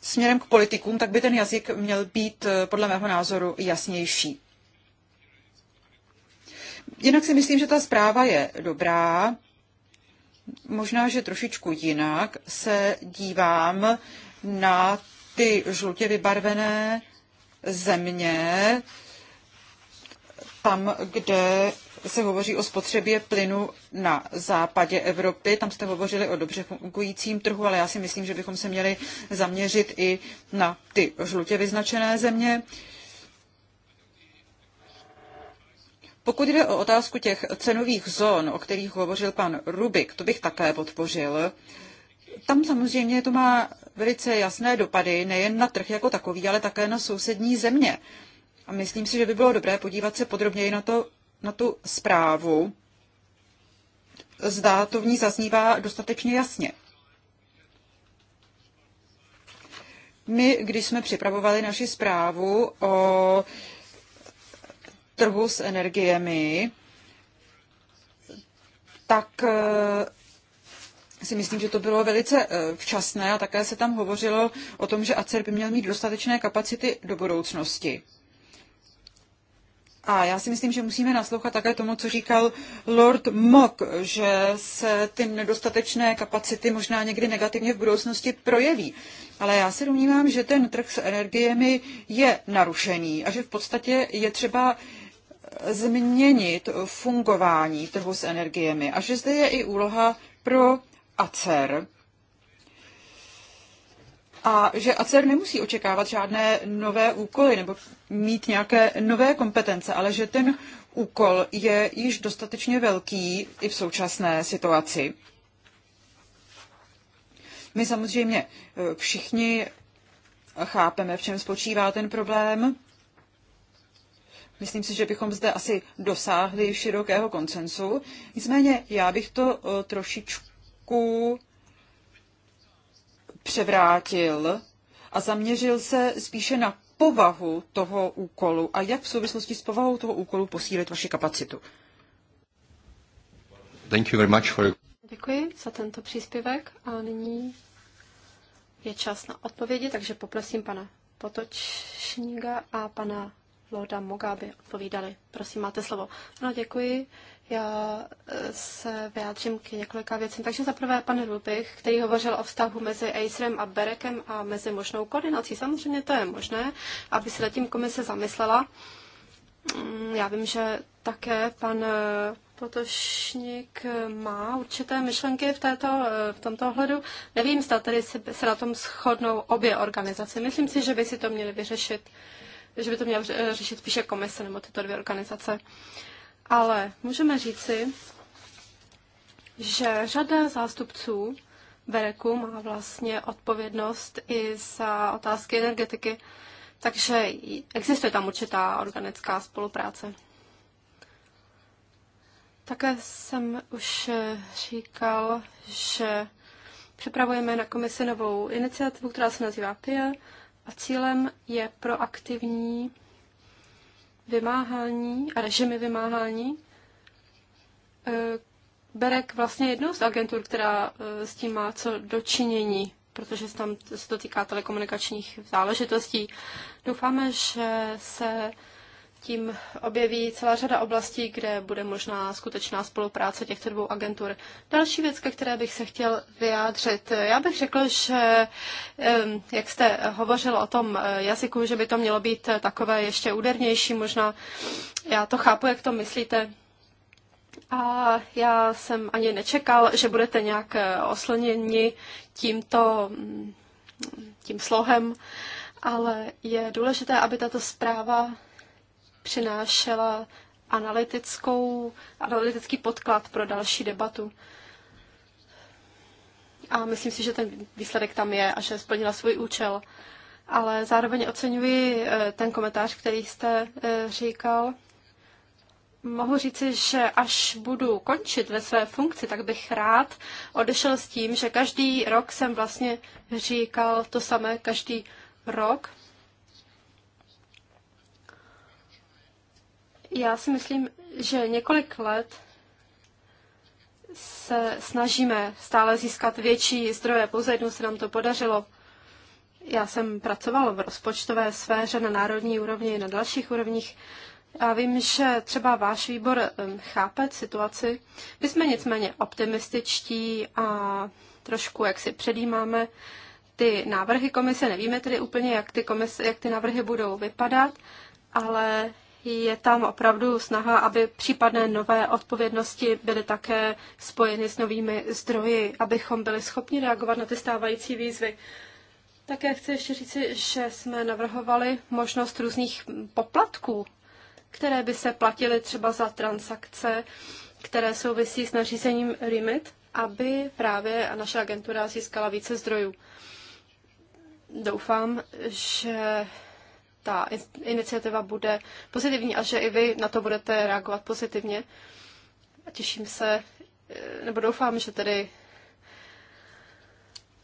směrem k politikům, tak by ten jazyk měl být eh, podle mého názoru jasnější. Jinak si myslím, že ta zpráva je dobrá. Možná, že trošičku jinak se dívám na ty žlutě vybarvené země, tam, kde se hovoří o spotřebě plynu na západě Evropy. Tam jste hovořili o dobře fungujícím trhu, ale já si myslím, že bychom se měli zaměřit i na ty žlutě vyznačené země. Pokud jde o otázku těch cenových zón, o kterých hovořil pan Rubik, to bych také podpořil. Tam samozřejmě to má velice jasné dopady nejen na trh jako takový, ale také na sousední země. A myslím si, že by bylo dobré podívat se podrobněji na, to, na tu zprávu. Zdá to v ní zaznívá dostatečně jasně. My, když jsme připravovali naši zprávu o trhu s energiemi, tak eh, si myslím, že to bylo velice eh, včasné a také se tam hovořilo o tom, že ACER by měl mít dostatečné kapacity do budoucnosti. A já si myslím, že musíme naslouchat také tomu, co říkal Lord Mock, že se ty nedostatečné kapacity možná někdy negativně v budoucnosti projeví. Ale já se domnívám, že ten trh s energiemi je narušený a že v podstatě je třeba změnit fungování trhu s energiemi a že zde je i úloha pro ACER, a že ACER nemusí očekávat žádné nové úkoly nebo mít nějaké nové kompetence, ale že ten úkol je již dostatečně velký i v současné situaci. My samozřejmě eh, všichni chápeme, v čem spočívá ten problém. Myslím si, že bychom zde asi dosáhli širokého konsensu. Nicméně já bych to eh, trošičku převrátil a zaměřil se spíše na povahu toho úkolu a jak v souvislosti s povahou toho úkolu posílit vaši kapacitu. Thank you very much for... Děkuji za tento příspěvek a nyní je čas na odpovědi, takže poprosím pana Potočníka a pana Lorda Moga, aby odpovídali. Prosím, máte slovo. No, děkuji. Já e, se vyjádřím k několika věcem. Takže zaprvé pan Rubich, který hovořil o vztahu mezi Acerem a Berekem a mezi možnou koordinací. Samozřejmě to je možné, aby se tím komise zamyslela. Mm, já vím, že také pan e, Potošník e, má určité myšlenky v, této, v tomto ohledu. Nevím, zda tady se, se na tom shodnou obě organizace. Myslím si, že by si to měli vyřešit, že by to měla řešit spíše komise nebo tyto dvě organizace. Uh, ale můžeme říci, že řada zástupců Bereku má vlastně odpovědnost i za otázky energetiky, takže existuje tam určitá organická spolupráce. Také jsem už říkal, že připravujeme na komisi novou iniciativu, která se nazývá PIE a cílem je proaktivní vymáhání a režimy vymáhání. Eh, Berek vlastně jednou z agentur, která eh, s tím má co dočinění, protože se tam se to týká telekomunikačních záležitostí. Doufáme, že se tím objeví celá řada oblastí, kde bude možná skutečná spolupráce těchto dvou agentur. Další věc, ke které bych se chtěl vyjádřit. Já bych řekl, že jak jste hovořil o tom eh, jazyku, že by to mělo být takové ještě údernější, možná já to chápu, jak to myslíte. A já jsem ani nečekal, že budete nějak eh, oslněni tímto, mm, tím slohem, ale je důležité, aby tato zpráva přinášela analytickou, analytický podklad pro další debatu. A myslím si, že ten výsledek tam je a že splnila svůj účel. Ale zároveň oceňuji eh, ten komentář, který jste eh, říkal. Mohu říci, že až budu končit ve své funkci, tak bych rád odešel s tím, že každý rok jsem vlastně říkal to samé každý rok, Já si myslím, že několik let se snažíme stále získat větší zdroje. Pouze jednou se nám to podařilo. Já jsem pracovala v rozpočtové sféře na národní úrovni i na dalších úrovních. Já vím, že třeba váš výbor chápe situaci. My jsme nicméně optimističtí a trošku jak si předjímáme ty návrhy komise. Nevíme tedy úplně, jak ty, komise, jak ty návrhy budou vypadat, ale je tam opravdu snaha, aby případné nové odpovědnosti byly také spojeny s novými zdroji, abychom byli schopni reagovat na ty stávající výzvy. Také chci ještě říci, že jsme navrhovali možnost různých poplatků, které by se platily třeba za transakce, které souvisí s nařízením REMIT, aby právě naše agentura získala více zdrojů. Doufám, že ta iniciativa bude pozitivní a že i vy na to budete reagovat pozitivně. A těším se, eh, nebo doufám, že tedy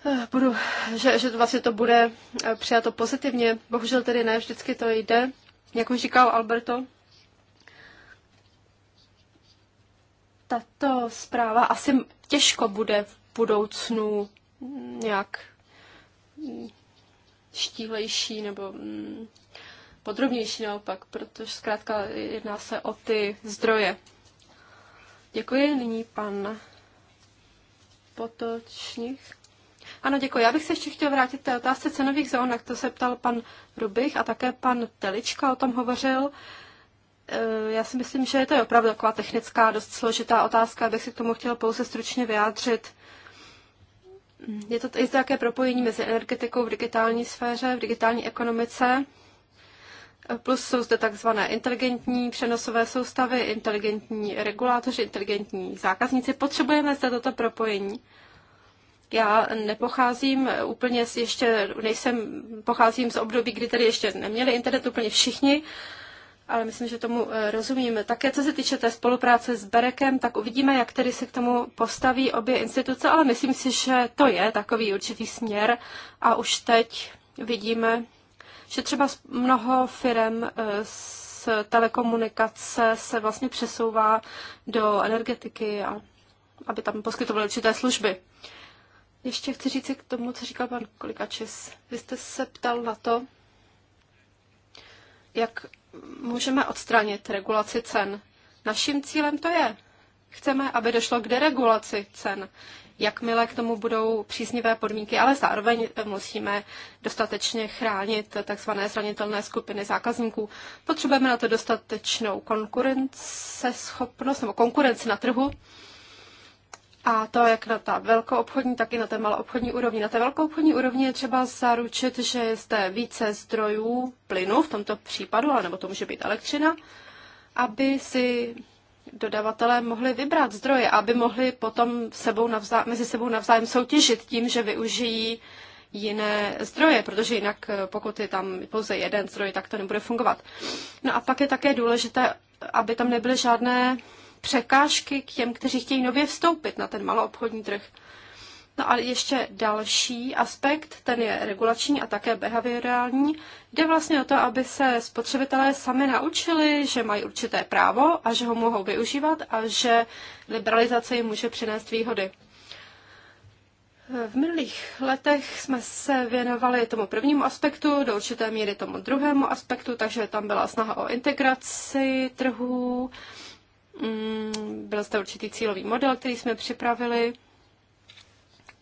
eh, budu, že, že vlastně to bude eh, přijato pozitivně. Bohužel tedy ne, vždycky to jde, jak už říkal Alberto. Tato zpráva asi těžko bude v budoucnu nějak mm, štíhlejší nebo mm, podrobnější naopak, protože zkrátka jedná se o ty zdroje. Děkuji. Nyní pan Potočník. Ano, děkuji. Já bych se ještě chtěl vrátit té otázce cenových zón, jak to se ptal pan Rubich a také pan Telička o tom hovořil. E, já si myslím, že je to opravdu taková technická, dost složitá otázka, abych si k tomu chtěl pouze stručně vyjádřit. Je to i také propojení mezi energetikou v digitální sféře, v digitální ekonomice. Plus jsou zde takzvané inteligentní přenosové soustavy, inteligentní regulátoři, inteligentní zákazníci. Potřebujeme zde toto propojení. Já nepocházím úplně z ještě, nejsem, pocházím z období, kdy tady ještě neměli internet úplně všichni, ale myslím, že tomu eh, rozumím. Také co se týče té spolupráce s Berekem, tak uvidíme, jak tedy se k tomu postaví obě instituce, ale myslím si, že to je takový určitý směr a už teď vidíme, že třeba mnoho firm z eh, telekomunikace se vlastně přesouvá do energetiky a aby tam poskytovaly určité služby. Ještě chci říct k tomu, co říkal pan Kolikačis. Vy jste se ptal na to, jak můžeme odstranit regulaci cen. Naším cílem to je Chceme, aby došlo k deregulaci cen, jakmile k tomu budou příznivé podmínky, ale zároveň musíme dostatečně chránit tzv. zranitelné skupiny zákazníků. Potřebujeme na to dostatečnou konkurenceschopnost nebo konkurenci na trhu. A to jak na ta velkou obchodní, tak i na té malou obchodní úrovni. Na té velkou obchodní úrovni je třeba zaručit, že je zde více zdrojů plynu, v tomto případu, ale nebo to může být elektřina, aby si dodavatelé mohli vybrat zdroje, aby mohli potom sebou navzájem, mezi sebou navzájem soutěžit tím, že využijí jiné zdroje, protože jinak eh, pokud je tam pouze jeden zdroj, tak to nebude fungovat. No a pak je také důležité, aby tam nebyly žádné překážky k těm, kteří chtějí nově vstoupit na ten maloobchodní trh. No a ještě další aspekt, ten je regulační a také behaviorální. Jde vlastně o to, aby se spotřebitelé sami naučili, že mají určité právo a že ho mohou využívat a že liberalizace jim může přinést výhody. V minulých letech jsme se věnovali tomu prvnímu aspektu, do určité míry tomu druhému aspektu, takže tam byla snaha o integraci trhů, mm, byl zde určitý cílový model, který jsme připravili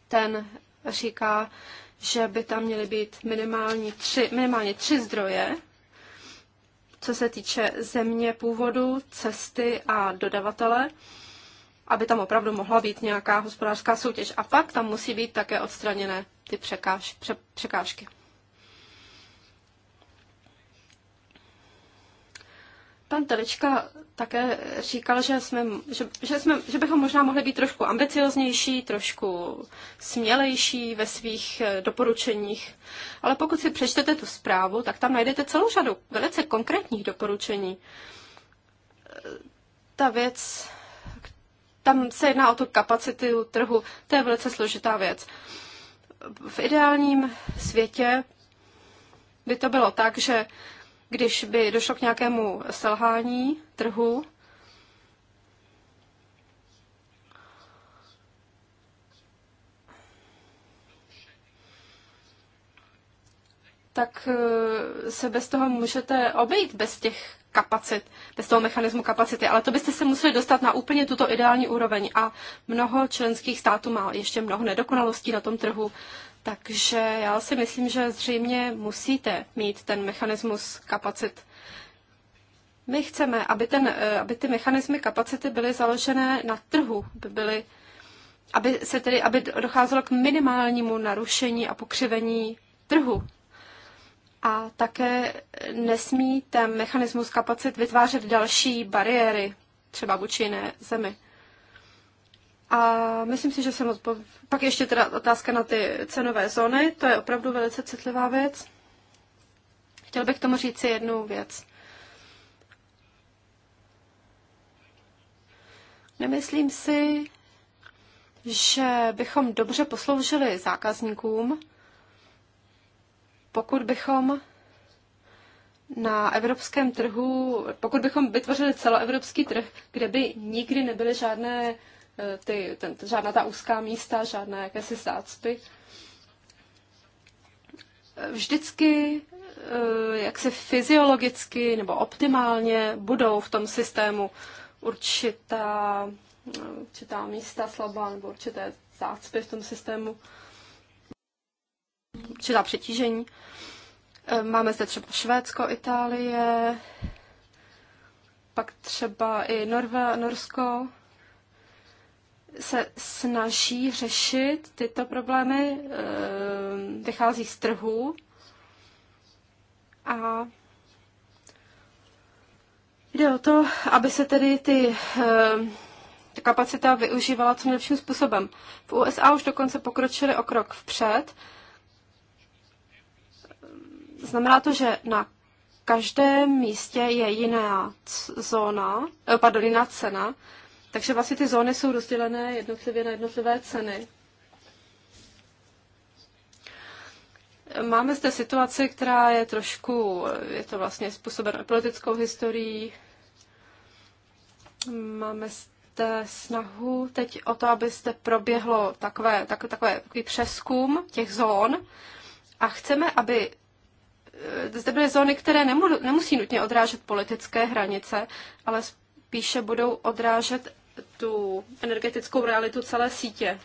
ten říká, že by tam měly být minimálně tři, minimálně tři zdroje, co se týče země původu, cesty a dodavatele, aby tam opravdu mohla být nějaká hospodářská soutěž. A pak tam musí být také odstraněné ty překáž, pře, překážky. Pan Telička také říkal, že, jsme, že, že, jsme, že bychom možná mohli být trošku ambicioznější, trošku smělejší ve svých eh, doporučeních. Ale pokud si přečtete tu zprávu, tak tam najdete celou řadu velice konkrétních doporučení. Eh, ta věc, tam se jedná o tu kapacitu trhu, to je velice složitá věc. V ideálním světě by to bylo tak, že když by došlo k nějakému selhání trhu, tak eh, se bez toho můžete obejít, bez těch kapacit, bez toho mechanismu kapacity, ale to byste se museli dostat na úplně tuto ideální úroveň a mnoho členských států má ještě mnoho nedokonalostí na tom trhu, takže já si myslím, že zřejmě musíte mít ten mechanismus kapacit. My chceme, aby, ten, eh, aby ty mechanismy kapacity byly založené na trhu, by byly, aby se tedy, aby docházelo k minimálnímu narušení a pokřivení trhu. A také nesmí ten mechanismus kapacit vytvářet další bariéry, třeba vůči jiné zemi. A myslím si, že jsem odpov... Pak ještě teda otázka na ty cenové zóny, to je opravdu velice citlivá věc. Chtěl bych k tomu říct si jednu věc. Nemyslím si, že bychom dobře posloužili zákazníkům, pokud bychom na evropském trhu, pokud bychom vytvořili celoevropský trh, kde by nikdy nebyly žádné Eh, ty, ten, žádná ta úzká místa, žádné jakési zácpy. Eh, vždycky eh, jak se fyziologicky nebo optimálně budou v tom systému určitá, určitá místa slabá nebo určité zácpy v tom systému, určitá přetížení. Máme zde třeba Švédsko, Itálie, pak třeba i Norve, Norsko, se snaží řešit tyto problémy, eh, vychází z trhu a jde o to, aby se tedy ty eh, ta kapacita využívala co nejlepším způsobem. V USA už dokonce pokročili o krok vpřed. Znamená to, že na každém místě je jiná zóna, eh, pardon, jiná cena, takže vlastně ty zóny jsou rozdělené jednotlivě na jednotlivé ceny. Máme zde situaci, která je trošku, je to vlastně způsobeno politickou historií. Máme zde snahu teď o to, aby zde proběhlo takové, tak, takové, takový přeskum těch zón a chceme, aby eh, zde byly zóny, které nemusí nutně odrážet politické hranice, ale píše budou odrážet tu energetickou realitu celé sítě.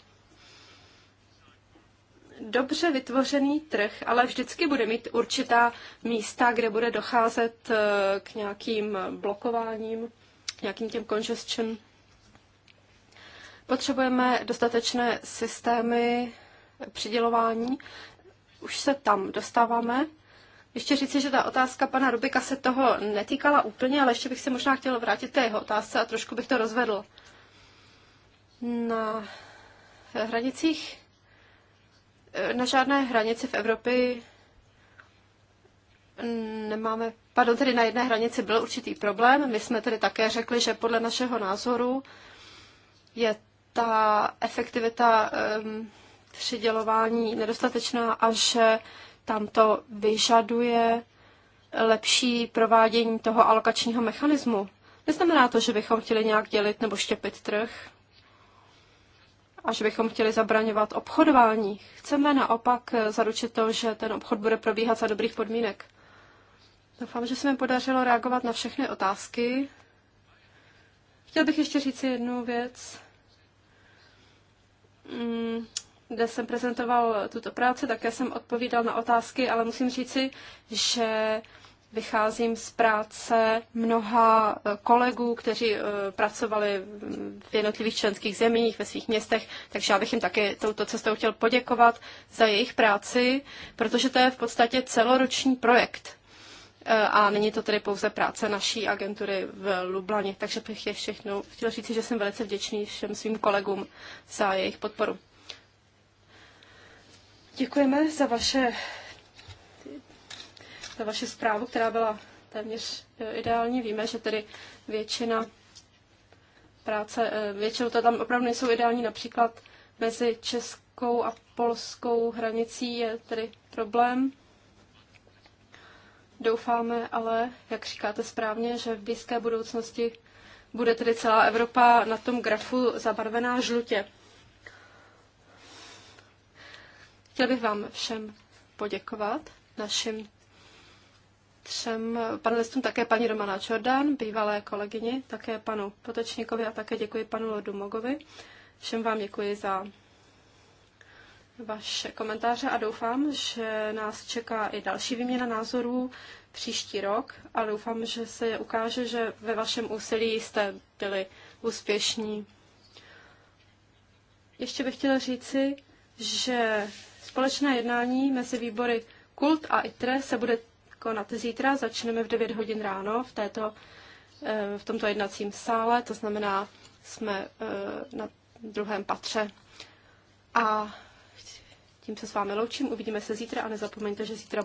Dobře vytvořený trh, ale vždycky bude mít určitá místa, kde bude docházet eh, k nějakým blokováním, k nějakým těm congestion. Potřebujeme dostatečné systémy přidělování. Už se tam dostáváme ještě říci, že ta otázka pana Rubika se toho netýkala úplně, ale ještě bych se možná chtěl vrátit k té jeho otázce a trošku bych to rozvedl. Na hranicích, na žádné hranici v Evropě nemáme, pardon, tedy na jedné hranici byl určitý problém. My jsme tedy také řekli, že podle našeho názoru je ta efektivita um, přidělování nedostatečná a že tam to vyžaduje lepší provádění toho alokačního mechanismu. Neznamená to, že bychom chtěli nějak dělit nebo štěpit trh a že bychom chtěli zabraňovat obchodování. Chceme naopak zaručit to, že ten obchod bude probíhat za dobrých podmínek. Doufám, že se mi podařilo reagovat na všechny otázky. Chtěl bych ještě říct jednu věc. Mm, kde jsem prezentoval tuto práci, také jsem odpovídal na otázky, ale musím říci, že vycházím z práce mnoha eh, kolegů, kteří eh, pracovali v jednotlivých členských zemích, ve svých městech, takže já bych jim také touto cestou chtěl poděkovat za jejich práci, protože to je v podstatě celoroční projekt. Eh, a není to tedy pouze práce naší agentury v Lublani, takže bych je všechno chtěl říct, že jsem velice vděčný všem svým kolegům za jejich podporu. Děkujeme za vaše, za vaši zprávu, která byla téměř eh, ideální. Víme, že tedy většina práce, eh, většinou to tam opravdu nejsou ideální, například mezi českou a polskou hranicí je tedy problém. Doufáme ale, jak říkáte správně, že v blízké budoucnosti bude tedy celá Evropa na tom grafu zabarvená žlutě. Chtěl bych vám všem poděkovat, našim třem panelistům, také paní Romana Čordán, bývalé kolegyni, také panu Potečníkovi a také děkuji panu Lordu Mogovi. Všem vám děkuji za vaše komentáře a doufám, že nás čeká i další výměna názorů příští rok a doufám, že se ukáže, že ve vašem úsilí jste byli úspěšní. Ještě bych chtěla říci, že Společné jednání mezi výbory Kult a ITRE se bude konat zítra. Začneme v 9 hodin ráno v, této, eh, v tomto jednacím sále, to znamená, jsme eh, na druhém patře. A tím se s vámi loučím, uvidíme se zítra a nezapomeňte, že zítra